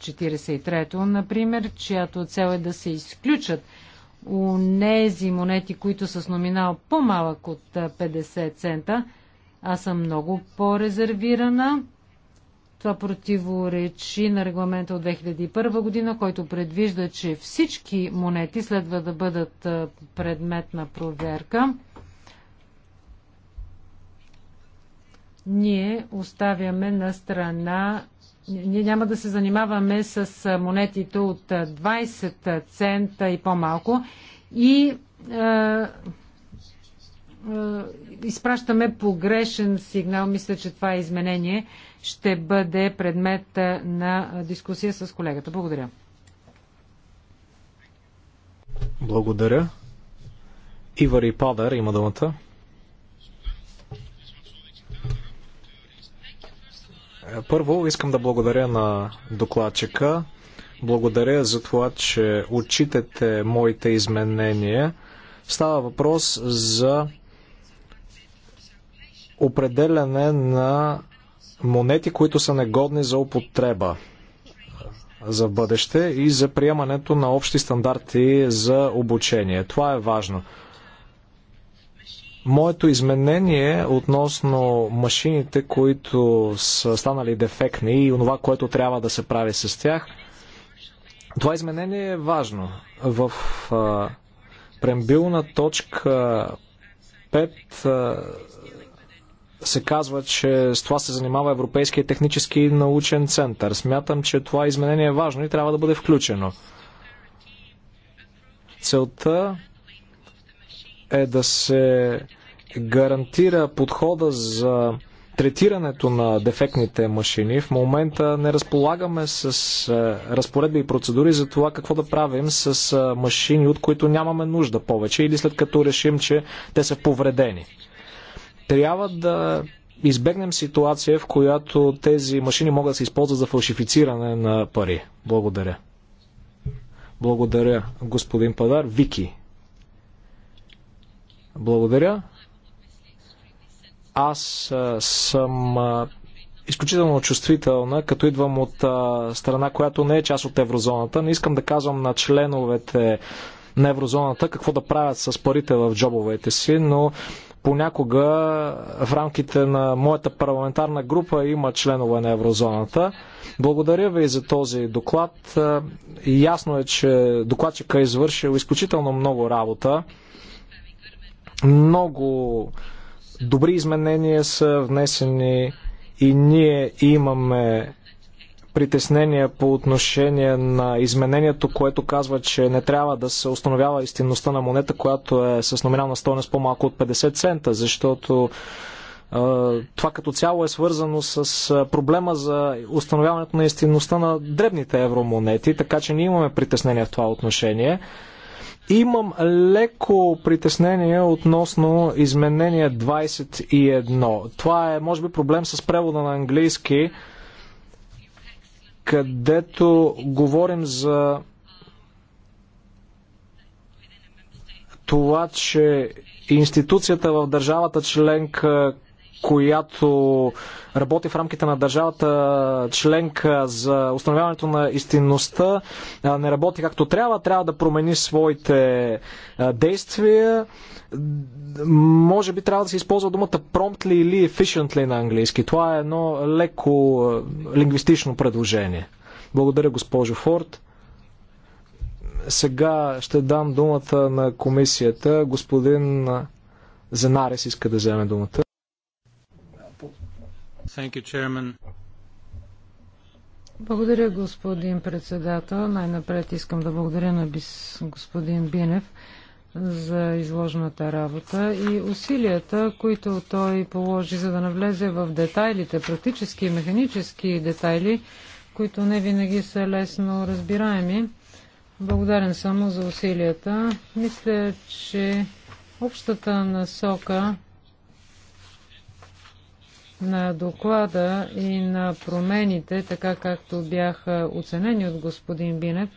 [SPEAKER 2] 43-то, е, например, чиято цел е да се изключат у нези монети, които са с номинал по-малък от 50 е, цента, аз съм много по-резервирана. Това противоречи на регламента от 2001 година, който предвижда, че всички монети следва да бъдат е, предмет на проверка. ние оставяме на страна, ние няма да се занимаваме с монетите от 20 цента и по-малко и е, е, изпращаме погрешен сигнал. Мисля, че това изменение ще бъде предмет на дискусия с колегата. Благодаря.
[SPEAKER 1] Благодаря. Ивари Падър има думата. Първо искам да благодаря на докладчика. Благодаря за това, че отчитате моите изменения. Става въпрос за определяне на монети, които са негодни за употреба за бъдеще и за приемането на общи стандарти за обучение. Това е важно. Моето изменение е относно машините, които са станали дефектни и това, което трябва да се прави с тях, това изменение е важно. В а, прембилна точка 5 а, се казва, че с това се занимава Европейския технически научен център. Смятам, че това изменение е важно и трябва да бъде включено. Целта е да се гарантира подхода за третирането на дефектните машини. В момента не разполагаме с е, разпоредби и процедури за това какво да правим с е, машини, от които нямаме нужда повече или след като решим, че те са повредени. Трябва да избегнем ситуация, в която тези машини могат да се използват за фалшифициране на пари. Благодаря. Благодаря, господин Падар. Вики благодаря. Аз съм изключително чувствителна, като идвам от страна, която не е част от еврозоната. Не искам да казвам на членовете на еврозоната какво да правят с парите в джобовете си, но понякога в рамките на моята парламентарна група има членове на еврозоната. Благодаря ви за този доклад. Ясно е, че докладчика е извършил изключително много работа. Много добри изменения са внесени и ние имаме притеснения по отношение на изменението, което казва, че не трябва да се установява истинността на монета, която е с номинална стоеност по-малко от 50 цента, защото това като цяло е свързано с проблема за установяването на истинността на дребните евромонети, така че ние имаме притеснения в това отношение. Имам леко притеснение относно изменение 21. Това е, може би, проблем с превода на английски, където говорим за това, че институцията в държавата членка, която работи в рамките на държавата членка за установяването на истинността, не работи както трябва, трябва да промени своите действия. Може би трябва да се използва думата promptly или efficiently на английски. Това е едно леко лингвистично предложение. Благодаря, госпожо Форд. Сега ще дам думата на комисията. Господин Зенарес иска да вземе думата
[SPEAKER 2] благодаря, господин председател. Най-напред искам да благодаря на господин Бинев за изложената работа и усилията, които той положи, за да навлезе в детайлите, практически и механически детайли, които не винаги са лесно разбираеми. Благодарен само за усилията. Мисля, че общата насока на доклада и на промените, така както бяха оценени от господин Бинев,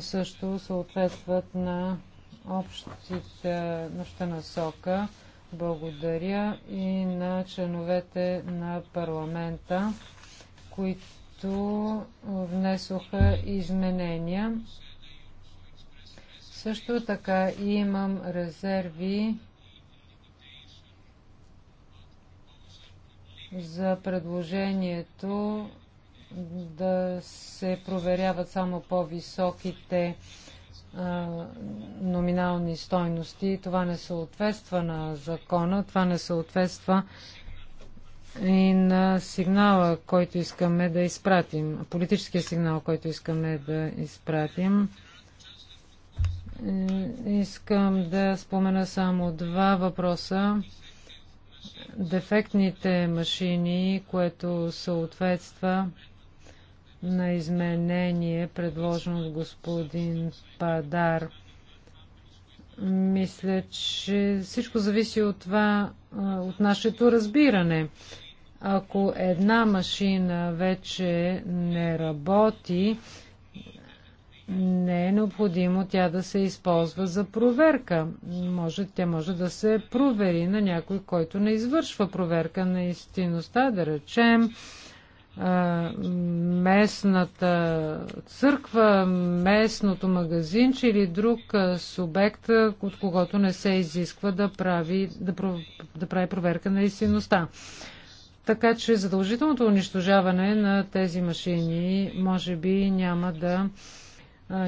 [SPEAKER 2] също съответстват на общите, на насока. Благодаря и на членовете на парламента, които внесоха изменения. Също така имам резерви за предложението да се проверяват само по-високите номинални стойности. Това не съответства на закона, това не съответства и на сигнала, който искаме да изпратим, политическия сигнал, който искаме да изпратим. Е, искам да спомена само два въпроса, дефектните машини, което съответства на изменение, предложено от господин Падар. Мисля, че всичко зависи от това, от нашето разбиране. Ако една машина вече не работи, не е необходимо тя да се използва за проверка. Може, тя може да се провери на някой, който не извършва проверка на истинността, да речем местната църква, местното магазинче или друг субект, от когото не се изисква да прави, да, да прави проверка на истинността. Така че задължителното унищожаване на тези машини може би няма да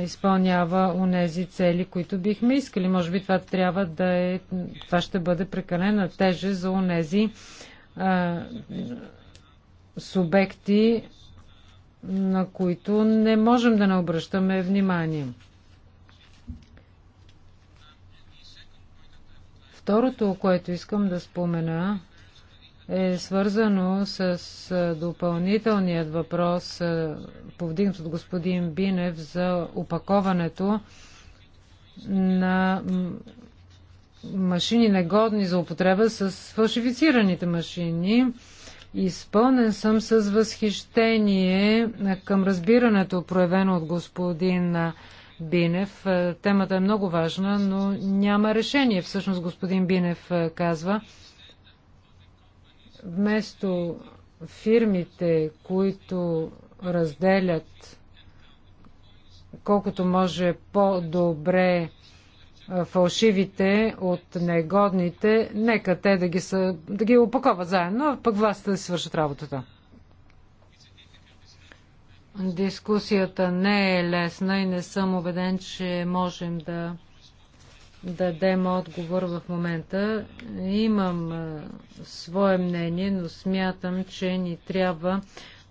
[SPEAKER 2] изпълнява онези цели, които бихме искали. Може би това трябва да е, това ще бъде прекалена теже за онези а, субекти, на които не можем да не обръщаме внимание. Второто, което искам да спомена, е свързано с допълнителният въпрос, повдигнат от господин Бинев, за опаковането на машини негодни за употреба с фалшифицираните машини. Изпълнен съм с възхищение към разбирането, проявено от господин Бинев. Темата е много важна, но няма решение. Всъщност господин Бинев казва, Вместо фирмите, които разделят колкото може по-добре фалшивите от негодните, нека те да ги, са, да ги опаковат заедно, а пък властите да си свършат работата. Дискусията не е лесна и не съм убеден, че можем да дадем отговор в момента. Имам свое мнение, но смятам, че ни трябва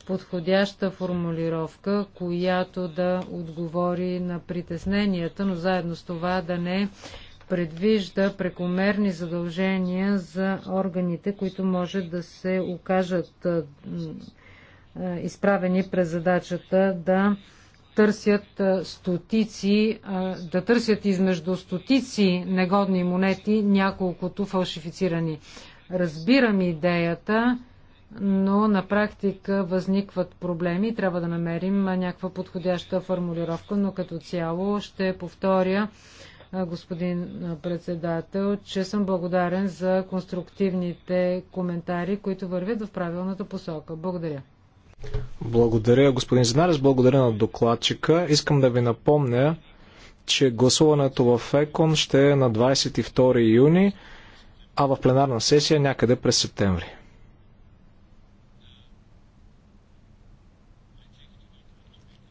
[SPEAKER 2] подходяща формулировка, която да отговори на притесненията, но заедно с това да не предвижда прекомерни задължения за органите, които може да се окажат изправени през задачата да търсят стотици, да търсят измежду стотици негодни монети няколкото фалшифицирани. Разбирам идеята, но на практика възникват проблеми трябва да намерим някаква подходяща формулировка, но като цяло ще повторя господин председател, че съм благодарен за конструктивните коментари, които вървят в правилната посока. Благодаря.
[SPEAKER 1] Благодаря, господин Зинарес. Благодаря на докладчика. Искам да ви напомня, че гласуването в ЕКОН ще е на 22 юни, а в пленарна сесия някъде през септември.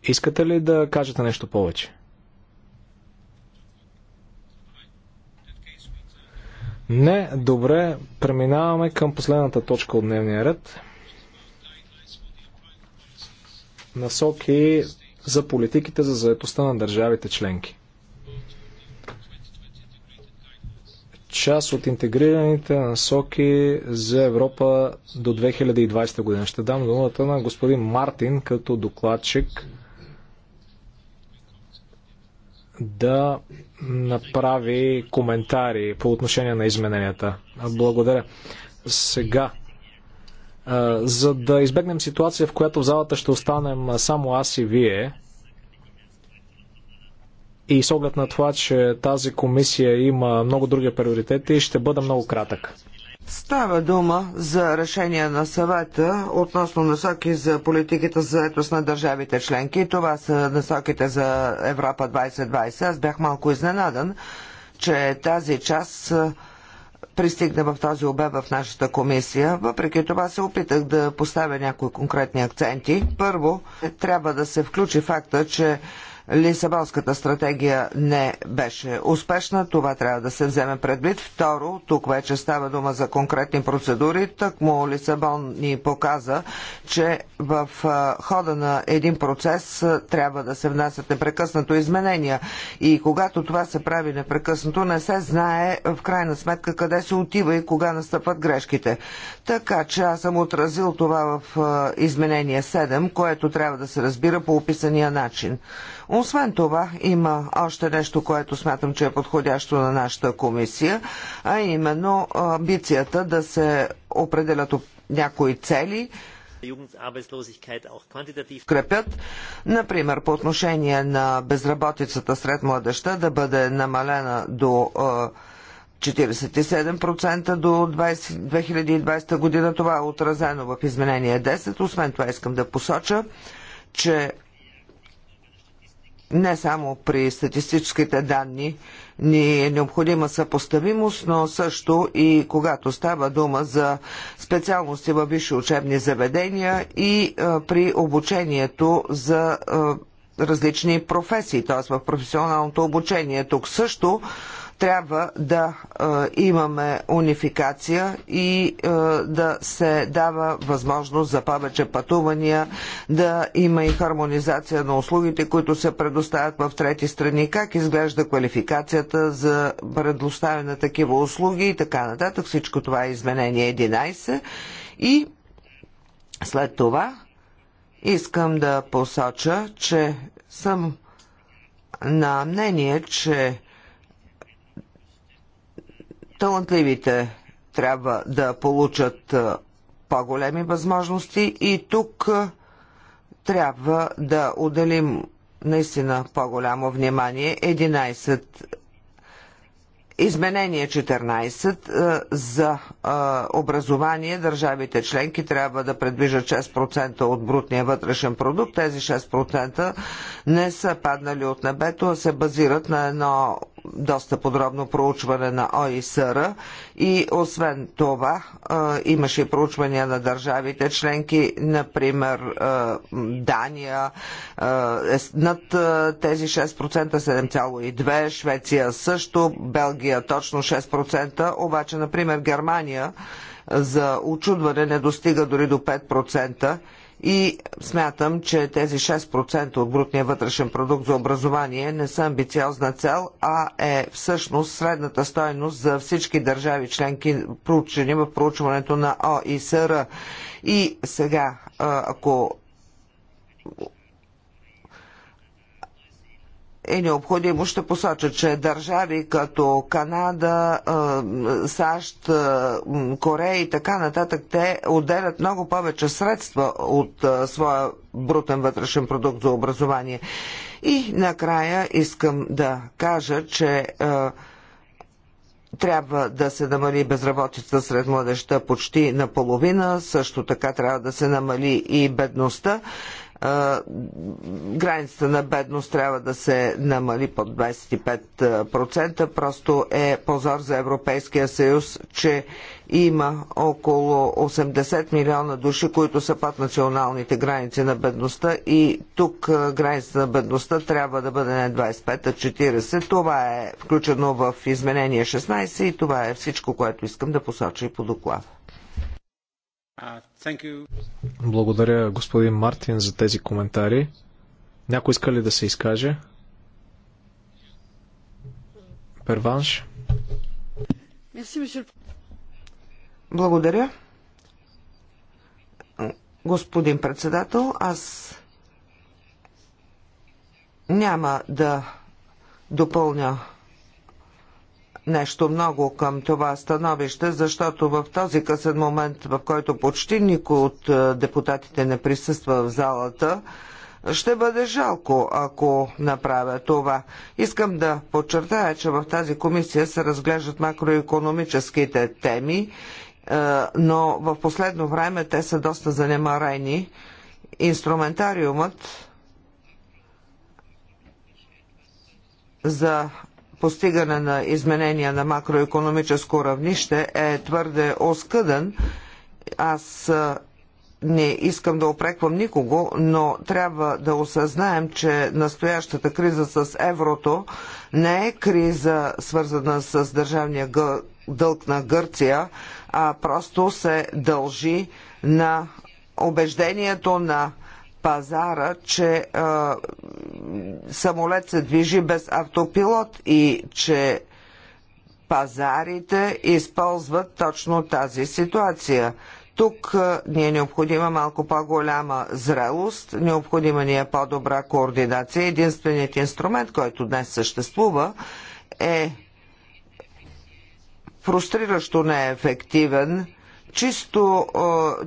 [SPEAKER 1] Искате ли да кажете нещо повече? Не, добре, преминаваме към последната точка от дневния ред насоки за политиките за заедостта на държавите членки. Част от интегрираните насоки за Европа до 2020 година. Ще дам думата на господин Мартин като докладчик да направи коментари по отношение на измененията. Благодаря. Сега за да избегнем ситуация, в която в залата ще останем само аз и вие, и с оглед на това, че тази комисия има много други приоритети, ще бъда много кратък.
[SPEAKER 3] Става дума за решение на съвета относно насоки за политиката за заедност на държавите членки. Това са насоките за Европа 2020. Аз бях малко изненадан, че тази част пристигне в този обем в нашата комисия. Въпреки това се опитах да поставя някои конкретни акценти. Първо, трябва да се включи факта, че Лисабонската стратегия не беше успешна, това трябва да се вземе предвид. Второ, тук вече става дума за конкретни процедури, такмо Лисабон ни показа, че в хода на един процес трябва да се внасят непрекъснато изменения и когато това се прави непрекъснато, не се знае в крайна сметка къде се отива и кога настъпват грешките. Така че аз съм отразил това в изменение 7, което трябва да се разбира по описания начин. Освен това, има още нещо, което смятам, че е подходящо на нашата комисия, а именно амбицията да се определят някои цели, крепят, например по отношение на безработицата сред младеща да бъде намалена до 47% до 20, 2020 година. Това е отразено в изменение 10. Освен това искам да посоча, че не само при статистическите данни ни е необходима съпоставимост, но също и когато става дума за специалности във висши учебни заведения и е, при обучението за е, различни професии, т.е. в професионалното обучение. Тук също трябва да е, имаме унификация и е, да се дава възможност за повече пътувания, да има и хармонизация на услугите, които се предоставят в трети страни, как изглежда квалификацията за предоставяне на такива услуги и така нататък. Всичко това е изменение 11 и след това искам да посоча, че съм на мнение, че Талантливите трябва да получат по-големи възможности и тук трябва да отделим наистина по-голямо внимание. 11 Изменение 14 за образование държавите членки трябва да предвижат 6% от брутния вътрешен продукт. Тези 6% не са паднали от небето, а се базират на едно доста подробно проучване на ОИСР и освен това е, имаше проучвания на държавите членки, например е, Дания е, над тези 6%, 7,2%, Швеция също, Белгия точно 6%, обаче например Германия за очудване не достига дори до 5% и смятам, че тези 6% от брутния вътрешен продукт за образование не са амбициозна цел, а е всъщност средната стойност за всички държави членки, проучени в проучването на ОИСР. И сега, ако е необходимо, ще посоча, че държави като Канада, САЩ, Корея и така нататък, те отделят много повече средства от своя брутен вътрешен продукт за образование. И накрая искам да кажа, че трябва да се намали безработицата сред младеща почти наполовина, също така трябва да се намали и бедността границата на бедност трябва да се намали под 25%. Просто е позор за Европейския съюз, че има около 80 милиона души, които са под националните граници на бедността и тук границата на бедността трябва да бъде не 25, а 40. Това е включено в изменение 16 и това е всичко, което искам да посоча и по доклада.
[SPEAKER 1] Uh, Благодаря, господин Мартин, за тези коментари. Някой иска ли да се изкаже? Перванш? Благодаря.
[SPEAKER 3] Господин председател, аз няма да допълня нещо много към това становище, защото в този късен момент, в който почти никой от е, депутатите не присъства в залата, ще бъде жалко, ако направя това. Искам да подчертая, че в тази комисия се разглеждат макроекономическите теми, е, но в последно време те са доста занемарени. Инструментариумът за постигане на изменения на макроекономическо равнище е твърде оскъден. Аз не искам да опреквам никого, но трябва да осъзнаем, че настоящата криза с еврото не е криза свързана с държавния дълг на Гърция, а просто се дължи на убеждението на пазара, че а, самолет се движи без автопилот и че пазарите използват точно тази ситуация. Тук ни е необходима малко по-голяма зрелост, необходима ни е по-добра координация. Единственият инструмент, който днес съществува, е фрустриращо неефективен чисто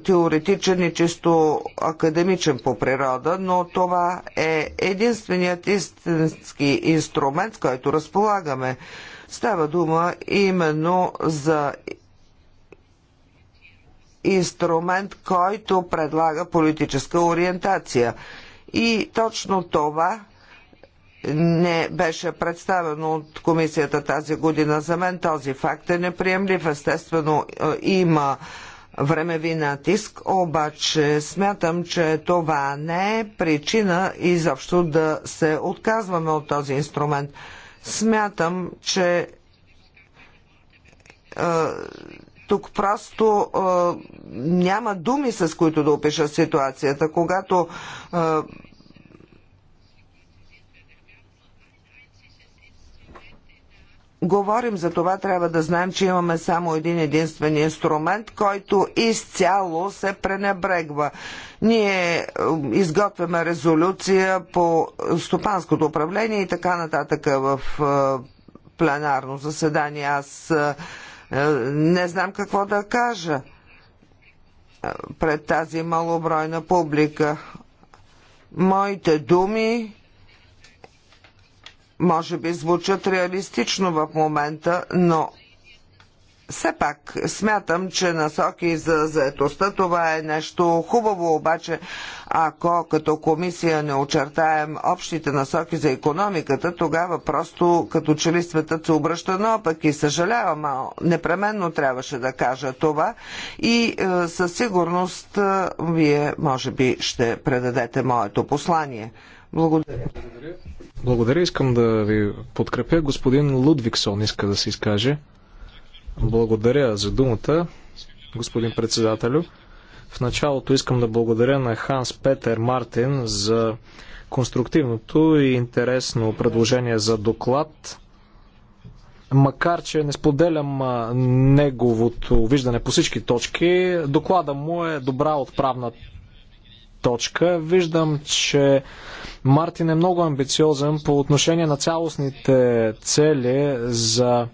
[SPEAKER 3] теоретичен и чисто академичен по природа, но това е единственият истински инструмент, с който разполагаме. Става дума именно за инструмент, който предлага политическа ориентация. И точно това не беше представено от комисията тази година. За мен този факт е неприемлив. Естествено е, има времеви натиск, обаче смятам, че това не е причина изобщо да се отказваме от този инструмент. Смятам, че е, тук просто е, няма думи, с които да опиша ситуацията. Когато е, говорим за това, трябва да знаем, че имаме само един единствен инструмент, който изцяло се пренебрегва. Ние е, изготвяме резолюция по стопанското управление и така нататък в е, пленарно заседание. Аз е, не знам какво да кажа пред тази малобройна публика. Моите думи може би звучат реалистично в момента, но все пак смятам, че насоки за заетостта това е нещо хубаво, обаче ако като комисия не очертаем общите насоки за економиката, тогава просто като че ли светът се обръща и Съжалявам, а непременно трябваше да кажа това и е, със сигурност е, вие може би ще предадете моето послание.
[SPEAKER 1] Благодаря. Благодаря, искам да ви подкрепя. Господин Лудвиксон иска да се изкаже. Благодаря за думата, господин председателю. В началото искам да благодаря на Ханс Петер Мартин за конструктивното и интересно предложение за доклад. Макар, че не споделям неговото виждане по всички точки, доклада му е добра отправна точка. Виждам, че Мартин е много амбициозен по отношение на цялостните цели за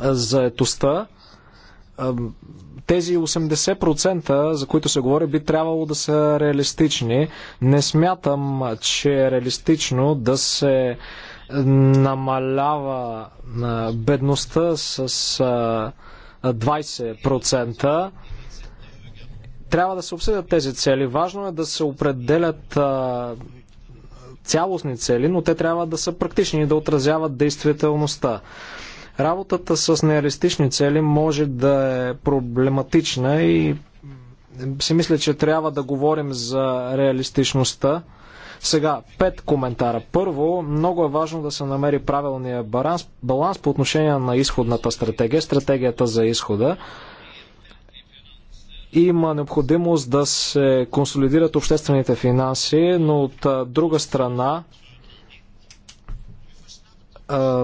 [SPEAKER 1] заетостта. Тези 80%, за които се говори, би трябвало да са реалистични. Не смятам, че е реалистично да се намалява бедността с 20%. Трябва да се обсъдят тези цели. Важно е да се определят а, цялостни цели, но те трябва да са практични и да отразяват действителността. Работата с нереалистични цели може да е проблематична и си мисля, че трябва да говорим за реалистичността. Сега, пет коментара. Първо, много е важно да се намери правилния баланс, баланс по отношение на изходната стратегия, стратегията за изхода има необходимост да се консолидират обществените финанси, но от друга страна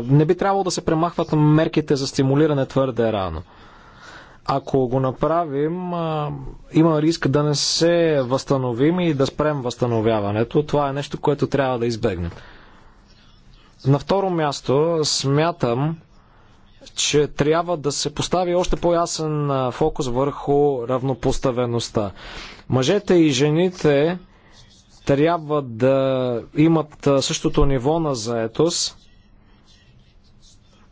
[SPEAKER 1] не би трябвало да се премахват мерките за стимулиране твърде рано. Ако го направим, има риск да не се възстановим и да спрем възстановяването. Това е нещо, което трябва да избегнем. На второ място смятам, че трябва да се постави още по-ясен фокус върху равнопоставеността. Мъжете и жените трябва да имат същото ниво на заетост.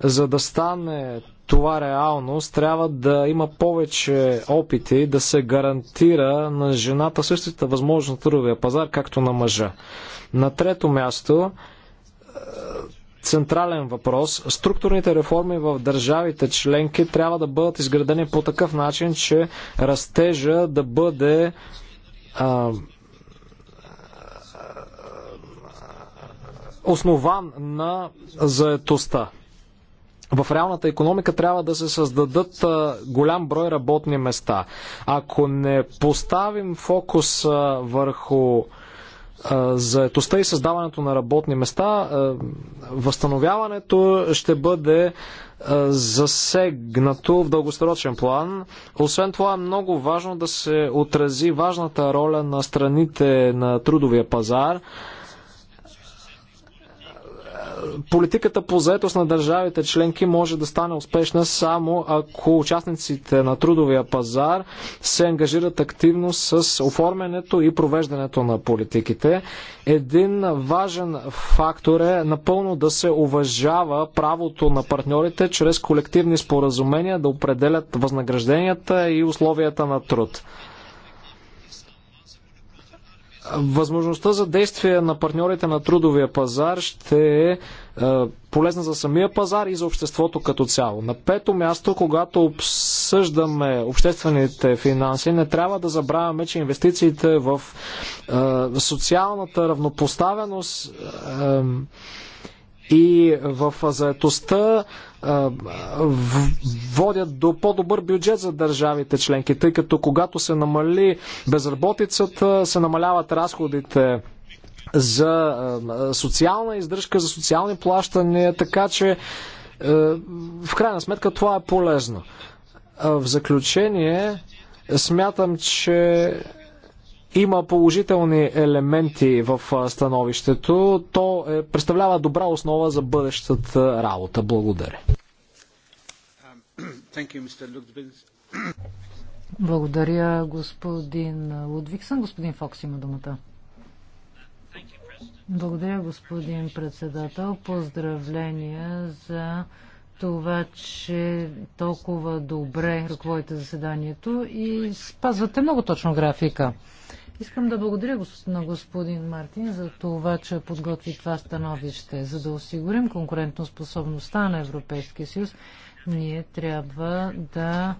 [SPEAKER 1] За да стане това реалност, трябва да има повече опити да се гарантира на жената същата възможност на трудовия пазар, както на мъжа. На трето място, централен въпрос. Структурните реформи в държавите членки трябва да бъдат изградени по такъв начин, че растежа да бъде а, основан на заетостта. В реалната економика трябва да се създадат голям брой работни места. Ако не поставим фокус върху заетостта и създаването на работни места, възстановяването ще бъде засегнато в дългосрочен план. Освен това е много важно да се отрази важната роля на страните на трудовия пазар. Политиката по заетост на държавите членки може да стане успешна само ако участниците на трудовия пазар се ангажират активно с оформянето и провеждането на политиките. Един важен фактор е напълно да се уважава правото на партньорите чрез колективни споразумения да определят възнагражденията и условията на труд. Възможността за действие на партньорите на трудовия пазар ще е, е полезна за самия пазар и за обществото като цяло. На пето място, когато обсъждаме обществените финанси, не трябва да забравяме, че инвестициите в е, социалната равнопоставеност е, и в заетостта водят до по-добър бюджет за държавите членки, тъй като когато се намали безработицата, се намаляват разходите за социална издръжка, за социални плащания, така че в крайна сметка това е полезно. В заключение смятам, че има положителни елементи в становището. То е, представлява добра основа за бъдещата работа. Благодаря.
[SPEAKER 2] Благодаря, господин Лудвиксън. Господин Фокс има думата. Благодаря, господин председател. Поздравления за това, че толкова добре ръководите заседанието и спазвате много точно графика. Искам да благодаря на господин Мартин за това, че подготви това становище. За да осигурим конкурентоспособността на Европейския съюз, ние трябва да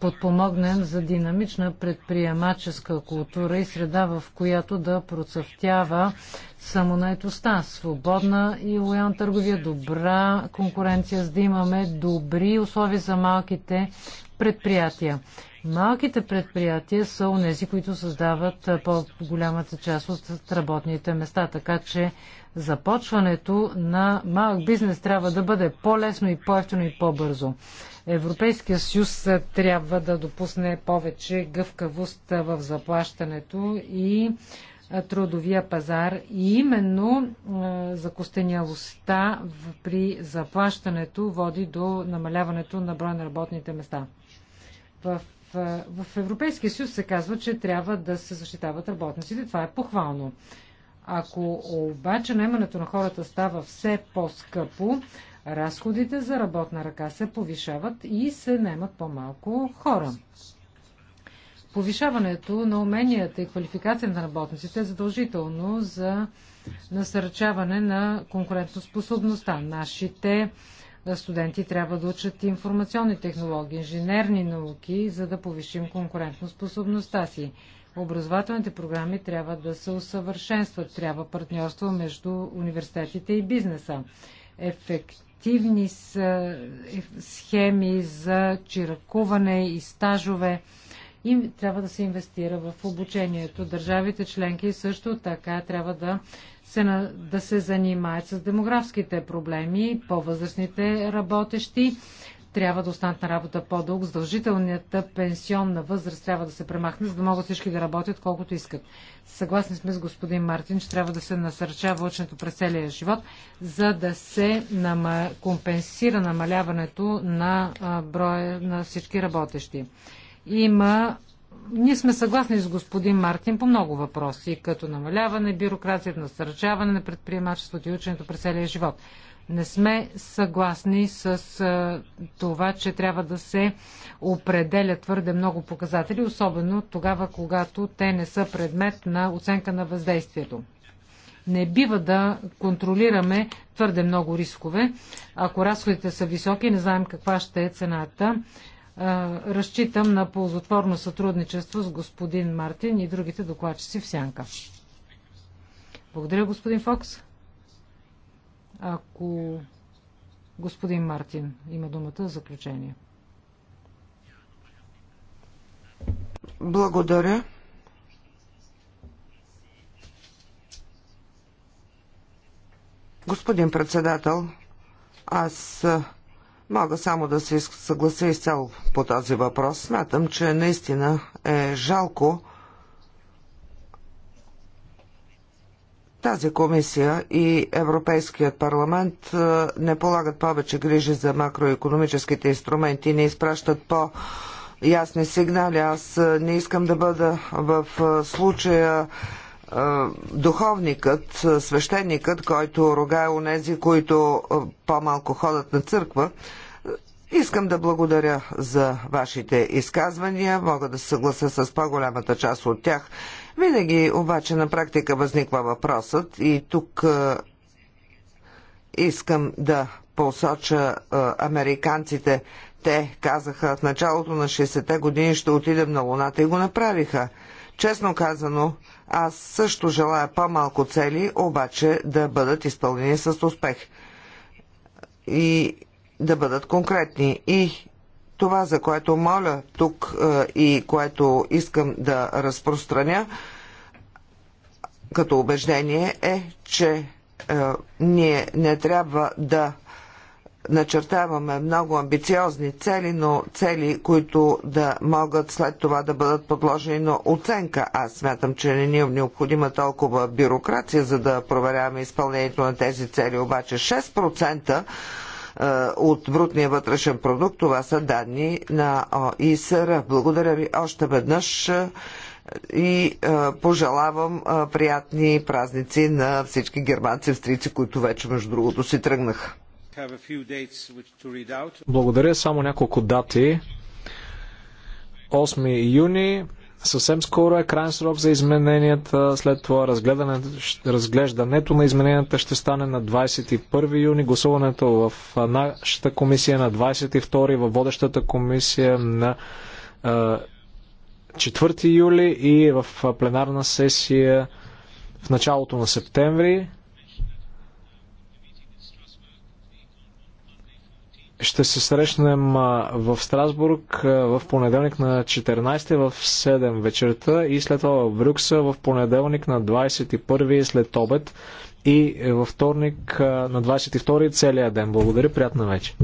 [SPEAKER 2] подпомогнем за динамична предприемаческа култура и среда, в която да процъфтява самонаетостта, свободна и лоялна търговия, добра конкуренция, за да имаме добри условия за малките предприятия. Малките предприятия са онези, които създават по-голямата част от работните места, така че започването на малък бизнес трябва да бъде по-лесно и по-ефтино и по-бързо. Европейския съюз трябва да допусне повече гъвкавост в заплащането и трудовия пазар и именно закостенялостта при заплащането води до намаляването на броя на работните места. В в Европейския съюз се казва, че трябва да се защитават работниците. Това е похвално. Ако обаче наемането на хората става все по-скъпо, разходите за работна ръка се повишават и се наемат по-малко хора. Повишаването на уменията и квалификацията на работниците е задължително за насърчаване на конкурентоспособността. Нашите студенти трябва да учат информационни технологии, инженерни науки, за да повишим конкурентоспособността си. Образователните програми трябва да се усъвършенстват. Трябва партньорство между университетите и бизнеса. Ефективни са е, схеми за чиракуване и стажове и трябва да се инвестира в обучението. Държавите членки също така трябва да се, да се занимаят с демографските проблеми, по-възрастните работещи трябва да останат на работа по-дълго, задължителната пенсионна възраст трябва да се премахне, за да могат всички да работят колкото искат. Съгласни сме с господин Мартин, че трябва да се насърчава ученето през целия живот, за да се нама... компенсира намаляването на броя на всички работещи. Има ние сме съгласни с господин Мартин по много въпроси, като намаляване бюрокрацията, насърчаване на предприемачеството и ученето през целия живот. Не сме съгласни с това, че трябва да се определя твърде много показатели, особено тогава, когато те не са предмет на оценка на въздействието. Не бива да контролираме твърде много рискове. Ако разходите са високи, не знаем каква ще е цената разчитам на ползотворно сътрудничество с господин Мартин и другите докладчици в Сянка. Благодаря, господин Фокс. Ако господин Мартин има думата за заключение.
[SPEAKER 3] Благодаря. Господин председател, аз Мога само да се съглася изцяло по този въпрос. Смятам, че наистина е жалко тази комисия и Европейският парламент е, не полагат повече грижи за макроекономическите инструменти, не изпращат по ясни сигнали. Аз е, не искам да бъда в е, случая духовникът, свещеникът, който у онези, които по-малко ходят на църква. Искам да благодаря за вашите изказвания. Мога да се съглася с по-голямата част от тях. Винаги обаче на практика възниква въпросът и тук искам да посоча американците. Те казаха в началото на 60-те години ще отидем на Луната и го направиха. Честно казано, аз също желая по-малко цели, обаче да бъдат изпълнени с успех и да бъдат конкретни. И това, за което моля тук е, и което искам да разпространя като убеждение е, че е, ние не трябва да начертаваме много амбициозни цели, но цели, които да могат след това да бъдат подложени на оценка. Аз смятам, че не ни е необходима толкова бюрокрация, за да проверяваме изпълнението на тези цели. Обаче 6% е, от брутния вътрешен продукт, това са данни на ИСР. Благодаря ви още веднъж е, и е, пожелавам приятни празници на всички германци, австрийци, които вече, между другото, си тръгнаха.
[SPEAKER 1] Благодаря. Само няколко дати. 8 юни, съвсем скоро е крайен срок за измененията. След това разглеждането на измененията ще стане на 21 юни. Гласуването в нашата комисия е на 22, във водещата комисия на 4 юли и в пленарна сесия в началото на септември. Ще се срещнем в Страсбург в понеделник на 14 в 7 вечерта и след това в Брюкса в понеделник на 21 след обед и е, във вторник на 22 целия ден. Благодаря,
[SPEAKER 4] приятна вечер.